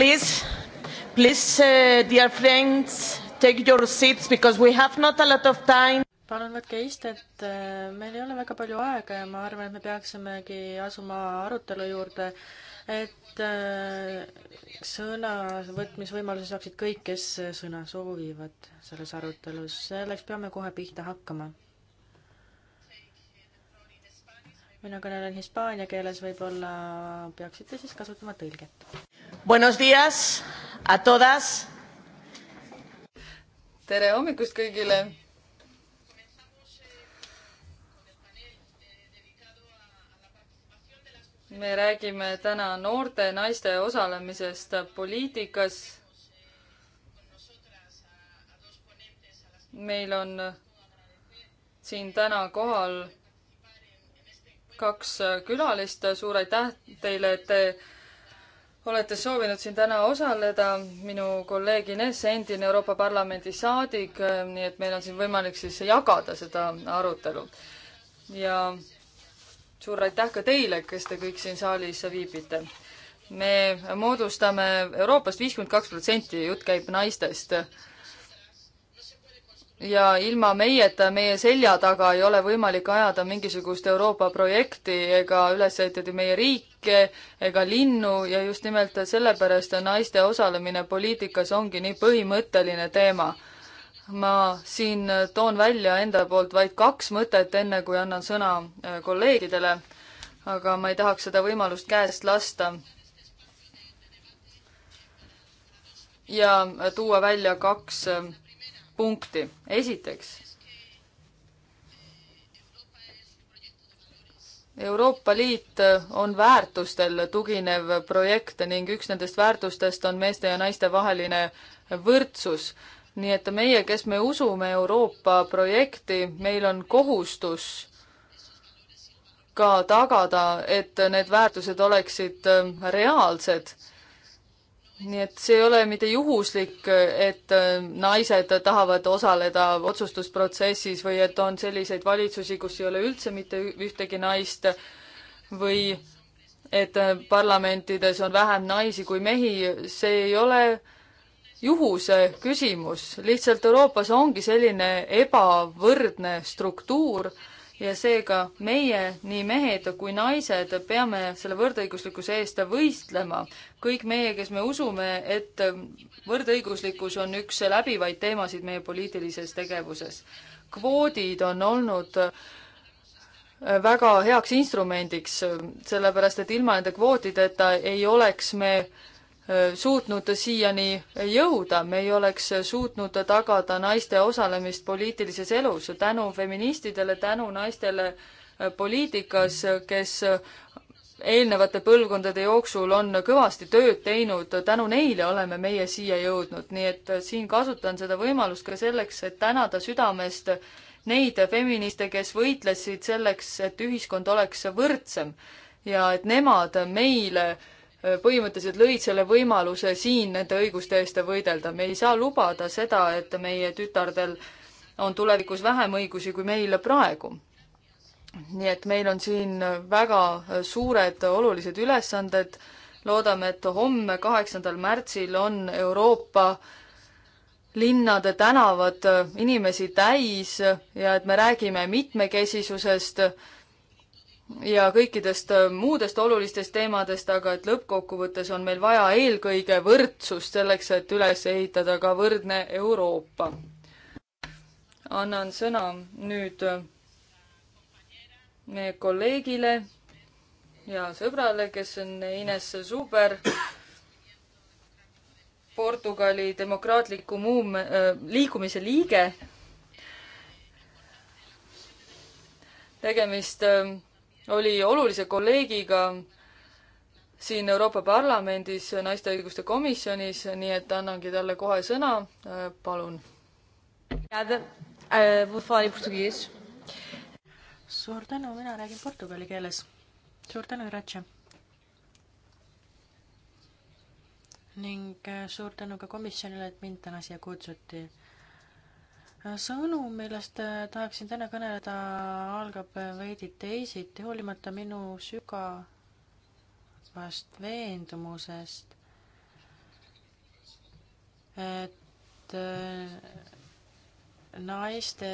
Please, please, uh, dear friends, take your seats because we have not a lot of time. palun võtke istet, meil ei ole väga palju aega ja ma arvan, et me peaksimegi asuma arutelu juurde, et äh, sõnavõtmisvõimalusi saaksid kõik, kes sõna soovivad selles arutelus, selleks peame kohe pihta hakkama mina kõnelen hispaania keeles, võib-olla peaksite siis kasutama tõlget. Buenos días a todas. tere hommikust kõigile. me räägime täna noorte naiste osalemisest poliitikas. meil on siin täna kohal kaks külalist, suur aitäh teile, et te olete soovinud siin täna osaleda, minu kolleeg Ines, endine Euroopa Parlamendi saadik, nii et meil on siin võimalik siis jagada seda arutelu. ja suur aitäh ka teile, kes te kõik siin saalis viibite. me moodustame Euroopast viiskümmend kaks protsenti, jutt käib naistest. ja ilma meieta, meie selja taga ei ole võimalik ajada mingisugust Euroopa projekti ega üles ehitada meie riiki, liike ega linnu ja just nimelt sellepärast naiste osalemine poliitikas ongi nii põhimõtteline teema. ma siin toon välja enda poolt vaid kaks mõtet, enne kui annan sõna äh, kolleegidele, aga ma ei tahaks seda võimalust käest lasta ja tuua välja kaks äh, punkti. esiteks Euroopa Liit on väärtustel tuginev projekt ning üks nendest väärtustest on meeste ja naiste vaheline võrdsus. nii et meie, kes me usume Euroopa projekti, meil on kohustus ka tagada, et need väärtused oleksid reaalsed nii et see ei ole mitte juhuslik, et äh, naised tahavad osaleda otsustusprotsessis või et on selliseid valitsusi, kus ei ole üldse mitte ühtegi naist või et äh, parlamentides on vähem naisi kui mehi, see ei ole juhuse äh, küsimus, lihtsalt Euroopas ongi selline ebavõrdne struktuur ja seega meie, nii mehed kui naised, peame selle võrdõiguslikkuse eest võistlema. kõik meie, kes me usume, et võrdõiguslikkus on üks läbivaid teemasid meie poliitilises tegevuses. kvoodid on olnud väga heaks instrumendiks, sellepärast et ilma nende kvootideta ei oleks me Äh, suutnud siiani jõuda, me ei oleks suutnud tagada naiste osalemist poliitilises elus. tänu feministidele, tänu naistele äh, poliitikas, kes eelnevate põlvkondade jooksul on kõvasti tööd teinud, tänu neile oleme meie siia jõudnud, nii et äh, siin kasutan seda võimalust ka selleks, et tänada südamest neid feministe, kes võitlesid selleks, et ühiskond oleks võrdsem ja et nemad meile äh, põhimõtteliselt lõid selle võimaluse siin nende õiguste eest võidelda. me ei saa lubada seda, et meie tütardel on tulevikus vähem õigusi kui meil praegu. nii et meil on siin väga suured olulised ülesanded. loodame, et homme, kaheksandal märtsil on Euroopa linnade tänavad inimesi täis ja et me räägime mitmekesisusest ja kõikidest äh, muudest olulistest teemadest, aga et lõppkokkuvõttes on meil vaja eelkõige võrdsust selleks, et üles ehitada ka võrdne Euroopa. annan sõna nüüd äh, meie kolleegile ja sõbrale, kes on Ines Suber, Portugali demokraatliku muum-, äh, liikumise liige. tegemist äh, oli olulise kolleegiga siin Euroopa Parlamendis naiste õiguste komisjonis, nii et annangi talle kohe sõna, palun. Eh, suur tänu, mina räägin portugali keeles. suur tänu, Iratša. ning eh, suur tänu ka komisjonile, et mind täna siia kutsuti sõnum, millest äh, tahaksin täna kõneleda, algab äh, veidi teisiti, hoolimata minu sügavast veendumusest, et äh, naiste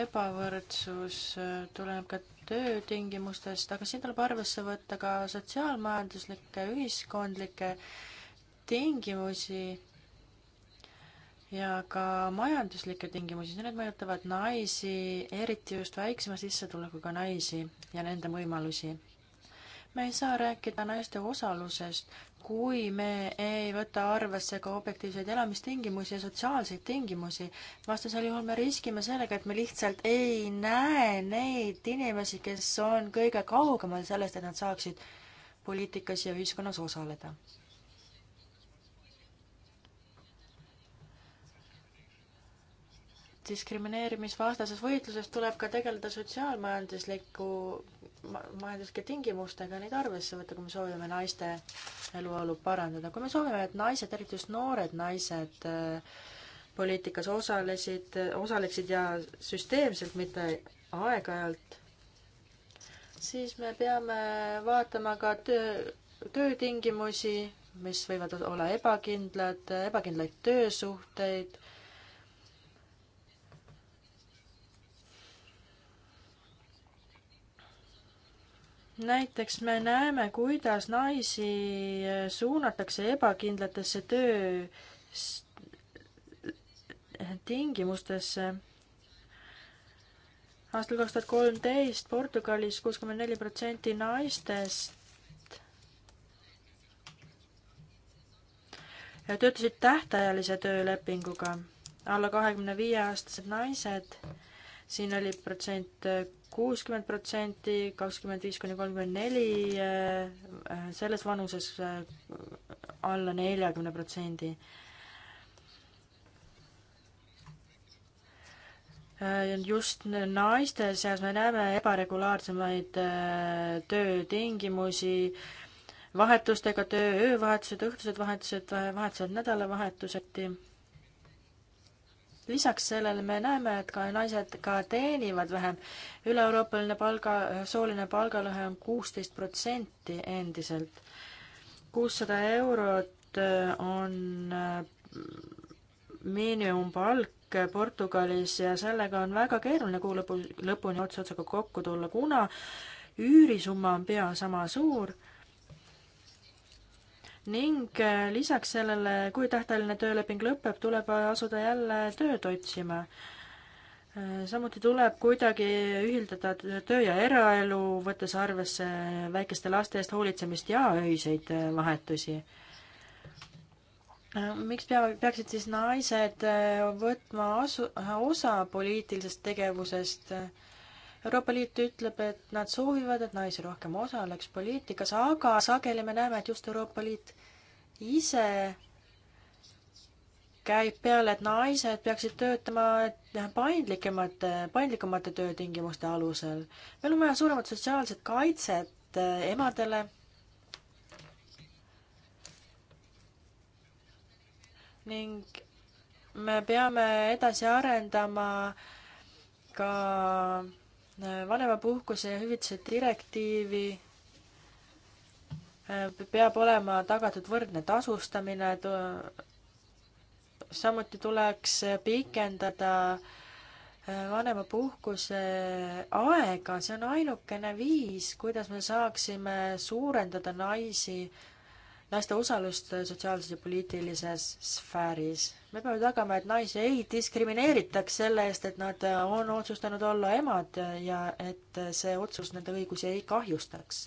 ebavõrdsus tuleneb ka töötingimustest, aga siin tuleb arvesse võtta ka sotsiaalmajanduslikke, ühiskondlikke tingimusi ja ka majanduslikke tingimusi, need mõjutavad naisi, eriti just väiksema sissetulekuga naisi ja nende võimalusi. me ei saa rääkida naiste osalusest, kui me ei võta arvesse ka objektiivseid elamistingimusi ja sotsiaalseid tingimusi, vastasel juhul me riskime sellega, et me lihtsalt ei näe neid inimesi, kes on kõige kaugemal sellest, et nad saaksid poliitikas ja ühiskonnas osaleda diskrimineerimisvastases võitluses tuleb ka tegeleda sotsiaalmajandusliku ma,, majanduslike tingimustega, neid arvesse võtta, kui me soovime naiste eluolu parandada. kui me soovime, et naised, eriti just noored naised, äh, poliitikas osalesid, osaleksid ja süsteemselt, mitte aeg-ajalt, siis me peame vaatama ka töö, töötingimusi, mis võivad olla ebakindlad, ebakindlaid töösuhteid näiteks me näeme, kuidas naisi eh, suunatakse ebakindlatesse töö tingimustesse. aastal kaks tuhat kolmteist Portugalis kuuskümmend neli protsenti naistest ja töötasid tähtajalise töölepinguga. alla kahekümne viie aastased naised, siin oli protsent kuuskümmend protsenti, kakskümmend viis kuni kolmkümmend neli, eh, eh, selles vanuses eh, alla neljakümne protsendi. just naiste seas me näeme ebaregulaarsemaid töötingimusi, vahetustega töö, öövahetused, õhtused vahetused, vahetused nädalavahetuseti lisaks sellele me näeme, et ka naised ka teenivad vähem. üle-euroopaline palga, sooline palgalõhe on kuusteist protsenti endiselt. kuussada eurot äh, on äh, miinimumpalk Portugalis ja sellega on väga keeruline kuu lõpu, lõpuni ots otsaga kokku tulla, kuna üürisumma on pea sama suur ning äh, lisaks sellele, kui tähtajaline tööleping lõpeb, tuleb asuda jälle tööd otsima. Äh, samuti tuleb kuidagi ühildada töö ja eraelu, võttes arvesse väikeste laste eest hoolitsemist ja öiseid vahetusi äh, miks pea, peaksid siis naised võtma asu, osa poliitilisest tegevusest äh, Euroopa Liit ütleb, et nad soovivad, et naisi rohkem osaleks poliitikas, aga sageli me näeme, et just Euroopa Liit ise käib peale, et naised peaksid töötama paindlikemate, paindlikumate töötingimuste alusel. meil on vaja suuremat sotsiaalset kaitset eh, emadele. ning me peame edasi arendama ka vanemapuhkuse ja hüvitise direktiivi äh, peab olema tagatud võrdne tasustamine, äh, samuti tuleks pikendada äh, vanemapuhkuse aega, see on ainukene viis, kuidas me saaksime suurendada naisi naiste osalust sotsiaalses ja poliitilises sfääris. me peame tagama, et naisi ei diskrimineeritaks selle eest, et nad on otsustanud olla emad ja et see otsus nende õigusi ei kahjustaks.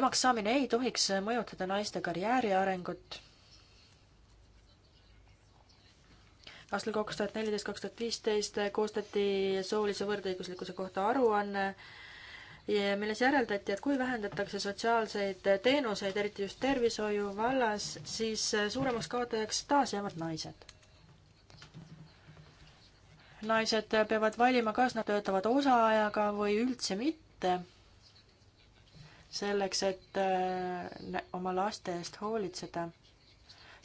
emaks saamine ei tohiks mõjutada naiste karjääri arengut. aastal kaks tuhat neliteist, kaks tuhat viisteist koostati soolise võrdõiguslikkuse kohta aruanne milles järeldati, et kui vähendatakse sotsiaalseid teenuseid, eriti just tervishoiu vallas, siis äh, suuremaks kaotajaks taas jäävad naised. naised peavad valima, kas nad töötavad osaajaga või üldse mitte, selleks, et äh, oma laste eest hoolitseda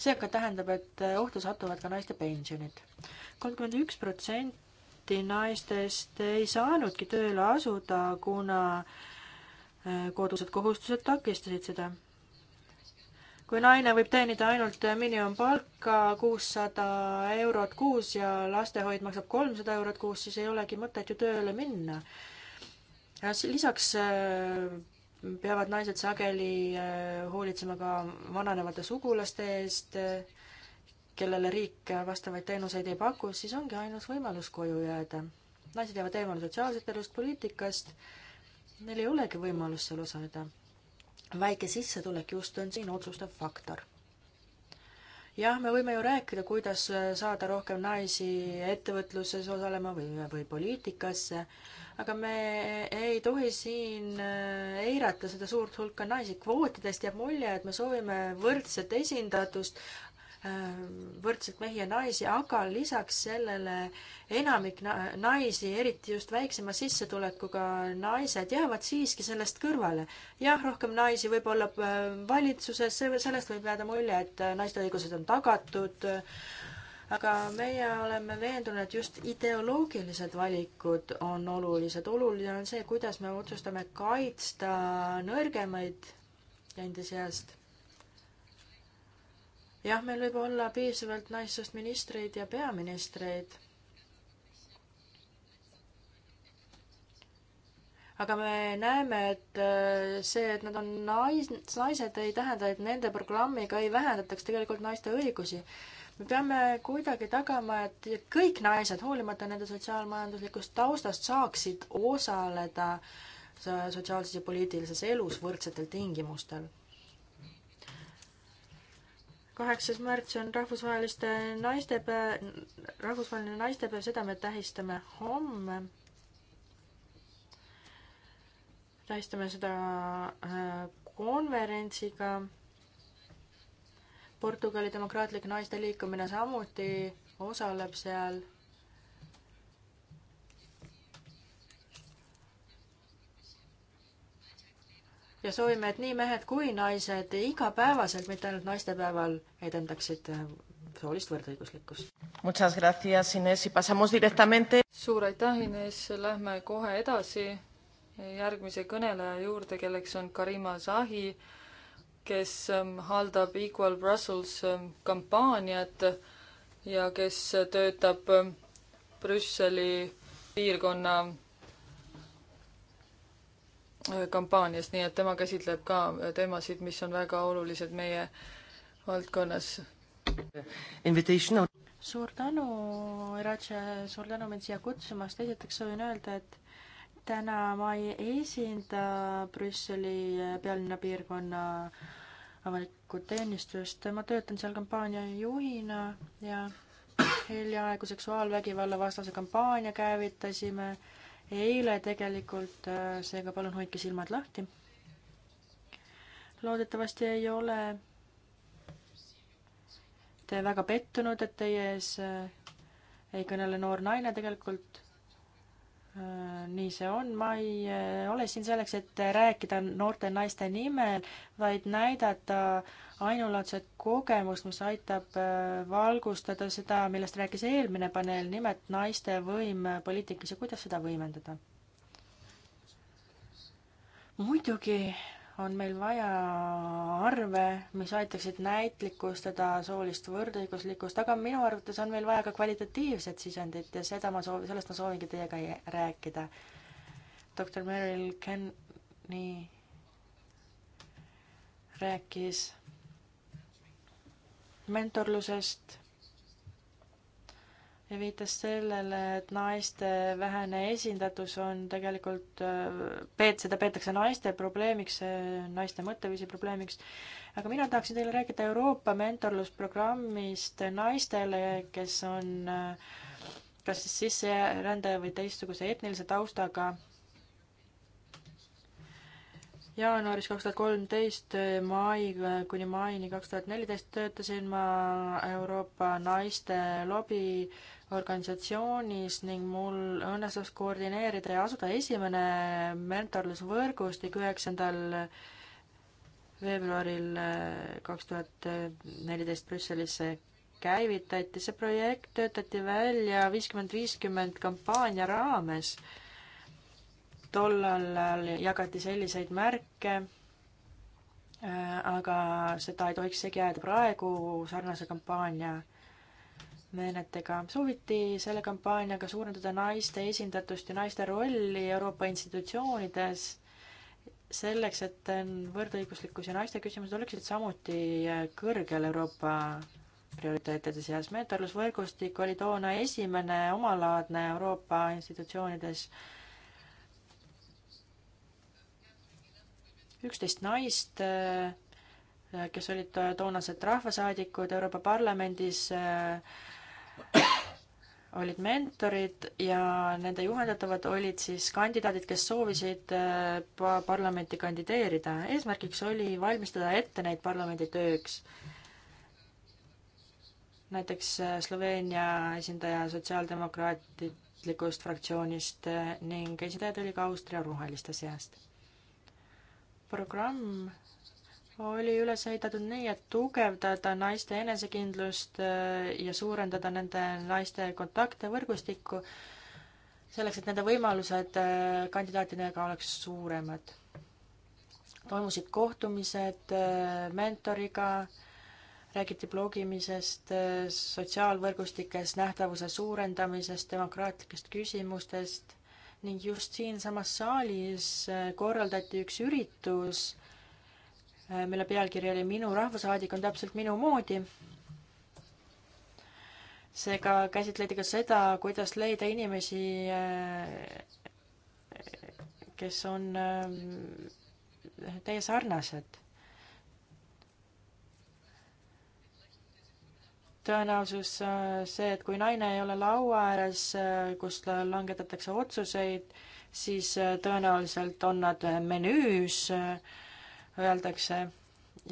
see aga tähendab, et äh, ohtu satuvad ka naiste pensionid. kolmkümmend üks protsenti protsenti naistest ei saanudki tööle asuda, kuna äh, kodused kohustused takistasid seda. kui naine võib teenida ainult miinimumpalka kuussada eurot kuus ja lastehoid maksab kolmsada eurot kuus, siis ei olegi mõtet ju tööle minna. lisaks äh, peavad naised sageli äh, hoolitsema ka vananevate sugulaste eest kellele riik vastavaid teenuseid ei paku, siis ongi ainus võimalus koju jääda. naised jäävad eemale sotsiaalsest elust, poliitikast, neil ei olegi võimalust seal osaleda. väike sissetulek just on siin otsustav faktor jah, me võime ju rääkida, kuidas saada rohkem naisi ettevõtluses osalema või, või poliitikasse, aga me ei tohi siin äh, eirata seda suurt hulka naisi. kvootidest jääb mulje, et me soovime võrdset esindatust, Äh, võrdselt mehi ja naisi, aga lisaks sellele enamik naisi, eriti just väiksema sissetulekuga naised, jäävad siiski sellest kõrvale. jah, rohkem naisi võib olla äh, valitsuses, sellest võib jääda mulje, et äh, naiste õigused on tagatud, aga meie oleme veendunud, et just ideoloogilised valikud on olulised. oluline on see, kuidas me otsustame kaitsta nõrgemaid enda seast jah, meil võib olla piisavalt naissoost ministreid ja peaministreid. aga me näeme, et äh, see, et nad on nais-, naised, ei tähenda, et nende programmiga ei vähendataks tegelikult naiste õigusi. me peame kuidagi tagama, et kõik naised, hoolimata nende sotsiaalmajanduslikust taustast, saaksid osaleda sotsiaalses ja poliitilises elus võrdsetel tingimustel kaheksas märts on rahvusvaheliste naistepäev, rahvusvaheline naistepäev, seda me tähistame homme. tähistame seda äh, konverentsiga. Portugali demokraatlik naiste liikumine samuti osaleb seal ja soovime, et nii mehed kui naised igapäevaselt, mitte ainult naistepäeval, edendaksid äh, soolist võrdõiguslikkust. Muchas gracias, Ines, y pasamos directamente. suur aitäh, Ines, lähme kohe edasi järgmise kõneleja juurde, kelleks on Karima Zahi, kes ähm, haldab Equal Brussels ähm, kampaaniat ja kes töötab ähm, Brüsseli piirkonna Äh, kampaaniast, nii et tema käsitleb ka teemasid, mis on väga olulised meie valdkonnas. suur tänu, Iratše, suur tänu mind siia kutsumast, esiteks soovin öelda, et täna ma ei esinda Brüsseli pealinna piirkonna avalikku teenistust, ma töötan seal kampaania juhina ja hiljaaegu seksuaalvägivalla vastase kampaania käivitasime eile tegelikult, äh, seega palun hoidke silmad lahti. loodetavasti ei ole te väga pettunud, et teie ees äh, ei kõnele noor naine tegelikult Äh, nii see on, ma ei äh, ole siin selleks, et rääkida noorte naiste nimel, vaid näidata ainulaadset kogemust, mis aitab äh, valgustada seda, millest rääkis eelmine paneel, nimelt naiste võim poliitikas ja kuidas seda võimendada. muidugi on meil vaja arve, mis aitaksid näitlikustada soolist võrdõiguslikkust, aga minu arvates on meil vaja ka kvalitatiivset sisendit ja seda ma soovin, sellest ma soovingi teiega rääkida. doktor Meryl Kenny rääkis mentorlusest viitas sellele, et naiste vähene esindatus on tegelikult, peet-, seda peetakse naiste probleemiks, naiste mõtteviisi probleemiks, aga mina tahaksin teile rääkida Euroopa mentorlusprogrammist naistele, kes on kas siis sisserändaja või teistsuguse etnilise taustaga jaanuaris kaks tuhat kolmteist eh, mai eh, kuni maini kaks tuhat neliteist töötasin ma Euroopa naiste lobi organisatsioonis ning mul õnnestus koordineerida ja asuda esimene mentorlusvõrgustik üheksandal veebruaril eh, kaks tuhat neliteist Brüsselisse käivitati. see projekt töötati välja viiskümmend viiskümmend kampaania raames tollal jagati selliseid märke, äh, aga seda ei tohiks isegi jääda praegu sarnase kampaania meetmetega. sooviti selle kampaaniaga suurendada naiste esindatust ja naiste rolli Euroopa institutsioonides selleks, et võrdõiguslikkus ja naiste küsimused oleksid samuti äh, kõrgel Euroopa prioriteetide seas. meetorlusvõrgustik oli toona esimene omalaadne Euroopa institutsioonides äh, üksteist naist, äh, kes olid toonased rahvasaadikud Euroopa Parlamendis, äh, olid mentorid ja nende juhendatavad olid siis kandidaadid, kes soovisid äh, parlamenti kandideerida. eesmärgiks oli valmistada ette neid parlamendi tööks. näiteks Sloveenia esindaja sotsiaaldemokraatlikust fraktsioonist ning esindajad oli ka Austria roheliste seast programm oli üles ehitatud nii, et tugevdada naiste enesekindlust äh, ja suurendada nende naiste kontakte, võrgustikku, selleks et nende võimalused äh, kandidaatidega oleks suuremad. toimusid kohtumised äh, mentoriga, räägiti blogimisest, sotsiaalvõrgustikest, nähtavuse suurendamisest, demokraatlikest küsimustest ning just siinsamas saalis äh, korraldati üks üritus, äh, mille pealkiri oli Minu rahvasaadik on täpselt minu moodi. seega käsitleti ka seda, kuidas leida inimesi, äh, kes on teie sarnased tõenäosus äh, see, et kui naine ei ole laua ääres, äh, kus langetatakse otsuseid, siis äh, tõenäoliselt on nad menüüs, öeldakse,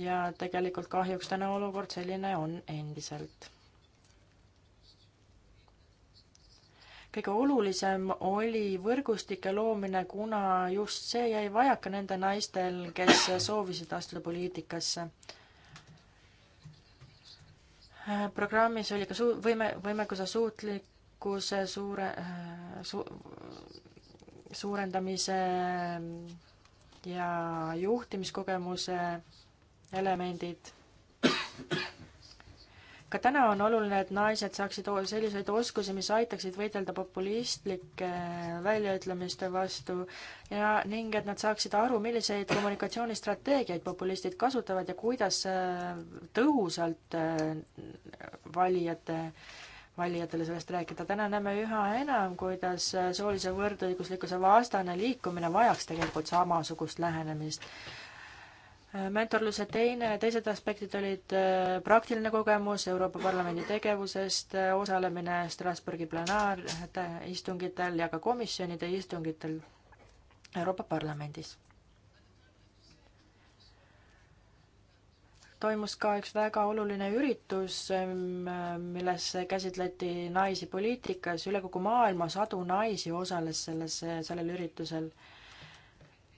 ja tegelikult kahjuks täna olukord selline on endiselt. kõige olulisem oli võrgustike loomine, kuna just see jäi vajaka nende naistel, kes soovisid astuda poliitikasse Äh, programmis oli ka suu-, võime, võimekuse suutlikkuse suure äh, su,, suurendamise ähm, ja juhtimiskogemuse elemendid ka täna on oluline, et naised saaksid selliseid oskusi, mis aitaksid võidelda populistlike väljaütlemiste vastu ja ning et nad saaksid aru, milliseid kommunikatsioonistrateegiaid populistid kasutavad ja kuidas äh, tõhusalt äh, valijate valijatele sellest rääkida. täna näeme üha enam, kuidas äh, soolise võrdõiguslikkuse vastane liikumine vajaks tegelikult samasugust lähenemist mentorluse teine, teised aspektid olid äh, praktiline kogemus Euroopa Parlamendi tegevusest, äh, osalemine Strasbourgi plenaaristungitel ja ka komisjonide istungitel Euroopa Parlamendis. toimus ka üks väga oluline üritus, ähm, milles käsitleti naisi poliitikas, üle kogu maailma sadu naisi osales selles, äh, sellel üritusel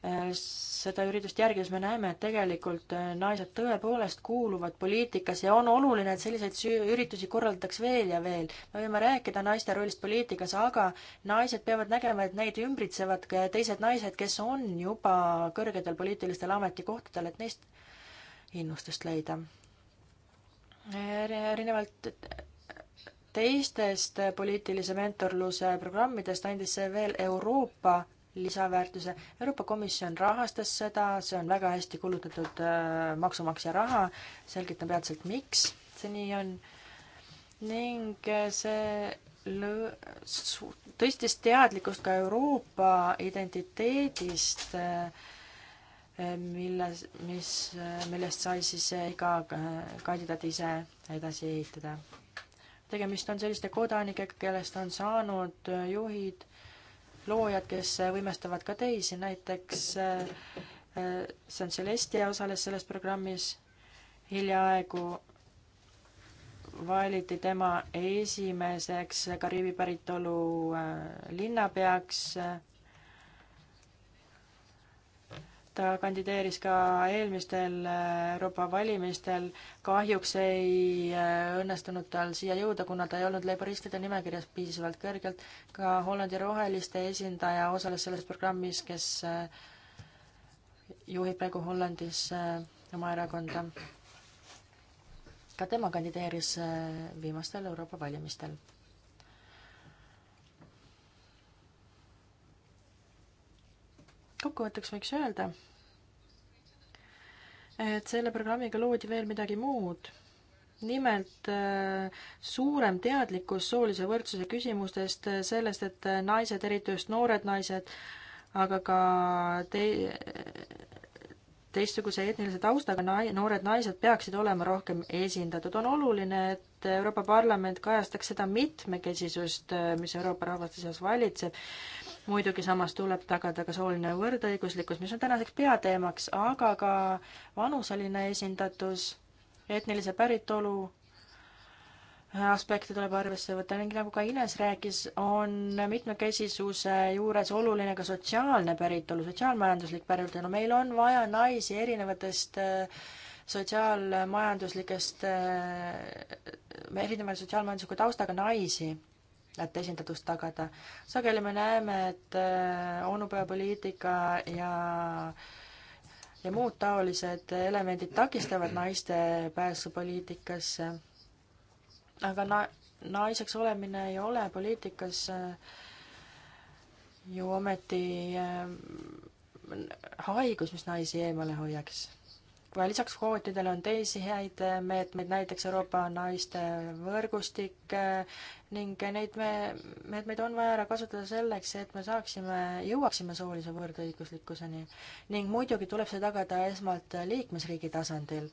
Äh, seda üritust järgides me näeme, et tegelikult äh, naised tõepoolest kuuluvad poliitikasse ja on oluline, et selliseid üritusi korraldatakse veel ja veel. me võime rääkida naiste rollist poliitikas, aga naised peavad nägema, et neid ümbritsevad ka teised naised, kes on juba kõrgetel poliitilistel ametikohtadel, et neist innustust leida. erinevalt teistest poliitilise mentorluse programmidest andis see veel Euroopa lisaväärtuse. Euroopa Komisjon rahastas seda, see on väga hästi kulutatud äh, maksumaksja raha, selgitan peatselt, miks see nii on. ning äh, see lõ-, tõstis teadlikkust ka Euroopa identiteedist, äh, milles, mis, millest sai siis iga kandidaat ise edasi ehitada. tegemist on selliste kodanikega, kellest on saanud juhid loojad, kes äh, võimestavad ka teisi, näiteks äh, äh, see on Celestia osales selles programmis hiljaaegu valiti tema esimeseks Kariibi päritolu linnapeaks ta kandideeris ka eelmistel äh, Euroopa valimistel, kahjuks ei äh, õnnestunud tal siia jõuda, kuna ta ei olnud laboristide nimekirjas piisavalt kõrgelt. ka Hollandi Roheliste esindaja osales selles programmis, kes äh, juhib praegu Hollandis oma erakonda. ka tema kandideeris viimastel Euroopa valimistel kokkuvõtteks võiks öelda, et selle programmiga loodi veel midagi muud. nimelt äh, suurem teadlikkus soolise võrdsuse küsimustest, äh, sellest, et äh, naised, eriti just noored naised, aga ka tei-, teistsuguse etnilise taustaga nai-, noored naised peaksid olema rohkem esindatud. on oluline, et Euroopa Parlament kajastaks seda mitmekesisust, mis Euroopa rahvaste seas valitseb muidugi samas tuleb tagada ka sooline võrdõiguslikkus, mis on tänaseks peateemaks, aga ka vanuseline esindatus, etnilise päritolu aspekte tuleb arvesse võtta ning nagu ka Ines rääkis, on mitmekesisuse juures oluline ka sotsiaalne päritolu, sotsiaalmajanduslik päritolu. meil on vaja naisi erinevatest äh, sotsiaalmajanduslikest, äh, erineva sotsiaalmajandusliku taustaga naisi et esindatust tagada. sageli me näeme, et äh, onupojapoliitika ja ja muud taolised elemendid takistavad naiste pääsu poliitikasse. aga na-, naiseks olemine ei ole poliitikas äh, ju ometi äh, haigus, mis naisi eemale hoiaks lisaks kvootidele on teisi häid meetmeid, näiteks Euroopa naiste võrgustik äh, ning neid me, meetmeid on vaja ära kasutada selleks, et me saaksime, jõuaksime soolise võrdõiguslikkuseni. ning muidugi tuleb see tagada esmalt liikmesriigi tasandil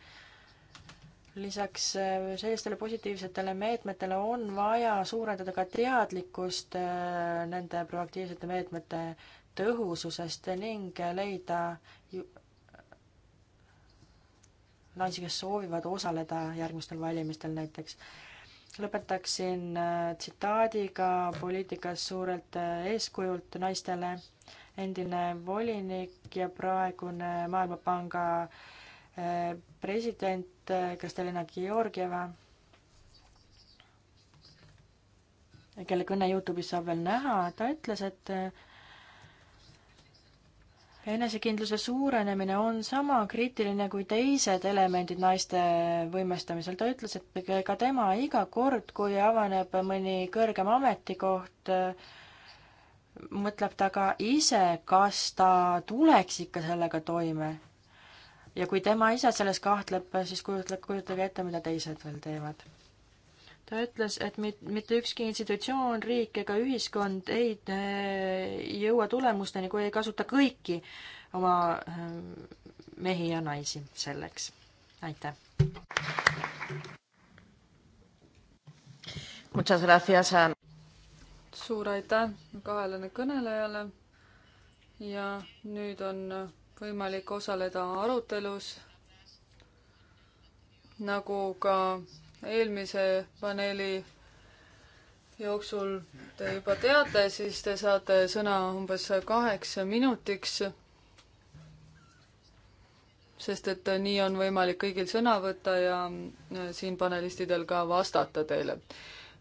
lisaks äh, sellistele positiivsetele meetmetele on vaja suurendada ka teadlikkust äh, nende proaktiivsete meetmete tõhususest ning leida naisi, kes soovivad osaleda järgmistel valimistel näiteks. lõpetaksin äh, tsitaadiga poliitikas suurelt äh, eeskujult naistele. endine volinik ja praegune Maailmapanga äh, president Kastelina Georgieva, kelle kõne Youtube'is saab veel näha, ta ütles, et enesekindluse suurenemine on sama kriitiline kui teised elemendid naiste võimestamisel. ta ütles, et ka tema iga kord, kui avaneb mõni kõrgem ametikoht, mõtleb ta ka ise, kas ta tuleks ikka sellega toime. ja kui tema ise selles kahtleb, siis kujutle, kujutage ette, mida teised veel teevad ta ütles, et mit-, mitte ükski institutsioon, riik ega ühiskond ei äh, jõua tulemusteni, kui ei kasuta kõiki oma äh, mehi ja naisi selleks. aitäh! suur aitäh kahele kõnelejale ja nüüd on võimalik osaleda arutelus nagu ka eelmise paneeli jooksul te juba teate, siis te saate sõna umbes kaheksa minutiks. sest et nii on võimalik kõigil sõna võtta ja äh, siin panelistidel ka vastata teile.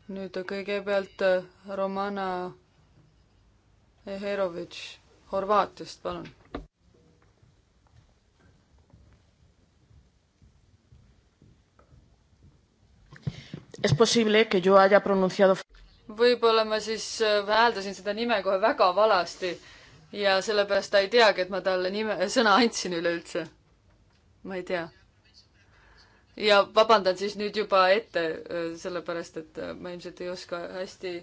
nüüd kõigepealt äh, Romana Eherovitš Horvaatiast, palun Es posible que yo haya pronunciado võib-olla ma siis äh, hääldasin seda nime kohe väga valasti ja sellepärast ta ei teagi, et ma talle nime, sõna andsin üleüldse. ma ei tea. ja vabandan siis nüüd juba ette, äh, sellepärast et äh, ma ilmselt ei oska hästi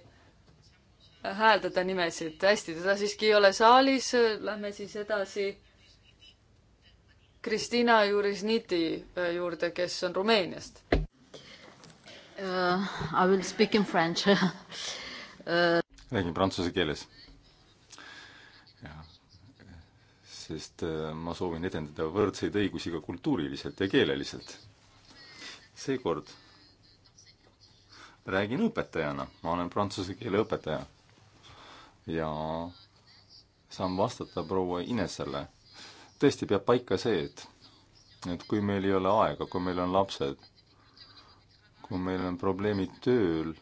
hääldada nimesid. hästi, teda siiski ei ole saalis, lähme siis edasi Kristina Jurisniti juurde, kes on Rumeeniast uh,. I will speak in french *laughs* uh,. räägin prantsuse keeles. sest äh, ma soovin edendada võrdseid õigusi ka kultuuriliselt ja keeleliselt. seekord räägin õpetajana, ma olen prantsuse keele õpetaja. ja saan vastata proua Inesele. tõesti peab paika see, et, et kui meil ei ole aega, kui meil on lapsed, kui meil on probleemid tööl,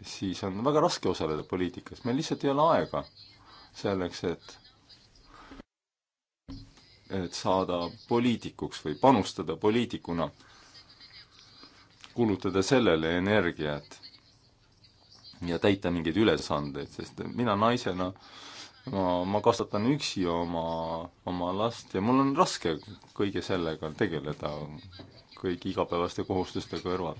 siis on väga raske osaleda poliitikas, meil lihtsalt ei ole aega selleks, et et saada poliitikuks või panustada poliitikuna, kulutada sellele energiat ja täita mingeid ülesandeid, sest mina naisena ma, ma kasvatan üksi oma, oma last ja mul on raske kõige sellega tegeleda, kõigi igapäevaste kohustuste kõrval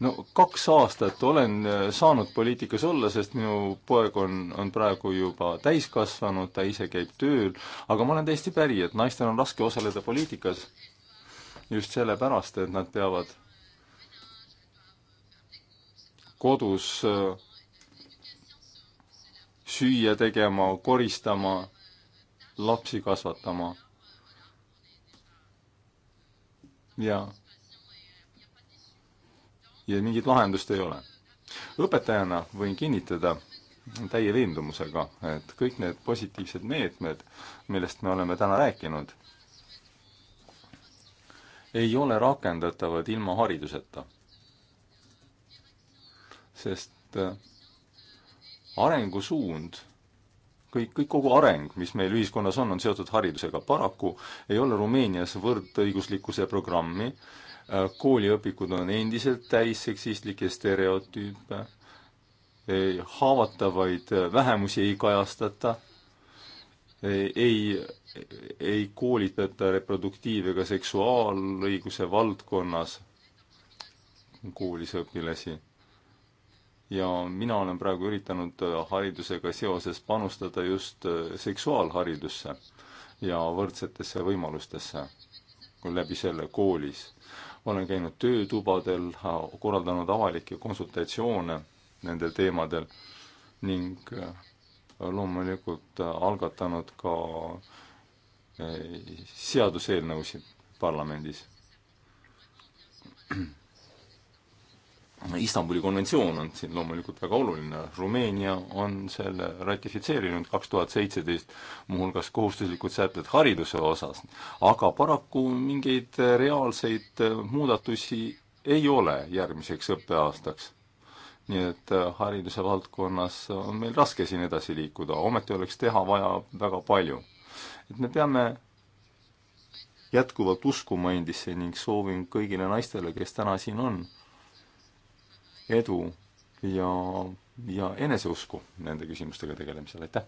no kaks aastat olen äh, saanud poliitikas olla, sest minu poeg on, on praegu juba täiskasvanud, ta ise käib tööl, aga ma olen täiesti päri, et naistel on raske osaleda poliitikas just sellepärast, et nad peavad kodus äh, süüa tegema, koristama, lapsi kasvatama. jaa ja mingit lahendust ei ole. õpetajana võin kinnitada täie veendumusega, et kõik need positiivsed meetmed, millest me oleme täna rääkinud, ei ole rakendatavad ilma hariduseta. sest äh, arengusuund, kõik, kõik kogu areng, mis meil ühiskonnas on, on seotud haridusega. paraku ei ole Rumeenias võrdõiguslikkuse programmi Äh, kooliõpikud on endiselt täis seksistlikke stereotüüpe, äh, haavatavaid äh, vähemusi ei kajastata, ei, ei koolitata reproduktiiv- ega seksuaalõiguse valdkonnas koolis õpilasi. ja mina olen praegu üritanud haridusega seoses panustada just seksuaalharidusse ja võrdsetesse võimalustesse läbi selle koolis olen käinud töötubadel, korraldanud avalikke konsultatsioone nendel teemadel ning äh, loomulikult äh, algatanud ka äh, seaduseelnõusid parlamendis *clears throat* Istanbuli konventsioon on siin loomulikult väga oluline, Rumeenia on selle ratifitseerinud kaks tuhat seitseteist, muuhulgas kohustuslikud sätted hariduse osas, aga paraku mingeid reaalseid äh, muudatusi ei ole järgmiseks õppeaastaks. nii et äh, hariduse valdkonnas on meil raske siin edasi liikuda, ometi oleks teha vaja väga palju. et me peame jätkuvalt uskuma endisse ning soovin kõigile naistele, kes täna siin on, edu ja, ja eneseusku nende küsimustega tegelemisel, aitäh!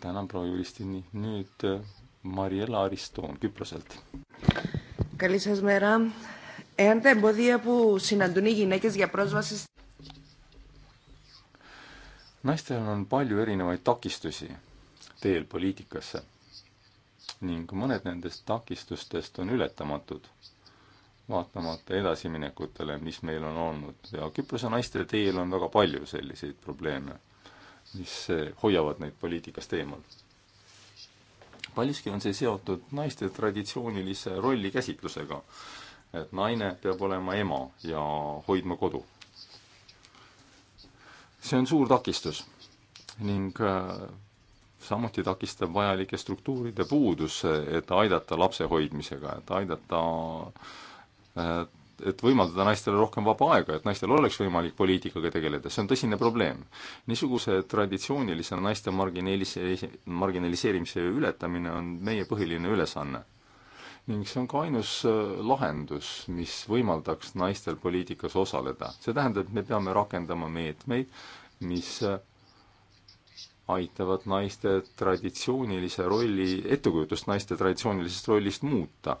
tänan, proua Juristini, nüüd äh, Mariella Aristoon Küproselt. Καλή σας μέρα. Εάν τα εμπόδια που συναντούν οι γυναίκες για πρόσβαση... Naistel on palju erinevaid takistusi teel poliitikasse ning mõned nendest takistustest on ületamatud vaatamata edasiminekutele, mis meil on olnud ja Küprose naistele teel on väga palju selliseid probleeme, mis eh, hoiavad neid poliitikast eemal. paljuski on see seotud naiste traditsioonilise rolli käsitlusega, et naine peab olema ema ja hoidma kodu. see on suur takistus ning eh, samuti takistab vajalike struktuuride puudus, et aidata lapse hoidmisega, et aidata äh, Äh, et võimaldada naistele rohkem vaba aega, et naistel oleks võimalik poliitikaga tegeleda, see on tõsine probleem. niisuguse traditsioonilise naiste marginalise-, marginaliseerimise ületamine on meie põhiline ülesanne. ning see on ka ainus äh, lahendus, mis võimaldaks naistel poliitikas osaleda. see tähendab, et me peame rakendama meetmeid, mis äh, aitavad naiste traditsioonilise rolli, ettekujutust naiste traditsioonilisest rollist muuta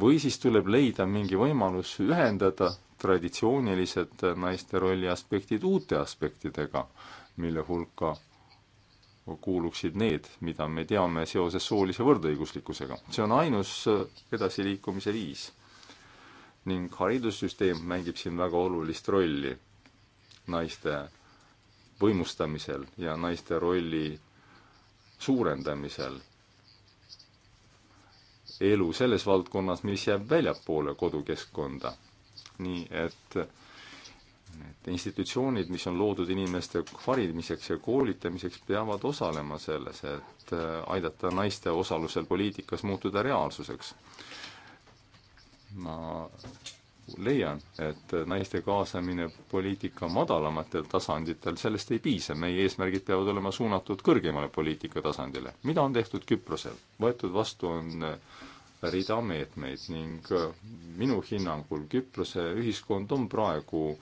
või siis tuleb leida mingi võimalus ühendada traditsioonilised naiste rolli aspektid uute aspektidega, mille hulka kuuluksid need, mida me teame seoses soolise võrdõiguslikkusega. see on ainus edasiliikumise viis. ning haridussüsteem mängib siin väga olulist rolli naiste võimustamisel ja naiste rolli suurendamisel elu selles valdkonnas, mis jääb väljapoole kodukeskkonda. nii et need institutsioonid, mis on loodud inimeste harimiseks ja koolitamiseks, peavad osalema selles, et äh, aidata naiste osalusel poliitikas muutuda reaalsuseks. ma leian, et naiste kaasamine poliitika madalamatel tasanditel, sellest ei piisa, meie eesmärgid peavad olema suunatud kõrgemale poliitika tasandile. mida on tehtud Küprosel? võetud vastu on äh, rida meetmeid ning äh, minu hinnangul Küprose ühiskond on praegu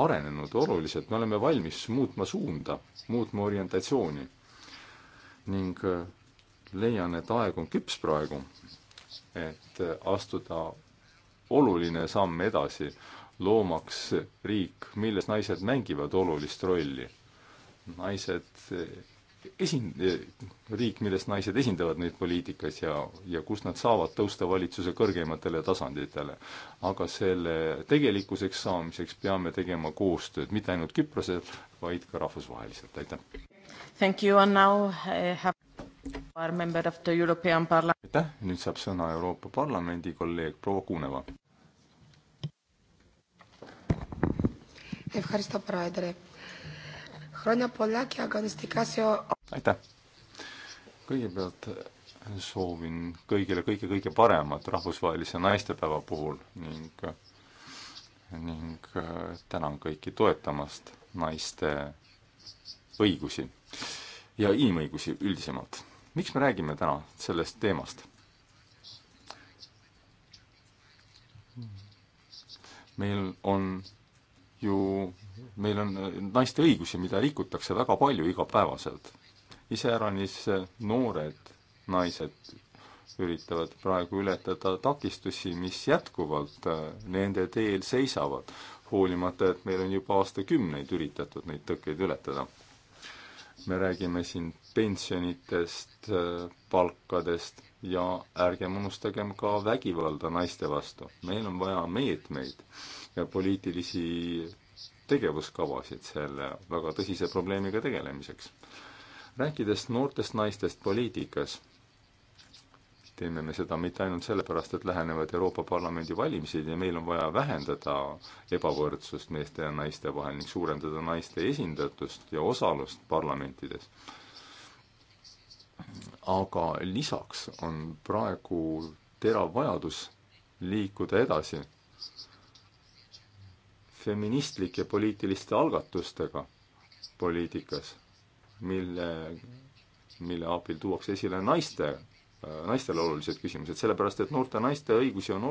arenenud oluliselt, me oleme valmis muutma suunda, muutma orientatsiooni. ning äh, leian, et aeg on küps praegu, et äh, astuda oluline samm edasi, loomaks riik, milles naised mängivad olulist rolli. naised esin-, riik, milles naised esindavad neid poliitikas ja, ja kus nad saavad tõusta valitsuse kõrgematele tasanditele. aga selle tegelikkuseks saamiseks peame tegema koostööd mitte ainult Küprosel, vaid ka rahvusvaheliselt, aitäh! Thank you and now I eh, have our member of the European Parliament. aitäh, nüüd saab sõna Euroopa Parlamendi kolleeg proua Kuneva. Ευχαριστώ, Πρόεδρε. Χρόνια πολλά και αγωνιστικά σε... aitäh! kõigepealt soovin kõigile kõige-kõige paremat rahvusvahelise naistepäeva puhul ning, ning tänan kõiki toetamast naiste õigusi ja inimõigusi üldisemalt. miks me räägime täna sellest teemast? meil on ju meil on äh, naiste õigusi, mida rikutakse väga palju igapäevaselt. iseäranis äh, noored naised üritavad praegu ületada takistusi, mis jätkuvalt äh, nende teel seisavad, hoolimata, et meil on juba aastakümneid üritatud neid tõkkeid ületada. me räägime siin pensionitest, palkadest ja ärgem unustagem ka vägivalda naiste vastu. meil on vaja meetmeid ja poliitilisi tegevuskavasid selle väga tõsise probleemiga tegelemiseks. rääkides noortest naistest poliitikas, teeme me seda mitte ainult sellepärast, et lähenevad Euroopa Parlamendi valimised ja meil on vaja vähendada ebavõrdsust meeste ja naiste vahel ning suurendada naiste esindatust ja osalust parlamentides aga lisaks on praegu terav vajadus liikuda edasi feministlike poliitiliste algatustega poliitikas, mille, mille abil tuuakse esile naiste, naistele olulised küsimused, sellepärast et noorte naiste õigusi on,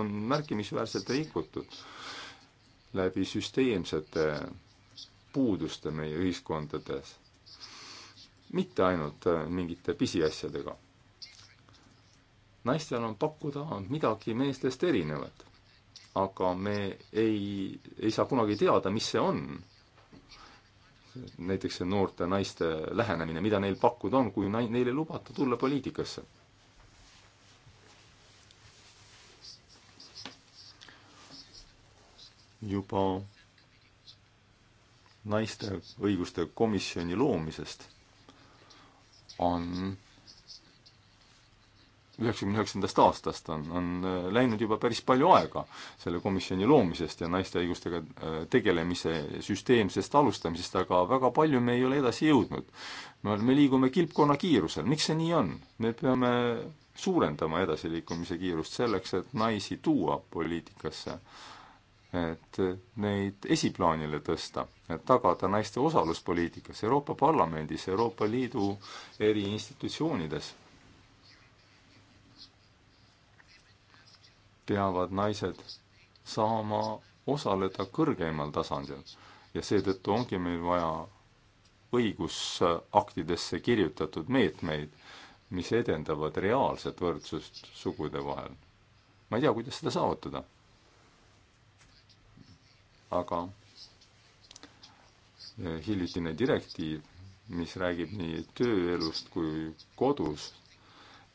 on märkimisväärselt rikutud läbi süsteemsete puuduste meie ühiskondades. mitte ainult äh, mingite pisiasjadega. naistel on pakkuda midagi meestest erinevat aga me ei, ei saa kunagi teada, mis see on. näiteks see noorte naiste lähenemine, mida neil pakkuda on, kui nai-, neile ei lubata tulla poliitikasse. juba naiste õiguste komisjoni loomisest on üheksakümne üheksandast aastast on, on äh, läinud juba päris palju aega selle komisjoni loomisest ja naiste õigustega äh, tegelemise süsteemsest alustamisest, aga väga palju me ei ole edasi jõudnud. me oleme, liigume kilpkonna kiirusel, miks see nii on? me peame suurendama edasiliikumise kiirust selleks, et naisi tuua poliitikasse, et neid esiplaanile tõsta, et tagada naiste osalus poliitikas Euroopa Parlamendis, Euroopa Liidu eri institutsioonides peavad naised saama osaleda kõrgeimal tasandil ja seetõttu ongi meil vaja õigusaktidesse kirjutatud meetmeid, mis edendavad reaalset võrdsust sugude vahel. ma ei tea, kuidas seda saavutada. aga eh, hiljutine direktiiv, mis räägib nii tööelust kui kodust,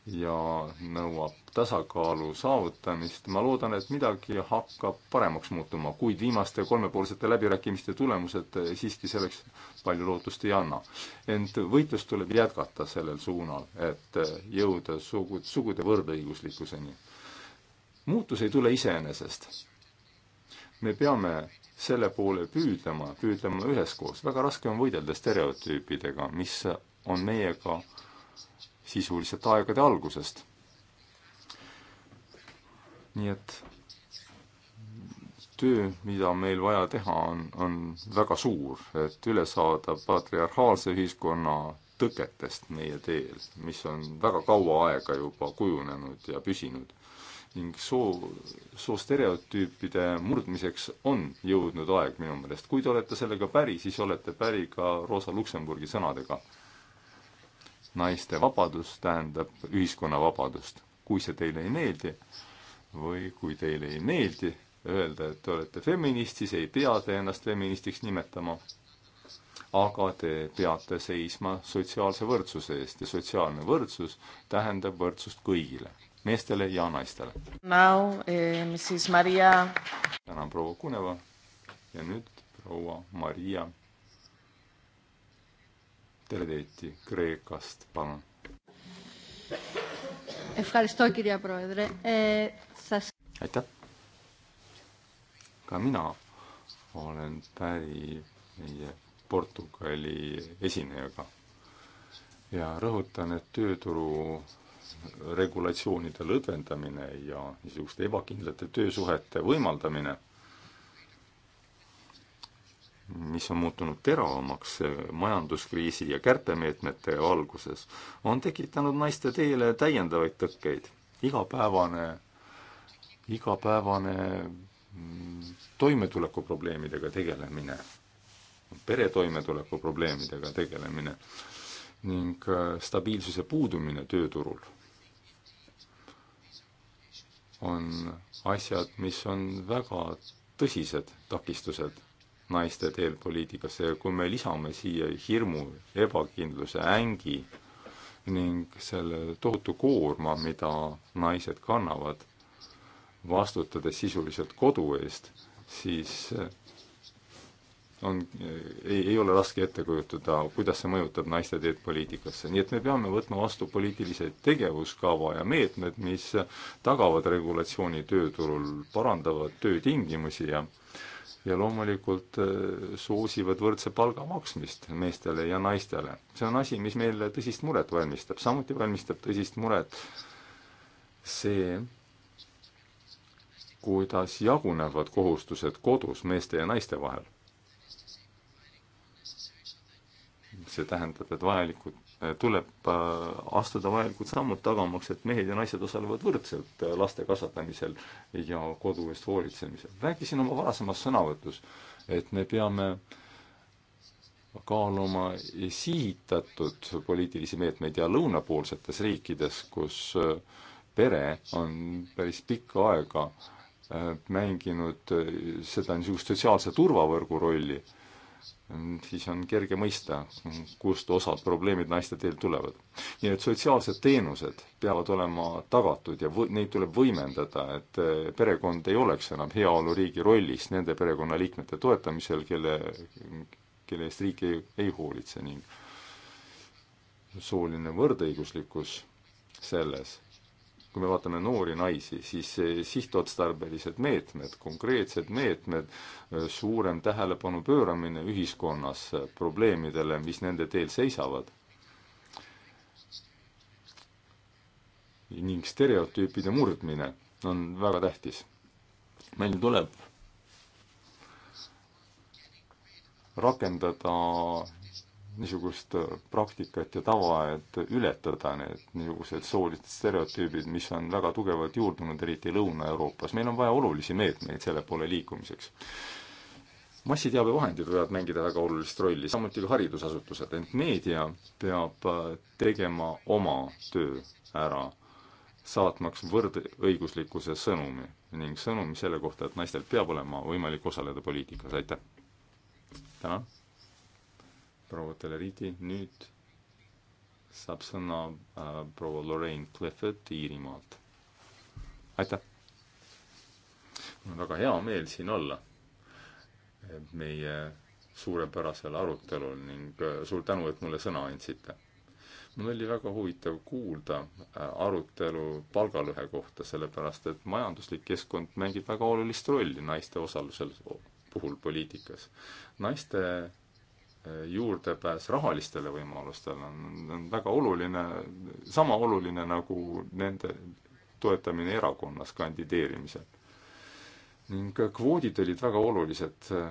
ja nõuab tasakaalu saavutamist. ma loodan, et midagi hakkab paremaks muutuma, kuid viimaste kolmepoolsete läbirääkimiste tulemused siiski selleks palju lootust ei anna. ent võitlust tuleb jätkata sellel suunal, et jõuda sugu, sugude võrdõiguslikkuseni. muutus ei tule iseenesest. me peame selle poole püüdlema, püüdlema üheskoos. väga raske on võidelda stereotüüpidega, mis on meiega ka sisuliselt aegade algusest. nii et töö, mida meil vaja teha, on, on väga suur, et üle saada patriarhaalse ühiskonna tõketest meie teel, mis on väga kaua aega juba kujunenud ja püsinud. ning soo, soostereotüüpide murdmiseks on jõudnud aeg minu meelest. kui te olete sellega päri, siis olete päri ka Rosa Luxemburgi sõnadega naiste vabadus tähendab ühiskonna vabadust. kui see teile ei meeldi või kui teile ei meeldi öelda, et te olete feminist, siis ei pea te ennast feministiks nimetama. aga te peate seisma sotsiaalse võrdsuse eest ja sotsiaalne võrdsus tähendab võrdsust kõigile, meestele ja naistele. Eh, tänan proua Kuneva ja nüüd proua Maria Τερδέτη, Κρέκαστ, πάνω. Ευχαριστώ κυρία Πρόεδρε. Ε, σας... Aitäh! ka mina olen päri meie Portugali esinejaga ja rõhutan, et tööturu regulatsioonide lõdvendamine ja niisuguste ebakindlate töösuhete võimaldamine mis on muutunud teravamaks majanduskriisi ja kärpemeetmete valguses, on tekitanud naiste teele täiendavaid tõkkeid. igapäevane, igapäevane mm, toimetulekuprobleemidega tegelemine, pere toimetulekuprobleemidega tegelemine ning äh, stabiilsuse puudumine tööturul on asjad, mis on väga tõsised takistused naiste teel poliitikasse ja kui me lisame siia hirmu, ebakindluse, ängi ning selle tohutu koorma, mida naised kannavad, vastutades sisuliselt kodu eest, siis eh, on, ei, ei ole raske ette kujutada, kuidas see mõjutab naiste teed poliitikasse. nii et me peame võtma vastu poliitilise tegevuskava ja meetmed, mis tagavad regulatsiooni tööturul, parandavad töötingimusi ja ja loomulikult äh, soosivad võrdse palga maksmist meestele ja naistele. see on asi, mis meile tõsist muret valmistab, samuti valmistab tõsist muret see, kuidas jagunevad kohustused kodus meeste ja naiste vahel. see tähendab, et vajalikud tuleb äh, astuda vajalikud sammud tagamaks, et mehed ja naised osalevad võrdselt äh, laste kasvatamisel ja kodu eest hoolitsemisel. rääkisin oma varasemas sõnavõtus, et me peame kaaluma sihitatud poliitilisi meetmeid ja lõunapoolsetes riikides, kus äh, pere on päris pikka aega mänginud seda niisugust sotsiaalse turvavõrgu rolli siis on kerge mõista, kust osad probleemid naiste teel tulevad. nii et sotsiaalsed teenused peavad olema tagatud ja võ-, neid tuleb võimendada, et eh, perekond ei oleks enam heaoluriigi rollis nende perekonnaliikmete toetamisel, kelle, kelle eest riik ei, ei hoolitse ning sooline võrdõiguslikkus selles kui me vaatame noori naisi, siis sihtotstarbelised meetmed, konkreetsed meetmed, suurem tähelepanu pööramine ühiskonnas probleemidele, mis nende teel seisavad, ning stereotüüpide murdmine on väga tähtis. meil tuleb rakendada niisugust äh, praktikat ja tava, et ületada need niisugused soolised stereotüübid, mis on väga tugevalt juurdunud, eriti Lõuna-Euroopas. meil on vaja olulisi meetmeid selle poole liikumiseks. massiteabevahendid võivad mängida väga olulist rolli, samuti ka haridusasutused, ent meedia peab äh, tegema oma töö ära, saatmaks võrdõiguslikkuse sõnumi ning sõnumi selle kohta, et naistel peab olema võimalik osaleda poliitikas, aitäh! tänan! proua Teleriti, nüüd saab sõna äh, proua Lorraine Clifford Iirimaalt. aitäh! mul on väga hea meel siin olla äh, meie suurepärasel arutelul ning äh, suur tänu, et mulle sõna andsite. mul oli väga huvitav kuulda äh, arutelu palgalõhe kohta, sellepärast et majanduslik keskkond mängib väga olulist rolli naiste osalusel puhul poliitikas. naiste juurdepääs rahalistele võimalustele on, on väga oluline, sama oluline nagu nende toetamine erakonnas kandideerimisel. ning kvoodid olid väga olulised äh,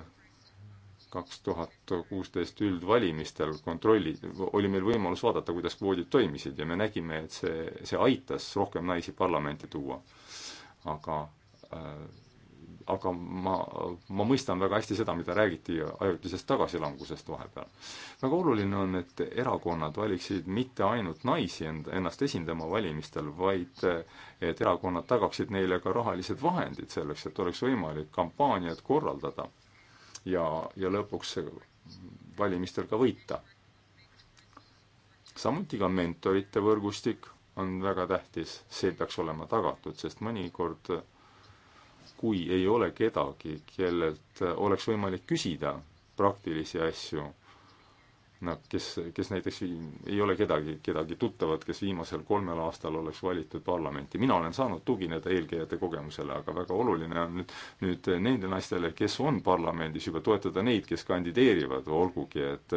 kaks tuhat kuusteist üldvalimistel kontrolli, oli meil võimalus vaadata, kuidas kvoodid toimisid ja me nägime, et see, see aitas rohkem naisi parlamenti tuua. aga äh, aga ma, ma mõistan väga hästi seda, mida räägiti ajutisest tagasilangusest vahepeal. väga oluline on, et erakonnad valiksid mitte ainult naisi end, ennast esindama valimistel, vaid et erakonnad tagaksid neile ka rahalised vahendid selleks, et oleks võimalik kampaaniat korraldada ja, ja lõpuks valimistel ka võita. samuti ka mentorite võrgustik on väga tähtis, see peaks olema tagatud, sest mõnikord äh, kui ei ole kedagi, kellelt oleks võimalik küsida praktilisi asju, noh, kes, kes näiteks ei ole kedagi, kedagi tuttavat, kes viimasel kolmel aastal oleks valitud parlamenti. mina olen saanud tugineda eelkäijate kogemusele, aga väga oluline on nüüd, nüüd nendele naistele, kes on parlamendis juba, toetada neid, kes kandideerivad, olgugi et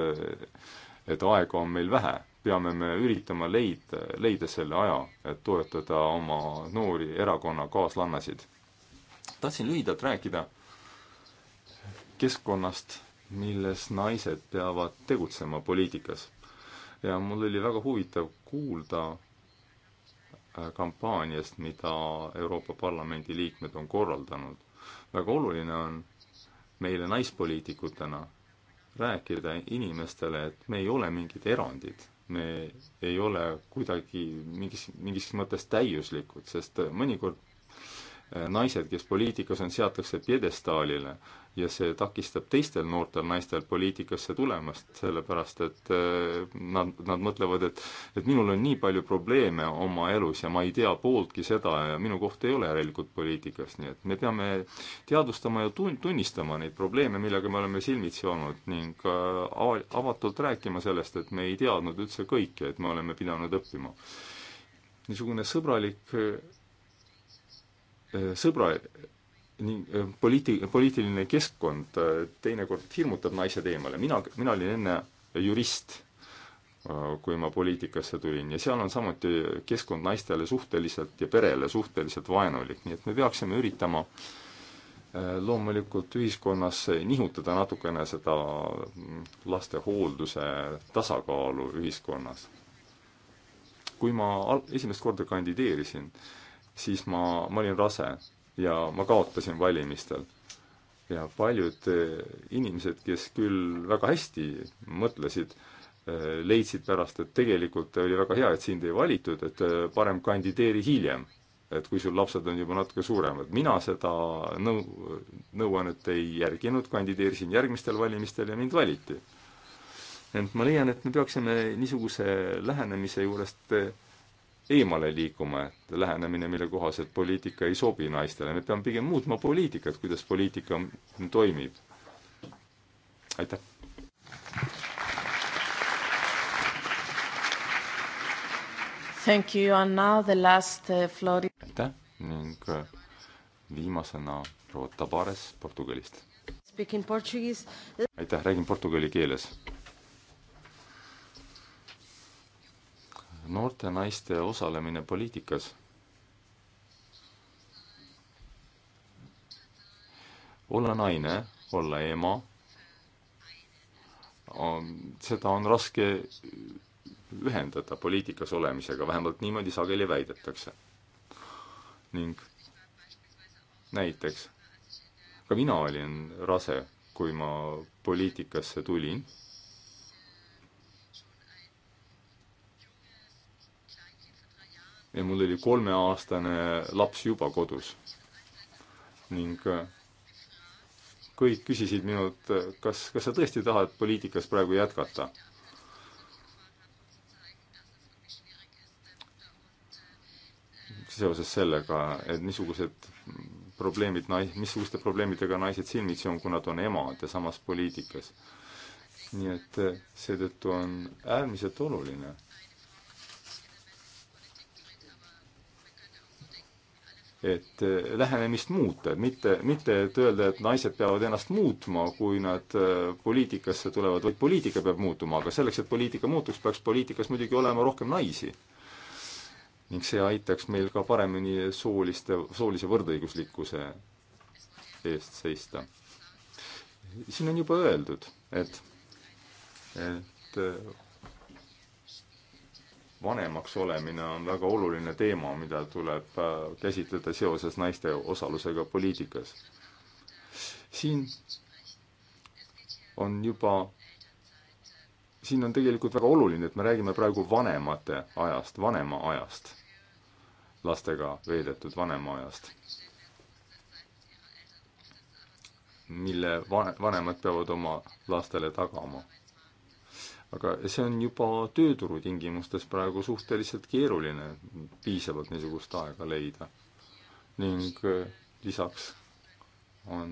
et aega on meil vähe, peame me üritama leida, leida selle aja, et toetada oma noori erakonna kaaslannasid tahtsin lühidalt rääkida keskkonnast, milles naised peavad tegutsema poliitikas. ja mul oli väga huvitav kuulda äh, kampaaniast, mida Euroopa Parlamendi liikmed on korraldanud. väga oluline on meile naispoliitikutena rääkida inimestele, et me ei ole mingid erandid, me ei ole kuidagi mingis, mingis mõttes täiuslikud, sest mõnikord Äh, naised, kes poliitikas on, seatakse pjedestaalile ja see takistab teistel noortel naistel poliitikasse tulemast, sellepärast et äh, nad, nad mõtlevad, et et minul on nii palju probleeme oma elus ja ma ei tea pooltki seda ja minu koht ei ole järelikult poliitikas, nii et me peame teadvustama ja tun-, tunnistama neid probleeme, millega me oleme silmitsi olnud ning äh, ava-, avatult rääkima sellest, et me ei teadnud üldse kõike, et me oleme pidanud õppima. niisugune sõbralik sõbra ning poliiti-, poliitiline keskkond teinekord hirmutab naised eemale, mina, mina olin enne jurist, kui ma poliitikasse tulin ja seal on samuti keskkond naistele suhteliselt ja perele suhteliselt vaenulik, nii et me peaksime üritama loomulikult ühiskonnas nihutada natukene seda mm, laste hoolduse tasakaalu ühiskonnas. kui ma al-, esimest korda kandideerisin, siis ma, ma olin rase ja ma kaotasin valimistel. ja paljud eh, inimesed, kes küll väga hästi mõtlesid, eh, leidsid pärast, et tegelikult oli väga hea, et sind ei valitud, et eh, parem kandideeri hiljem. et kui sul lapsed on juba natuke suuremad. mina seda nõu, nõuannet ei järginud, kandideerisin järgmistel valimistel ja mind valiti. ent ma leian, et me peaksime niisuguse lähenemise juurest eemale liikuma, et lähenemine, mille kohaselt poliitika ei sobi naistele, me peame pigem muutma poliitikat, kuidas poliitika toimib. aitäh! Thank you and now the last uh, floor. aitäh ning uh, viimasena proua Tabares Portugalist. Speaking Portuguese. aitäh, räägin portugali keeles noorte naiste osalemine poliitikas olla naine, olla ema, seda on raske ühendada poliitikas olemisega, vähemalt niimoodi sageli väidetakse. ning näiteks, ka mina olin rase, kui ma poliitikasse tulin ja mul oli kolmeaastane laps juba kodus. ning äh, kõik küsisid minult, äh, kas, kas sa tõesti tahad poliitikas praegu jätkata? seoses sellega, et niisugused probleemid nais-, missuguste probleemidega naised silmitsi on, kui nad on emad ja samas poliitikas. nii et äh, seetõttu on äärmiselt oluline et eh, lähenemist muuta, mitte, mitte et öelda, et naised peavad ennast muutma, kui nad eh, poliitikasse tulevad, vaid poliitika peab muutuma, aga selleks, et poliitika muutuks, peaks poliitikas muidugi olema rohkem naisi. ning see aitaks meil ka paremini sooliste, soolise võrdõiguslikkuse eest seista. siin on juba öeldud, et, et vanemaks olemine on väga oluline teema, mida tuleb äh, käsitleda seoses naiste osalusega poliitikas. siin on juba, siin on tegelikult väga oluline, et me räägime praegu vanemate ajast, vanema ajast, lastega veedetud vanema ajast, mille va-, vanemad peavad oma lastele tagama aga see on juba tööturu tingimustes praegu suhteliselt keeruline piisavalt niisugust aega leida. ning äh, lisaks on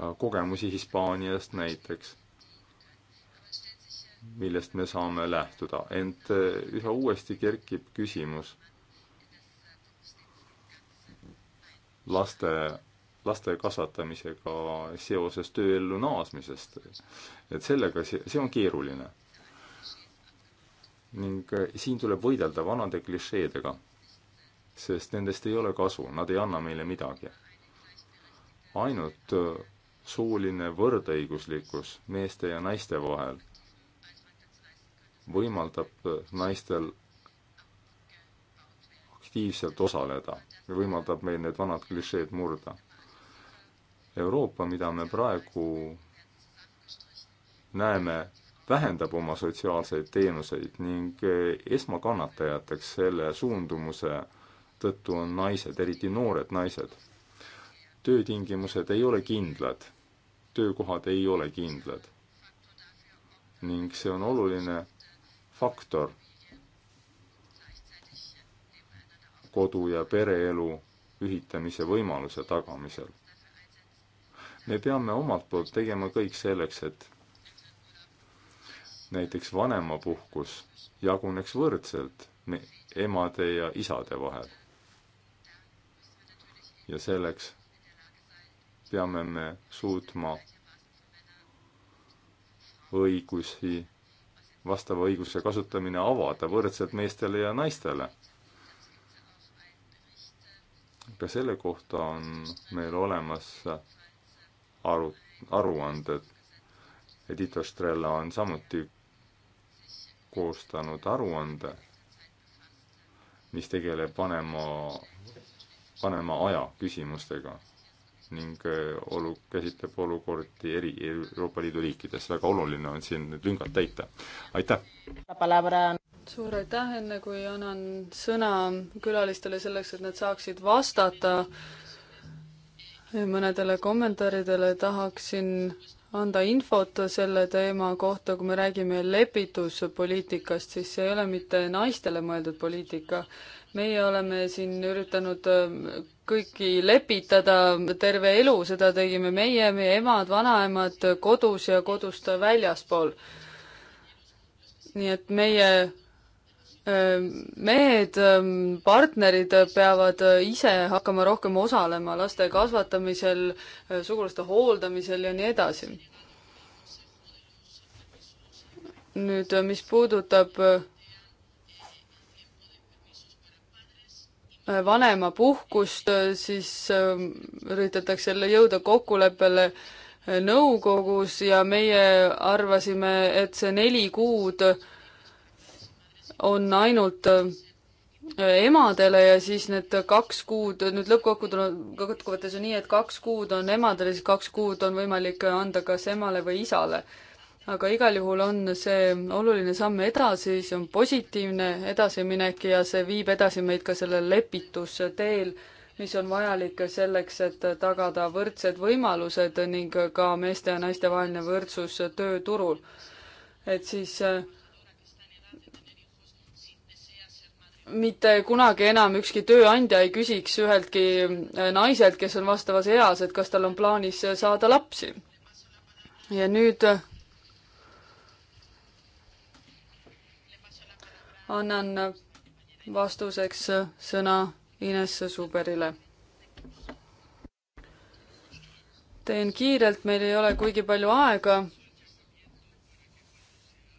äh, kogemusi Hispaaniast näiteks, millest me saame lähtuda, ent äh, üha uuesti kerkib küsimus laste laste kasvatamisega seoses tööellu naasmisest. et sellega, see, see on keeruline. ning eh, siin tuleb võidelda vanade klišeedega, sest nendest ei ole kasu, nad ei anna meile midagi. ainult eh, sooline võrdõiguslikkus meeste ja naiste vahel võimaldab eh, naistel aktiivselt osaleda ja võimaldab meil need vanad klišeed murda. Euroopa, mida me praegu näeme, vähendab oma sotsiaalseid teenuseid ning eh, esmakannatajateks selle suundumuse tõttu on naised, eriti noored naised. töötingimused ei ole kindlad, töökohad ei ole kindlad. ning see on oluline faktor kodu- ja pereelu ühitamise võimaluse tagamisel me peame omalt poolt tegema kõik selleks, et näiteks vanemapuhkus jaguneks võrdselt emade ja isade vahel. ja selleks peame me suutma õigusi, vastava õiguse kasutamine avada võrdselt meestele ja naistele. ka selle kohta on meil olemas aru, aruanded. Edith Ostrella on samuti koostanud aruande, mis tegeleb vanema, vanema aja küsimustega ning eh, olu, käsitleb olukordi eri Euroopa Liidu riikides. väga oluline on siin need lüngad täita. aitäh! suur aitäh, enne kui annan sõna külalistele selleks, et nad saaksid vastata mõnedele kommentaaridele tahaksin anda infot selle teema kohta, kui me räägime lepituspoliitikast, siis see ei ole mitte naistele mõeldud poliitika. meie oleme siin üritanud äh, kõiki lepitada terve elu, seda tegime meie, meie emad, vanaemad kodus ja kodust väljaspool. nii et meie Ehm, mehed, ehm, partnerid peavad eh, ise hakkama rohkem osalema laste kasvatamisel, eh, sugulaste hooldamisel ja nii edasi. nüüd, eh, mis puudutab vanemapuhkust, siis ehm, üritatakse jälle jõuda kokkuleppele nõukogus ja meie arvasime, et see neli kuud äh, on ainult äh, emadele ja siis need kaks kuud, nüüd lõppkokkuvõttes on nii, et kaks kuud on emadele, siis kaks kuud on võimalik anda kas emale või isale. aga igal juhul on see oluline samm edasi, see on positiivne edasiminek ja see viib edasi meid ka sellel lepitusteel, mis on vajalik selleks, et tagada võrdsed võimalused ning ka meeste ja naiste vaheline võrdsus tööturul. et siis äh, mitte kunagi enam ükski tööandja ei küsiks üheltki äh, naiselt, kes on vastavas eas, et kas tal on plaanis äh, saada lapsi. ja nüüd äh, annan vastuseks sõna Ines Suberile. teen kiirelt, meil ei ole kuigi palju aega.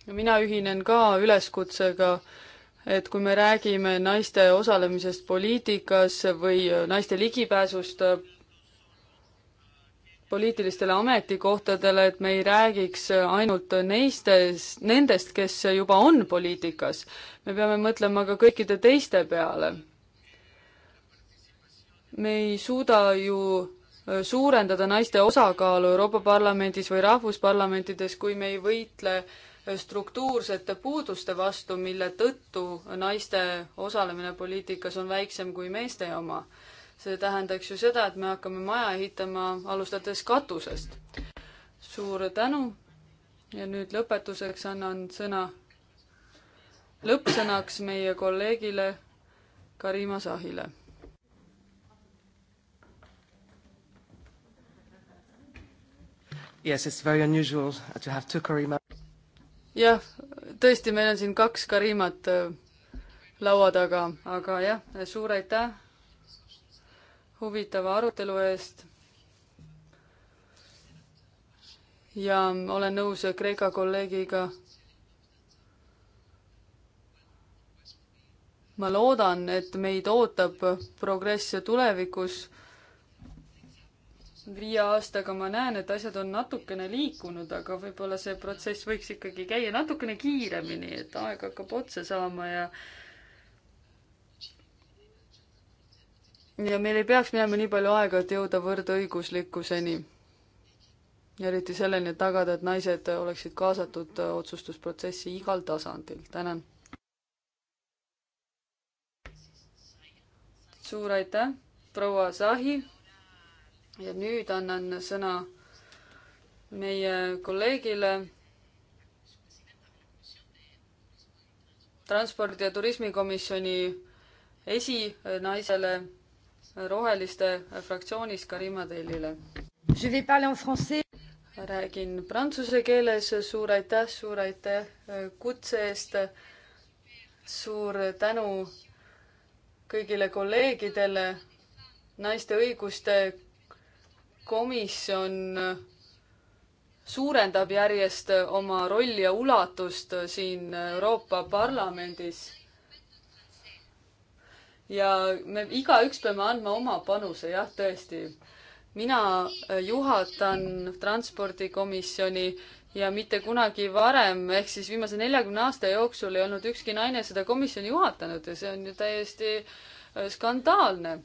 mina ühinen ka üleskutsega äh, et kui me räägime naiste osalemisest poliitikas või naiste ligipääsust poliitilistele ametikohtadele, et me ei räägiks ainult neistest, nendest, kes juba on poliitikas. me peame mõtlema ka kõikide teiste peale. me ei suuda ju suurendada naiste osakaalu Euroopa Parlamendis või rahvusparlamentides, kui me ei võitle äh, struktuursete puuduste vastu, mille tõttu naiste osalemine poliitikas on väiksem kui meeste oma. see tähendaks ju seda, et me hakkame maja ehitama alustades katusest. suur tänu ja nüüd lõpetuseks annan sõna, lõppsõnaks meie kolleegile Karima Sahile Yes, it's very unusual to have two Karima jah, tõesti, meil on siin kaks Karimat äh, laua taga, aga jah, suur aitäh huvitava arutelu eest. ja olen nõus Kreeka kolleegiga. ma loodan, et meid ootab progress tulevikus viie aastaga ma näen, et asjad on natukene liikunud, aga võib-olla see protsess võiks ikkagi käia natukene kiiremini, et aeg hakkab otsa saama ja ja meil ei peaks minema nii palju aega, et jõuda võrdõiguslikkuseni. eriti selleni, et tagada, et naised oleksid kaasatud otsustusprotsessi igal tasandil. tänan. suur aitäh, proua Sahi ja nüüd annan sõna meie kolleegile transpordi- ja turismikomisjoni esinaisele Roheliste fraktsioonis Karima Tellile. räägin prantsuse keeles, suur aitäh, suur aitäh äh, kutse eest. suur tänu kõigile kolleegidele, naiste õiguste komisjon suurendab järjest oma rolli ja ulatust siin Euroopa Parlamendis. ja me igaüks peame andma oma panuse, jah, tõesti. mina juhatan transpordikomisjoni ja mitte kunagi varem, ehk siis viimase neljakümne aasta jooksul ei olnud ükski naine seda komisjoni juhatanud ja see on ju täiesti äh, skandaalne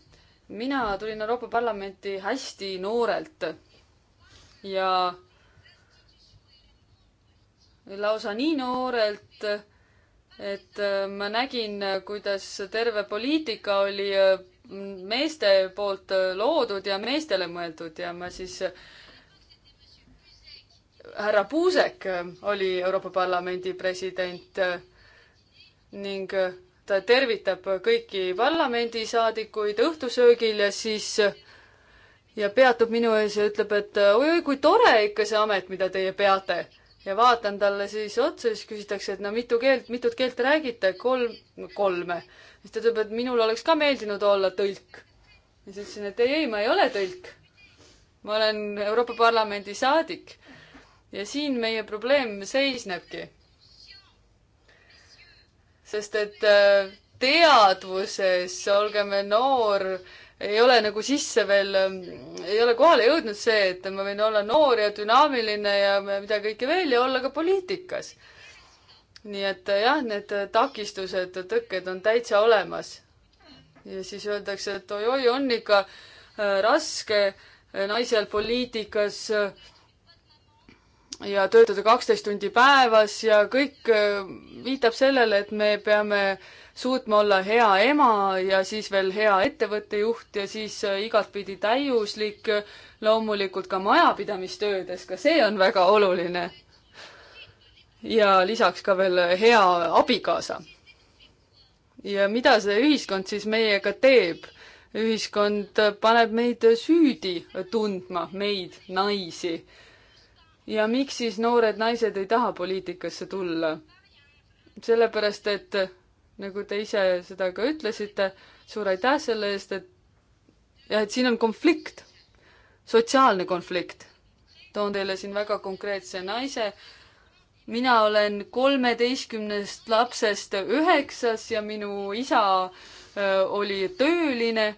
mina tulin Euroopa Parlamenti hästi noorelt ja lausa nii noorelt, et äh, ma nägin, kuidas terve poliitika oli äh, meeste poolt äh, loodud ja meestele mõeldud ja ma siis härra Puusek oli Euroopa Parlamendi president ning ta tervitab kõiki parlamendisaadikuid õhtusöögil ja siis ja peatub minu ees ja ütleb, et oi-oi, kui tore ikka see amet, mida teie peate. ja vaatan talle siis otsa, siis küsitakse, et no mitu keelt, mitut keelt te räägite, kolm, kolme. siis ta ütleb, et minul oleks ka meeldinud olla tõlk. ja siis ütlesin, et ei, ei, ma ei ole tõlk. ma olen Euroopa Parlamendi saadik. ja siin meie probleem seisnebki sest et äh, teadvuses, olgem noor, ei ole nagu sisse veel, ähm, ei ole kohale jõudnud see, et ma võin olla noor ja dünaamiline ja mida kõike veel ja olla ka poliitikas. nii et äh, jah, need äh, takistused, tõkked on täitsa olemas. ja siis öeldakse, et oi-oi, on ikka raske naisel poliitikas äh, ja töötada kaksteist tundi päevas ja kõik äh, viitab sellele, et me peame suutma olla hea ema ja siis veel hea ettevõtte juht ja siis äh, igatpidi täiuslik, loomulikult ka majapidamistöödes, ka see on väga oluline. ja lisaks ka veel hea abikaasa. ja mida see ühiskond siis meiega teeb? ühiskond paneb meid süüdi tundma, meid, naisi ja miks siis noored naised ei taha poliitikasse tulla? sellepärast, et nagu te ise seda ka ütlesite, suur aitäh selle eest, et jah, et siin on konflikt, sotsiaalne konflikt. toon teile siin väga konkreetse naise. mina olen kolmeteistkümnest lapsest üheksas ja minu isa öö, äh, oli tööline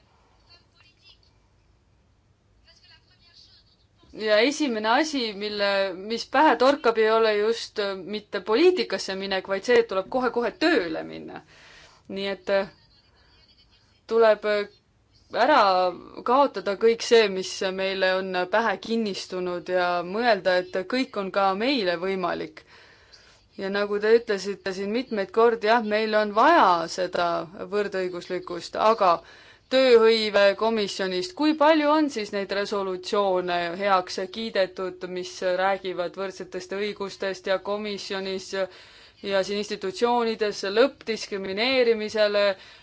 ja esimene asi, mille, mis pähe torkab, ei ole just äh, mitte poliitikasse minek, vaid see, et tuleb kohe-kohe tööle minna. nii et äh, tuleb äh, ära kaotada kõik see, mis meile on pähe kinnistunud ja mõelda, et kõik on ka meile võimalik. ja nagu te ütlesite siin mitmeid kordi, jah, meil on vaja seda võrdõiguslikkust, aga äh, tööhõivekomisjonist, kui palju on siis neid resolutsioone heaks kiidetud, mis räägivad võrdsetest õigustest ja komisjonis ja siin institutsioonides lõppdiskrimineerimisele,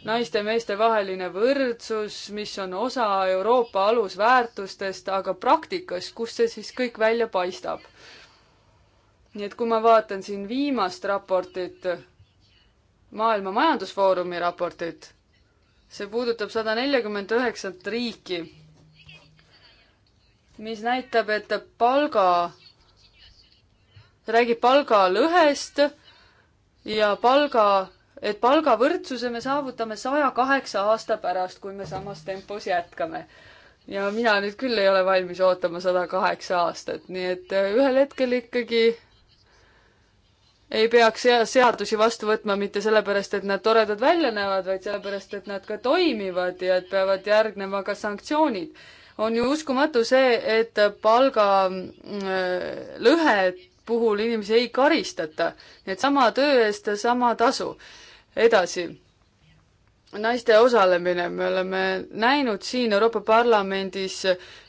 naiste-meeste vaheline võrdsus, mis on osa Euroopa alusväärtustest, aga praktikas, kus see siis kõik välja paistab? nii et kui ma vaatan siin viimast raportit, Maailma Majandusfoorumi raportit see puudutab sada neljakümmet üheksat riiki, mis näitab, et palga, räägib palgalõhest ja palga, et palgavõrdsuse me saavutame saja kaheksa aasta pärast, kui me samas tempos jätkame. ja mina nüüd küll ei ole valmis ootama sada kaheksa aastat, nii et ühel hetkel ikkagi ei peaks seadusi vastu võtma mitte sellepärast, et nad toredad välja näevad, vaid sellepärast, et nad ka toimivad ja et peavad järgnema ka sanktsioonid. on ju uskumatu see, et palgalõhe mm, äh, puhul inimesi ei karistata, nii et sama töö eest sama tasu. edasi, naiste osalemine, me oleme näinud siin Euroopa Parlamendis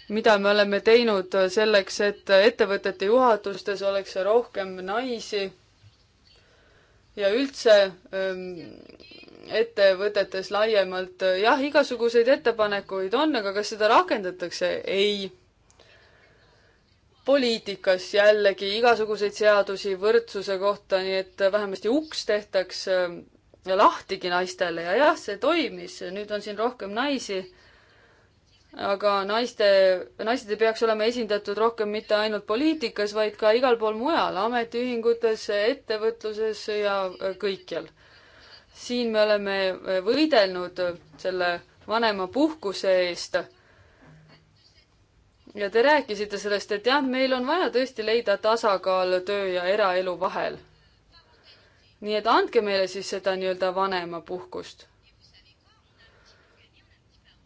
mida me oleme teinud selleks, et ettevõtete juhatustes oleks rohkem naisi ja üldse ähm, ettevõtetes laiemalt, äh, jah, igasuguseid ettepanekuid on, aga kas seda rakendatakse? ei. poliitikas jällegi igasuguseid seadusi võrdsuse kohta, nii et vähemasti uks tehtaks ähm, lahtigi naistele ja jah, see toimis, nüüd on siin rohkem naisi aga naiste, naised ei peaks olema esindatud rohkem mitte ainult poliitikas, vaid ka igal pool mujal, ametiühingutes, ettevõtluses ja äh, kõikjal. siin me oleme äh, võidelnud selle vanemapuhkuse eest. ja te rääkisite sellest, et jah, meil on vaja tõesti leida tasakaal töö ja eraelu vahel. nii et andke meile siis seda nii-öelda vanemapuhkust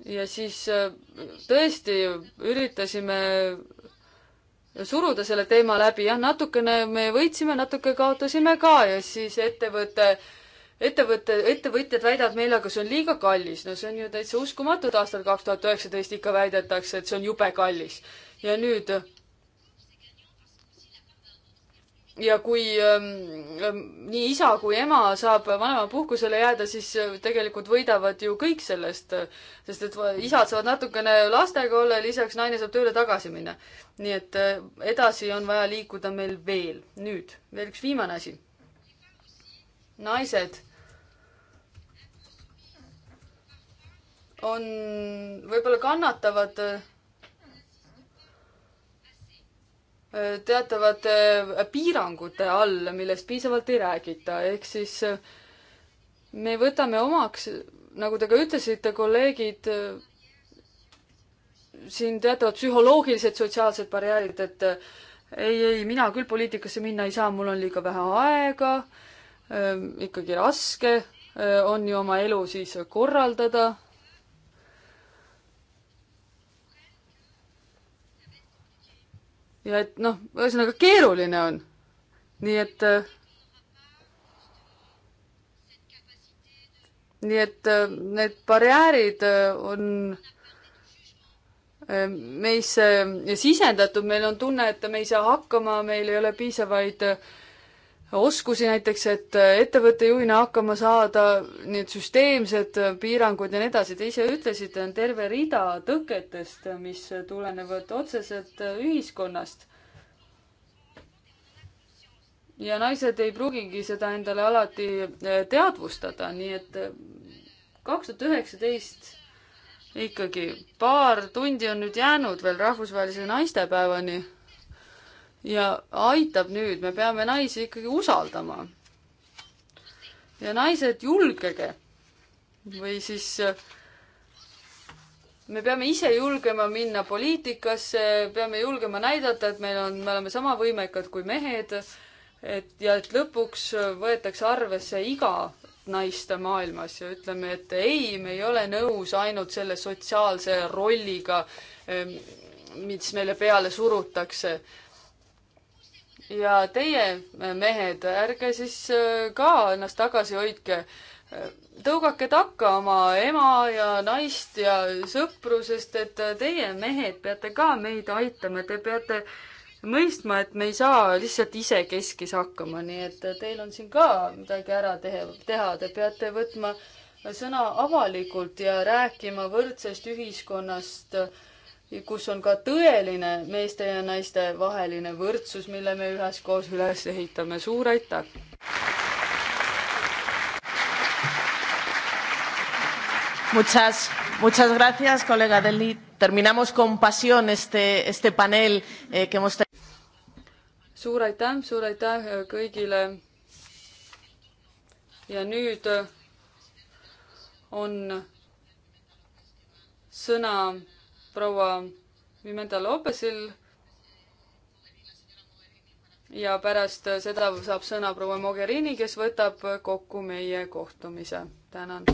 ja siis äh, tõesti üritasime suruda selle teema läbi, jah, natukene me võitsime, natuke kaotasime ka ja siis ettevõte, ettevõte, ettevõtjad väidavad meile, aga see on liiga kallis. no see on ju täitsa uskumatu, et aastal kaks tuhat üheksateist ikka väidetakse, et see on jube kallis. ja nüüd ja kui ähm, ähm, nii isa kui ema saab vanemapuhkusele jääda, siis äh, tegelikult võidavad ju kõik sellest, äh, sest et isad saavad natukene lastega olla ja lisaks naine saab tööle tagasi minna. nii et äh, edasi on vaja liikuda meil veel. nüüd veel üks viimane asi. naised on, võib-olla kannatavad äh, teatavate äh, piirangute all, millest piisavalt ei räägita, ehk siis äh, me võtame omaks, nagu te ka ütlesite, kolleegid, äh, siin teatavad psühholoogilised sotsiaalsed barjäärid, et ei, ei, mina küll poliitikasse minna ei saa, mul on liiga vähe aega, ikkagi raske on ju oma elu siis korraldada ja et noh, ühesõnaga keeruline on. nii et äh, nii et äh, need barjäärid äh, on meisse sisendatud, meil on tunne, et me ei saa hakkama, meil ei ole piisavaid äh, oskusi näiteks, et äh, ettevõtte juhina hakkama saada, need süsteemsed äh, piirangud ja nii edasi. Te ise ütlesite, on terve rida tõketest, äh, mis tulenevad otseselt ühiskonnast. ja naised ei pruugigi seda endale alati teadvustada, nii et kaks tuhat üheksateist ikkagi paar tundi on nüüd jäänud veel rahvusvahelise naistepäevani ja aitab nüüd, me peame naisi ikkagi usaldama. ja naised, julgege. või siis me peame ise julgema minna poliitikasse, peame julgema näidata, et meil on, me oleme sama võimekad kui mehed, et ja et lõpuks võetakse arvesse iga naiste maailmas ja ütleme, et ei, me ei ole nõus ainult selle sotsiaalse rolliga, mis meile peale surutakse ja teie eh, mehed, ärge siis eh, ka ennast tagasi hoidke. Eh, tõugake takka oma ema ja naist ja sõpru, sest et teie mehed peate ka meid aitama, te peate mõistma, et me ei saa lihtsalt isekeskis hakkama, nii et teil on siin ka midagi ära tehe, teha, te peate võtma sõna avalikult ja rääkima võrdsest ühiskonnast äh, kus on ka tõeline meeste ja naiste vaheline võrdsus, mille me üheskoos üles ehitame. suur aitäh! Muchas, muchas gracias, colega Deli. Terminamos con pasión este, este panel eh, que hemos tenido. Suur aitäh, suur aitäh eh, kõigile. ja nüüd eh, on sõna proua Pimenta Lopesil. ja pärast seda saab sõna proua Mogherini, kes võtab kokku meie kohtumise. tänan.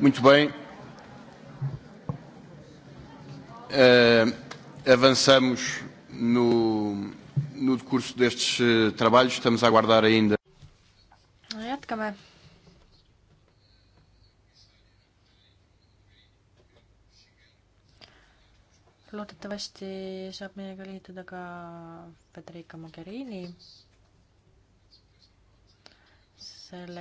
Muito bem. Uh, avançamos no, no decurso destes uh, trabalhos. Estamos a aguardar ainda. Jätkame. loodetavasti saab meiega liituda ka Federica Mogherini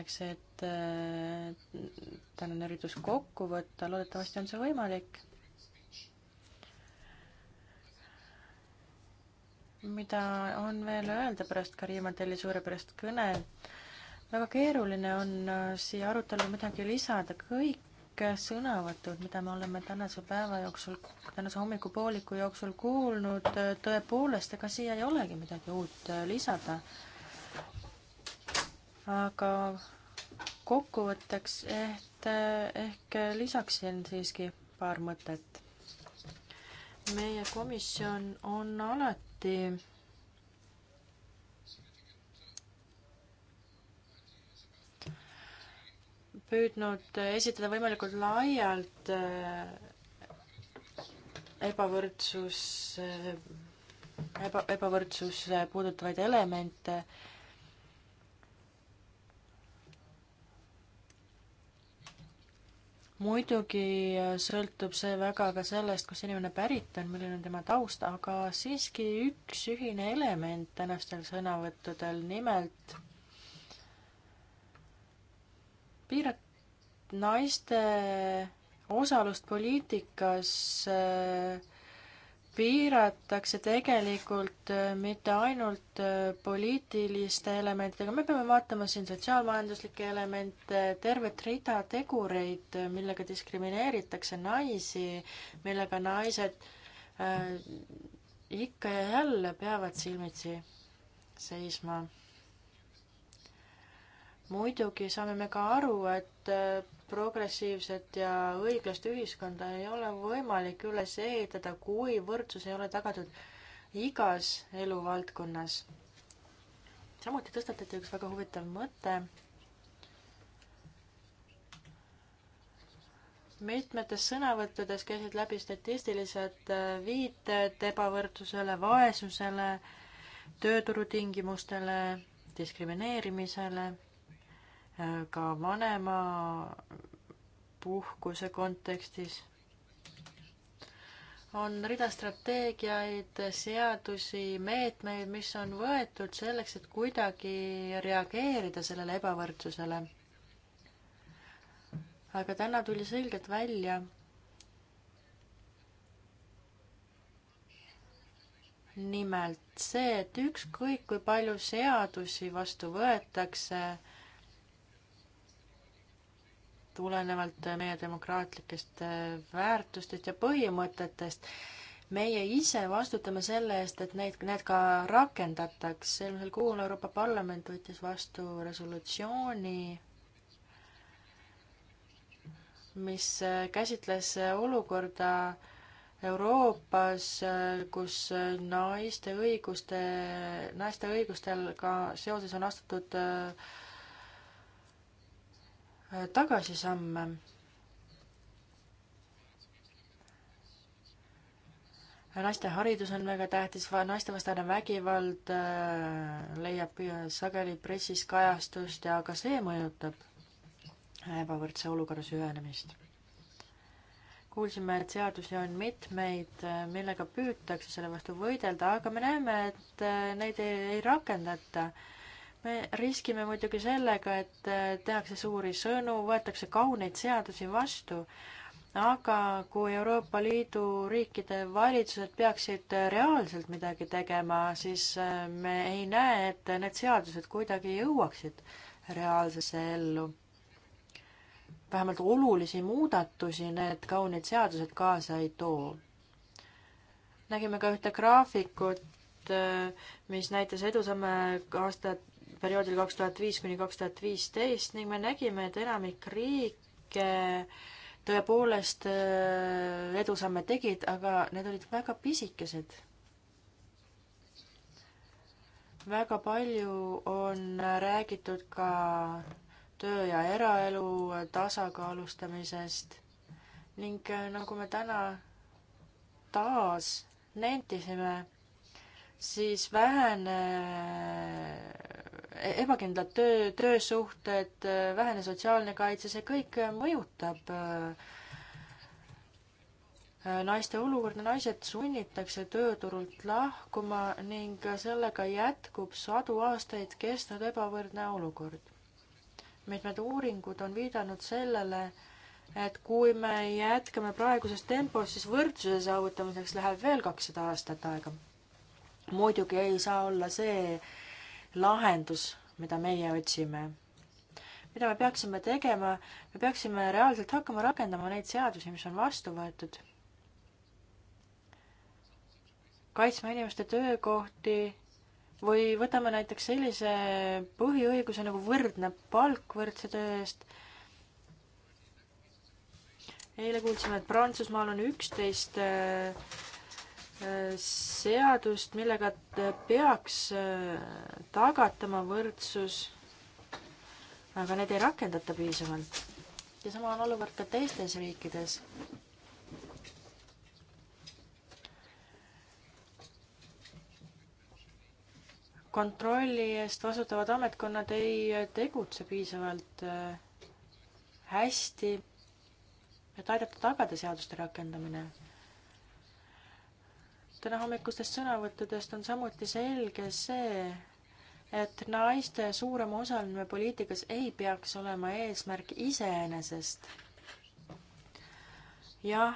selleks, et äh, tänane üritus kokku võtta, loodetavasti on see võimalik. mida on veel öelda pärast Karima Telli suurepärast kõne? väga keeruline on äh, siia arutellu midagi lisada, kõik sõnavõtud, mida me oleme tänase päeva jooksul, tänase hommikupooliku jooksul kuulnud, äh, tõepoolest, ega siia ei olegi midagi uut lisada aga kokkuvõtteks ehk, ehk lisaksin siiski paar mõtet. meie komisjon on alati püüdnud esitada võimalikult laialt äh, ebavõrdsus, äh, eba, ebavõrdsuse äh, puudutavaid elemente muidugi äh, sõltub see väga ka sellest, kus inimene pärit on, milline on tema taust, aga siiski üks ühine element tänastel sõnavõttudel, nimelt piirat-, naiste osalust poliitikas äh, piiratakse tegelikult äh, mitte ainult äh, poliitiliste elementidega, me peame vaatama siin sotsiaalmajanduslikke elemente, tervet rida tegureid, äh, millega diskrimineeritakse naisi, millega naised äh, ikka ja jälle peavad silmitsi seisma muidugi saame me ka aru, et äh, progressiivset ja õiglast ühiskonda ei ole võimalik üles ehitada, kui võrdsus ei ole tagatud igas eluvaldkonnas. samuti tõstatati üks väga huvitav mõte mitmetes sõnavõttudes käisid läbi statistilised äh, viited ebavõrdsusele, vaesusele, tööturutingimustele, diskrimineerimisele ka vanemapuhkuse kontekstis. on rida strateegiaid, seadusi, meetmeid, mis on võetud selleks, et kuidagi reageerida sellele ebavõrdsusele. aga täna tuli selgelt välja, nimelt see, et ükskõik kui palju seadusi vastu võetakse, tulenevalt meie demokraatlikest äh, väärtustest ja põhimõtetest. meie ise vastutame selle eest, et neid, need ka rakendataks. eelmisel kuul Euroopa Parlament võttis vastu resolutsiooni, mis äh, käsitles äh, olukorda Euroopas, kus naiste õiguste, naiste õigustega seoses on astutud äh, tagasisamme. naiste haridus on väga tähtis, naistevastane vägivald äh, leiab äh, sageli pressis kajastust ja ka see mõjutab äh, ebavõrdse olukorra süvenemist. kuulsime, et seadusi on mitmeid, millega püütakse selle vastu võidelda, aga me näeme, et neid ei, ei rakendata me riskime muidugi sellega, et äh, tehakse suuri sõnu, võetakse kauneid seadusi vastu, aga kui Euroopa Liidu riikide valitsused peaksid äh, reaalselt midagi tegema, siis äh, me ei näe, et need seadused kuidagi jõuaksid reaalsesse ellu. vähemalt olulisi muudatusi need kaunid seadused kaasa ei too. nägime ka ühte graafikut, mis näitas edusamme aasta perioodil kaks tuhat viis kuni kaks tuhat viisteist ning me nägime, et enamik riike tõepoolest äh, edusamme tegid, aga need olid väga pisikesed. väga palju on räägitud ka töö ja eraelu tasakaalustamisest ning äh, nagu me täna taas nentisime, siis vähene ebakindlad töö, töösuhted, vähene sotsiaalne kaitse, see kõik mõjutab äh, äh, naiste olukorda, naised sunnitakse tööturult lahkuma ning sellega jätkub sadu aastaid kestnud ebavõrdne olukord. mitmed uuringud on viidanud sellele, et kui me jätkame praeguses tempos, siis võrdsuse saavutamiseks läheb veel kakssada aastat aega. muidugi ei saa olla see, lahendus, mida meie otsime. mida me peaksime tegema, me peaksime reaalselt hakkama rakendama neid seadusi, mis on vastu võetud. kaitsma inimeste töökohti või võtame näiteks sellise põhiõiguse nagu võrdne palk võrdse töö eest eile kuulsime, et Prantsusmaal on üksteist 11 äh, seadust, millega peaks äh, tagatama võrdsus, aga need ei rakendata piisavalt. ja sama on olukord ka teistes riikides. kontrolli eest vastutavad ametkonnad ei tegutse piisavalt äh, hästi, et aidata tagada seaduste rakendamine tänahommikustest sõnavõttudest on samuti selge see, et naiste suurem osalemine poliitikas ei peaks olema eesmärk iseenesest. jah,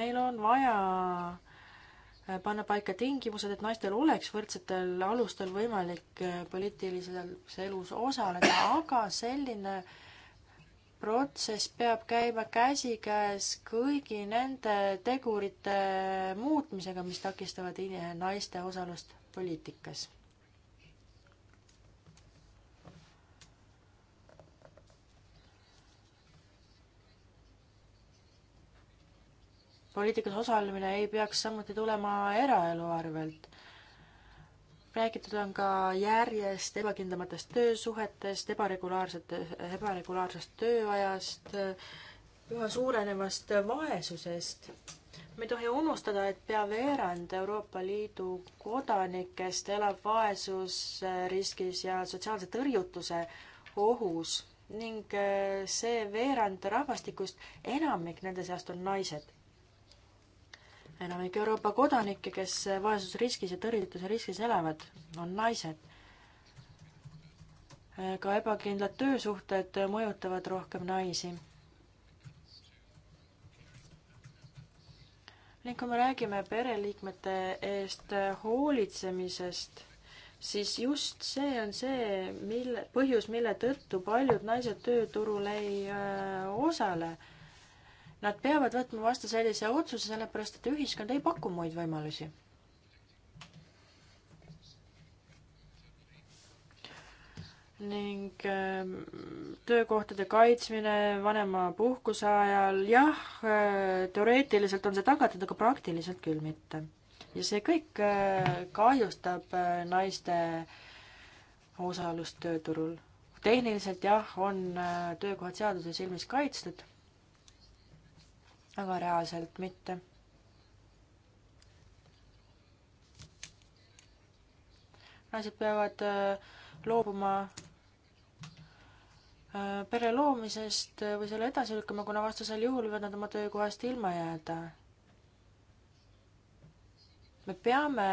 meil on vaja äh, panna paika tingimused, et naistel oleks võrdsetel alustel võimalik äh, poliitilises elus osaleda, aga selline äh, protsess peab käima käsikäes kõigi nende tegurite muutmisega, mis takistavad naiste osalust poliitikas. poliitikas osalemine ei peaks samuti tulema eraelu arvelt räägitud on ka järjest ebakindlamatest töösuhetest, ebaregulaarsete, ebaregulaarsest tööajast, üha suurenevast vaesusest. me ei tohi unustada, et pea veerand Euroopa Liidu kodanikest elab vaesusriskis ja sotsiaalse tõrjutuse ohus ning eh, see veerand rahvastikust, enamik nende seast on naised enamik Euroopa kodanikke, kes vaesusriskis ja tõrjutuse riskis elavad, on naised. ka ebakindlad töösuhted mõjutavad rohkem naisi. ning kui me räägime pereliikmete eest hoolitsemisest, siis just see on see, mille, põhjus, mille tõttu paljud naised tööturul ei öö, äh, osale Nad peavad võtma vastu sellise otsuse, sellepärast et ühiskond ei paku muid võimalusi. ning ähm, töökohtade kaitsmine vanema puhkuse ajal, jah, äh, teoreetiliselt on see tagatud, aga praktiliselt küll mitte. ja see kõik äh, kahjustab äh, naiste osalust tööturul. tehniliselt jah, on töökohad seaduse silmis kaitstud aga reaalselt mitte. naised peavad äh, loobuma äh, pere loomisest äh, või selle edasi lükkama, kuna vastasel juhul võivad nad oma töökohast ilma jääda. me peame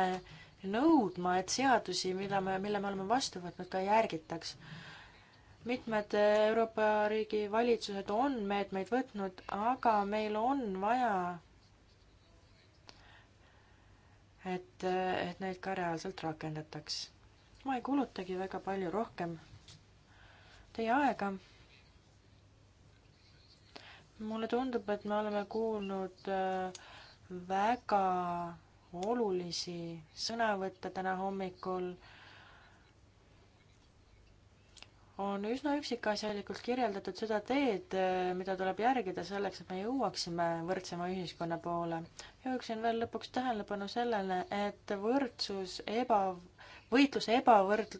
nõudma, et seadusi, mida me, mille me oleme vastu võtnud, ka järgitaks mitmed Euroopa riigi valitsused on meetmeid võtnud, aga meil on vaja, et, et neid ka reaalselt rakendataks. ma ei kulutagi väga palju rohkem teie aega. mulle tundub, et me oleme kuulnud äh, väga olulisi sõnavõtte täna hommikul on üsna üksikasjalikult kirjeldatud seda teed, eh, mida tuleb järgida selleks, et me jõuaksime võrdsema ühiskonna poole. jõuaksin veel lõpuks tähelepanu sellele, et võrdsus eba, võitlus ebavõrd-,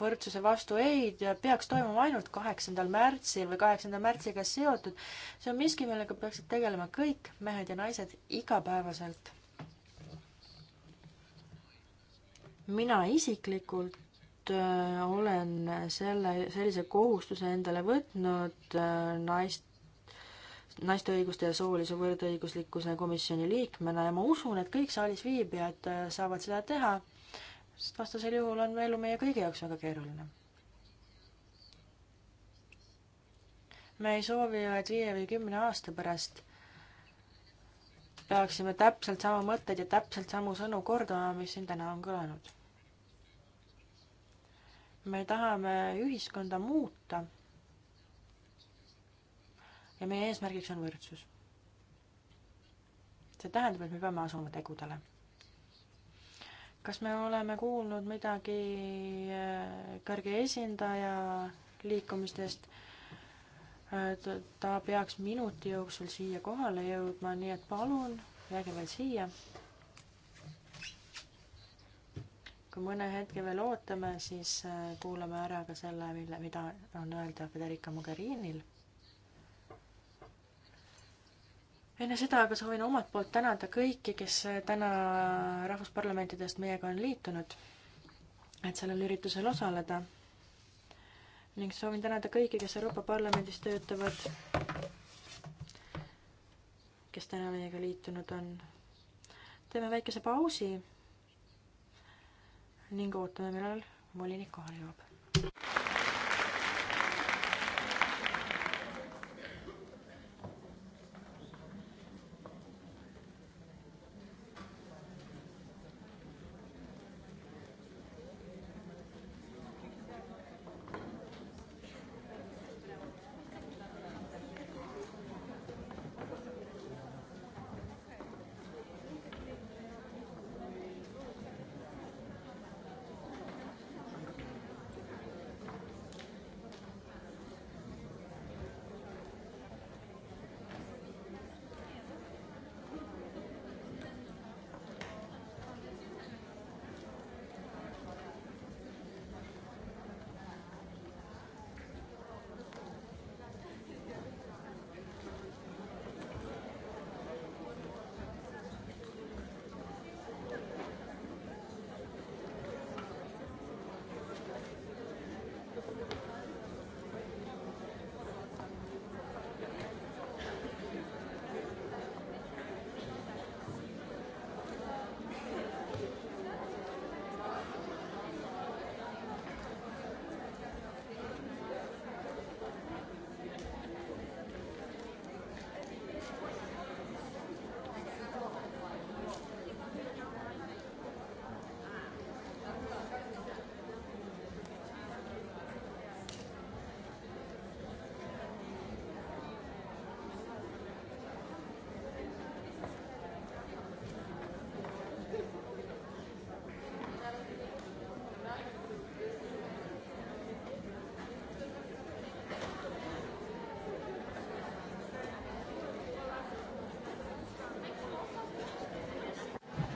võrdsuse vastu ei peaks toimuma ainult kaheksandal märtsil või kaheksanda märtsiga seotud. see on miski, millega peaksid tegelema kõik mehed ja naised igapäevaselt. mina isiklikult Äh, olen selle, sellise kohustuse endale võtnud äh, naist, naiste õiguste ja soolise võrdõiguslikkuse komisjoni liikmena ja ma usun, et kõik saalis viibijad äh, saavad seda teha, sest vastasel juhul on elu meie kõigi jaoks väga keeruline. me ei soovi ju, et viie või kümne aasta pärast peaksime täpselt sama mõtteid ja täpselt samu sõnu kordama, mis siin täna on kõlanud me tahame ühiskonda muuta. ja meie eesmärgiks on võrdsus. see tähendab, et me peame asuma tegudele. kas me oleme kuulnud midagi äh, kõrge esindaja liikumistest? Äh, ta peaks minuti jooksul siia kohale jõudma, nii et palun jääge veel siia kui mõne hetke veel ootame, siis äh, kuulame ära ka selle, mille, mida on öelda Federica Mogherinil. enne seda aga soovin omalt poolt tänada kõiki, kes äh, täna rahvusparlamentidest meiega on liitunud, et sellel üritusel osaleda. ning soovin tänada kõiki, kes Euroopa Parlamendis töötavad, kes täna meiega liitunud on. teeme väikese pausi ning ootame, millal volinik kohale jõuab.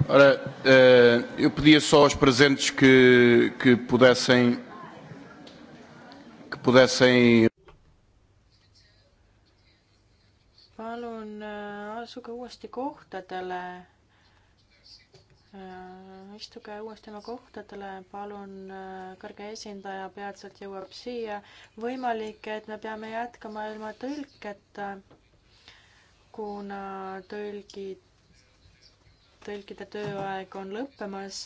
Ora, eh, eu pedia só aos presentes que, que pudessem. que pudessem. palun eh, asuge uuesti kohtadele. Eh, istuge uuesti oma kohtadele, palun, kõrge esindaja peatselt jõuab siia. võimalik, et me peame jätkama ilma tõlketa, kuna tõlgid tõlkide tööaeg on lõppemas.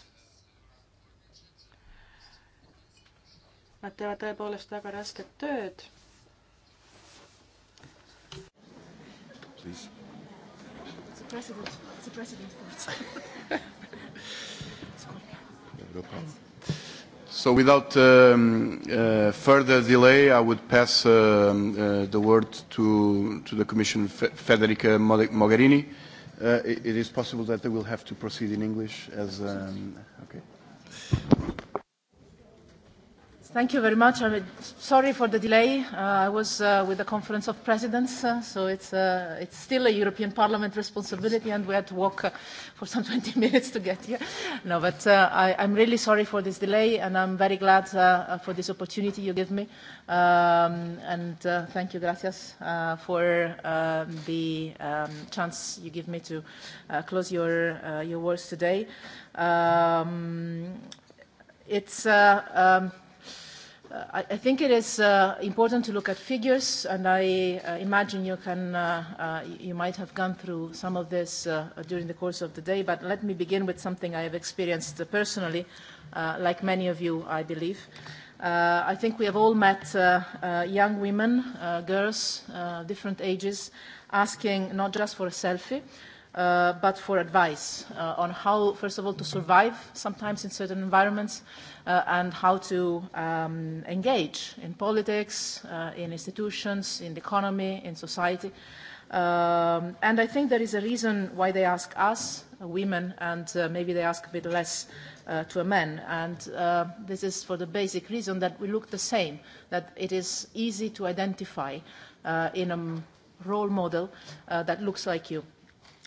Nad teevad tõepoolest väga rasket tööd. Please. It's a president. It's a president court. it's called. No problem. So without um, uh, further delay, I would pass um, uh, the word to, to the Commission Fe Federica Mogherini. Uh, uh, it, it is possible that they will have to proceed in English as um, okay. Thank you very much. I'm sorry for the delay. Uh, I was uh, with the Conference of Presidents, uh, so it's, uh, it's still a European Parliament responsibility, and we had to walk uh, for some 20 *laughs* minutes to get here. No, but uh, I, I'm really sorry for this delay, and I'm very glad uh, uh, for this opportunity you give me. Um, and uh, thank you, gracias, uh, for um, the um, chance you give me to uh, close your, uh, your words today. Um, it's... Uh, um, Uh, I, I think it is uh, important to look at figures, and I uh, imagine you, can, uh, uh, you might have gone through some of this uh, during the course of the day, but let me begin with something I have experienced personally, uh, like many of you, I believe. Uh, I think we have all met uh, uh, young women, uh, girls, uh, different ages, asking not just for a selfie, uh, uh, but for advice uh, on how, first of all, to survive sometimes in certain environments uh, and how to um, engage in politics, uh, in institutions, in the economy, in society. Um, and I think there is a reason why they ask us, uh, women, and uh, maybe they ask a bit less uh, to a man. And uh, this is for the basic reason that we look the same, that it is easy to identify uh, in a role model uh, that looks like you. Uh,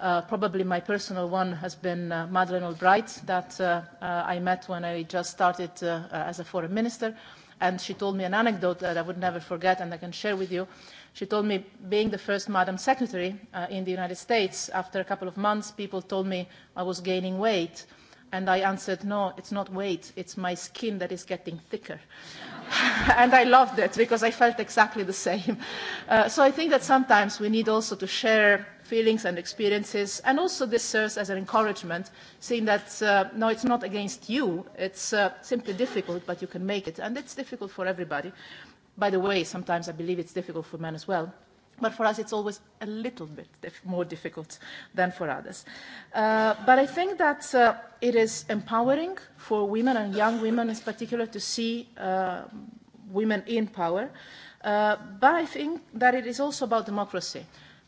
Uh, probably my personal one has been uh, Madeleine Albright that uh, uh, I met when I just started uh, uh, as a foreign minister. And she told me an anecdote that I would never forget and I can share with you. She told me, being the first Madam Secretary uh, in the United States, after a couple of months, people told me I was gaining weight. And I answered, no, it's not weight, it's my skin that is getting thicker. *laughs* and I loved it because I felt exactly the same. Uh, so I think that sometimes we need also to share feelings and experiences. And also this serves as an encouragement, seeing that, uh, no, it's not against you, it's uh, simply difficult, but you can make it. And it's difficult for everybody. By the way, sometimes I believe it's difficult for men as well. But for us, it's always a little bit dif- more difficult than for others. Uh, but I think that uh, it is empowering for women and young women in particular to see uh, women in power. Uh, but I think that it is also about democracy. Uh,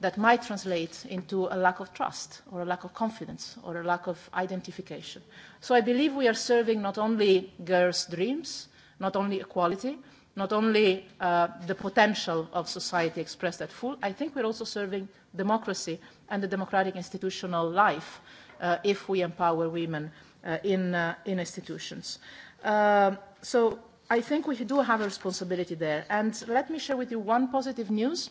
that might translate into a lack of trust or a lack of confidence or a lack of identification. So I believe we are serving not only girls' dreams, not only equality, not only uh, the potential of society expressed at full, I think we're also serving democracy and the democratic institutional life uh, if we empower women uh, in, uh, in institutions. Um, so I think we do have a responsibility there. And let me share with you one positive news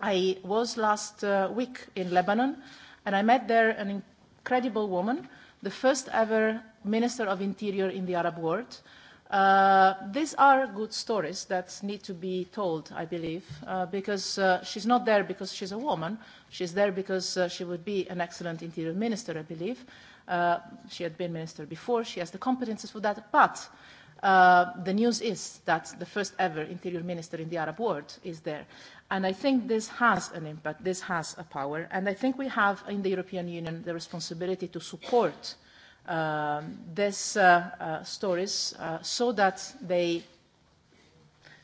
I was last uh, week in Lebanon, and I met there an incredible woman, the first ever Minister of Interior in the Arab world. Uh, these are good stories that need to be told, I believe, uh, because uh, she's not there because she's a woman. She's there because uh, she would be an excellent interior minister, I believe. Uh, she had been minister before. She has the competences for that. But uh, the news is that the first ever interior minister in the Arab world is there. And I think this has an impact, this has a power, and I think we have in the European Union the responsibility to support um, these uh, uh, stories uh, so that they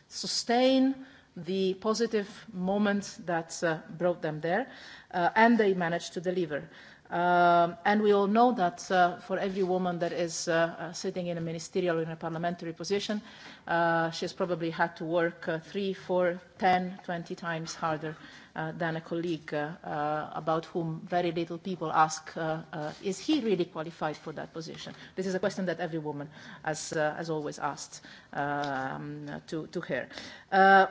sustain the positive moment that uh, brought them there, uh, and they managed to deliver. Um, and we all know that uh, for every woman that is uh, uh sitting in a ministerial or in a parliamentary position, uh, she's probably had to work uh, three, four, 10, 20 times harder uh, than a colleague uh, uh, about whom very little people ask, uh, uh, is he really qualified for that position? This is a question that every woman has, uh, has always asked um, to, to her. Uh,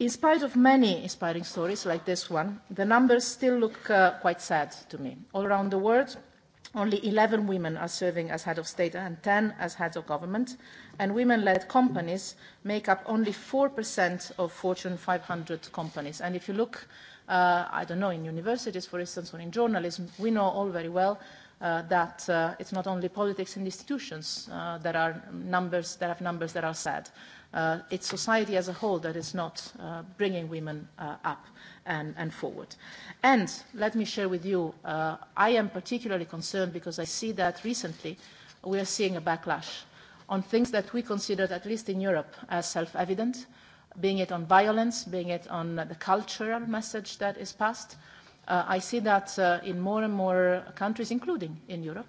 In spite of many inspiring stories like this one, the numbers still look uh, quite sad to me. All around the world, only 11 women are serving as head of state and 10 as heads of government, and women-led companies make up only 4% of Fortune 500 companies. And if you look, uh, I don't know, in universities, for instance, or in journalism, we know all very well uh, that uh, it's not only politics and institutions uh, that, are numbers, that have numbers that are sad. Uh, Uh, it's society as a whole that is not uh, bringing women uh, up and, and forward. And let me share with you, uh, I am particularly concerned because I see that recently we are seeing a backlash on things that we considered, at least in Europe, as self-evident, being it on violence, being it on the cultural message that is passed. Uh, I see that uh, in more and more countries, including in Europe,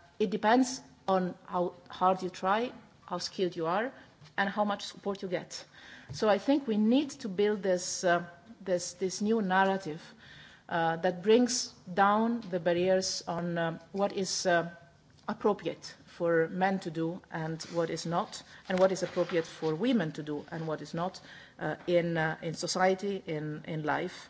It depends on how hard you try, how skilled you are, and how much support you get. So I think we need to build this, uh, this, this new narrative uh, that brings down the barriers on um, what is uh, appropriate for men to do and what is not, and what is appropriate for women to do and what is not uh, in, uh, in society, in, in life,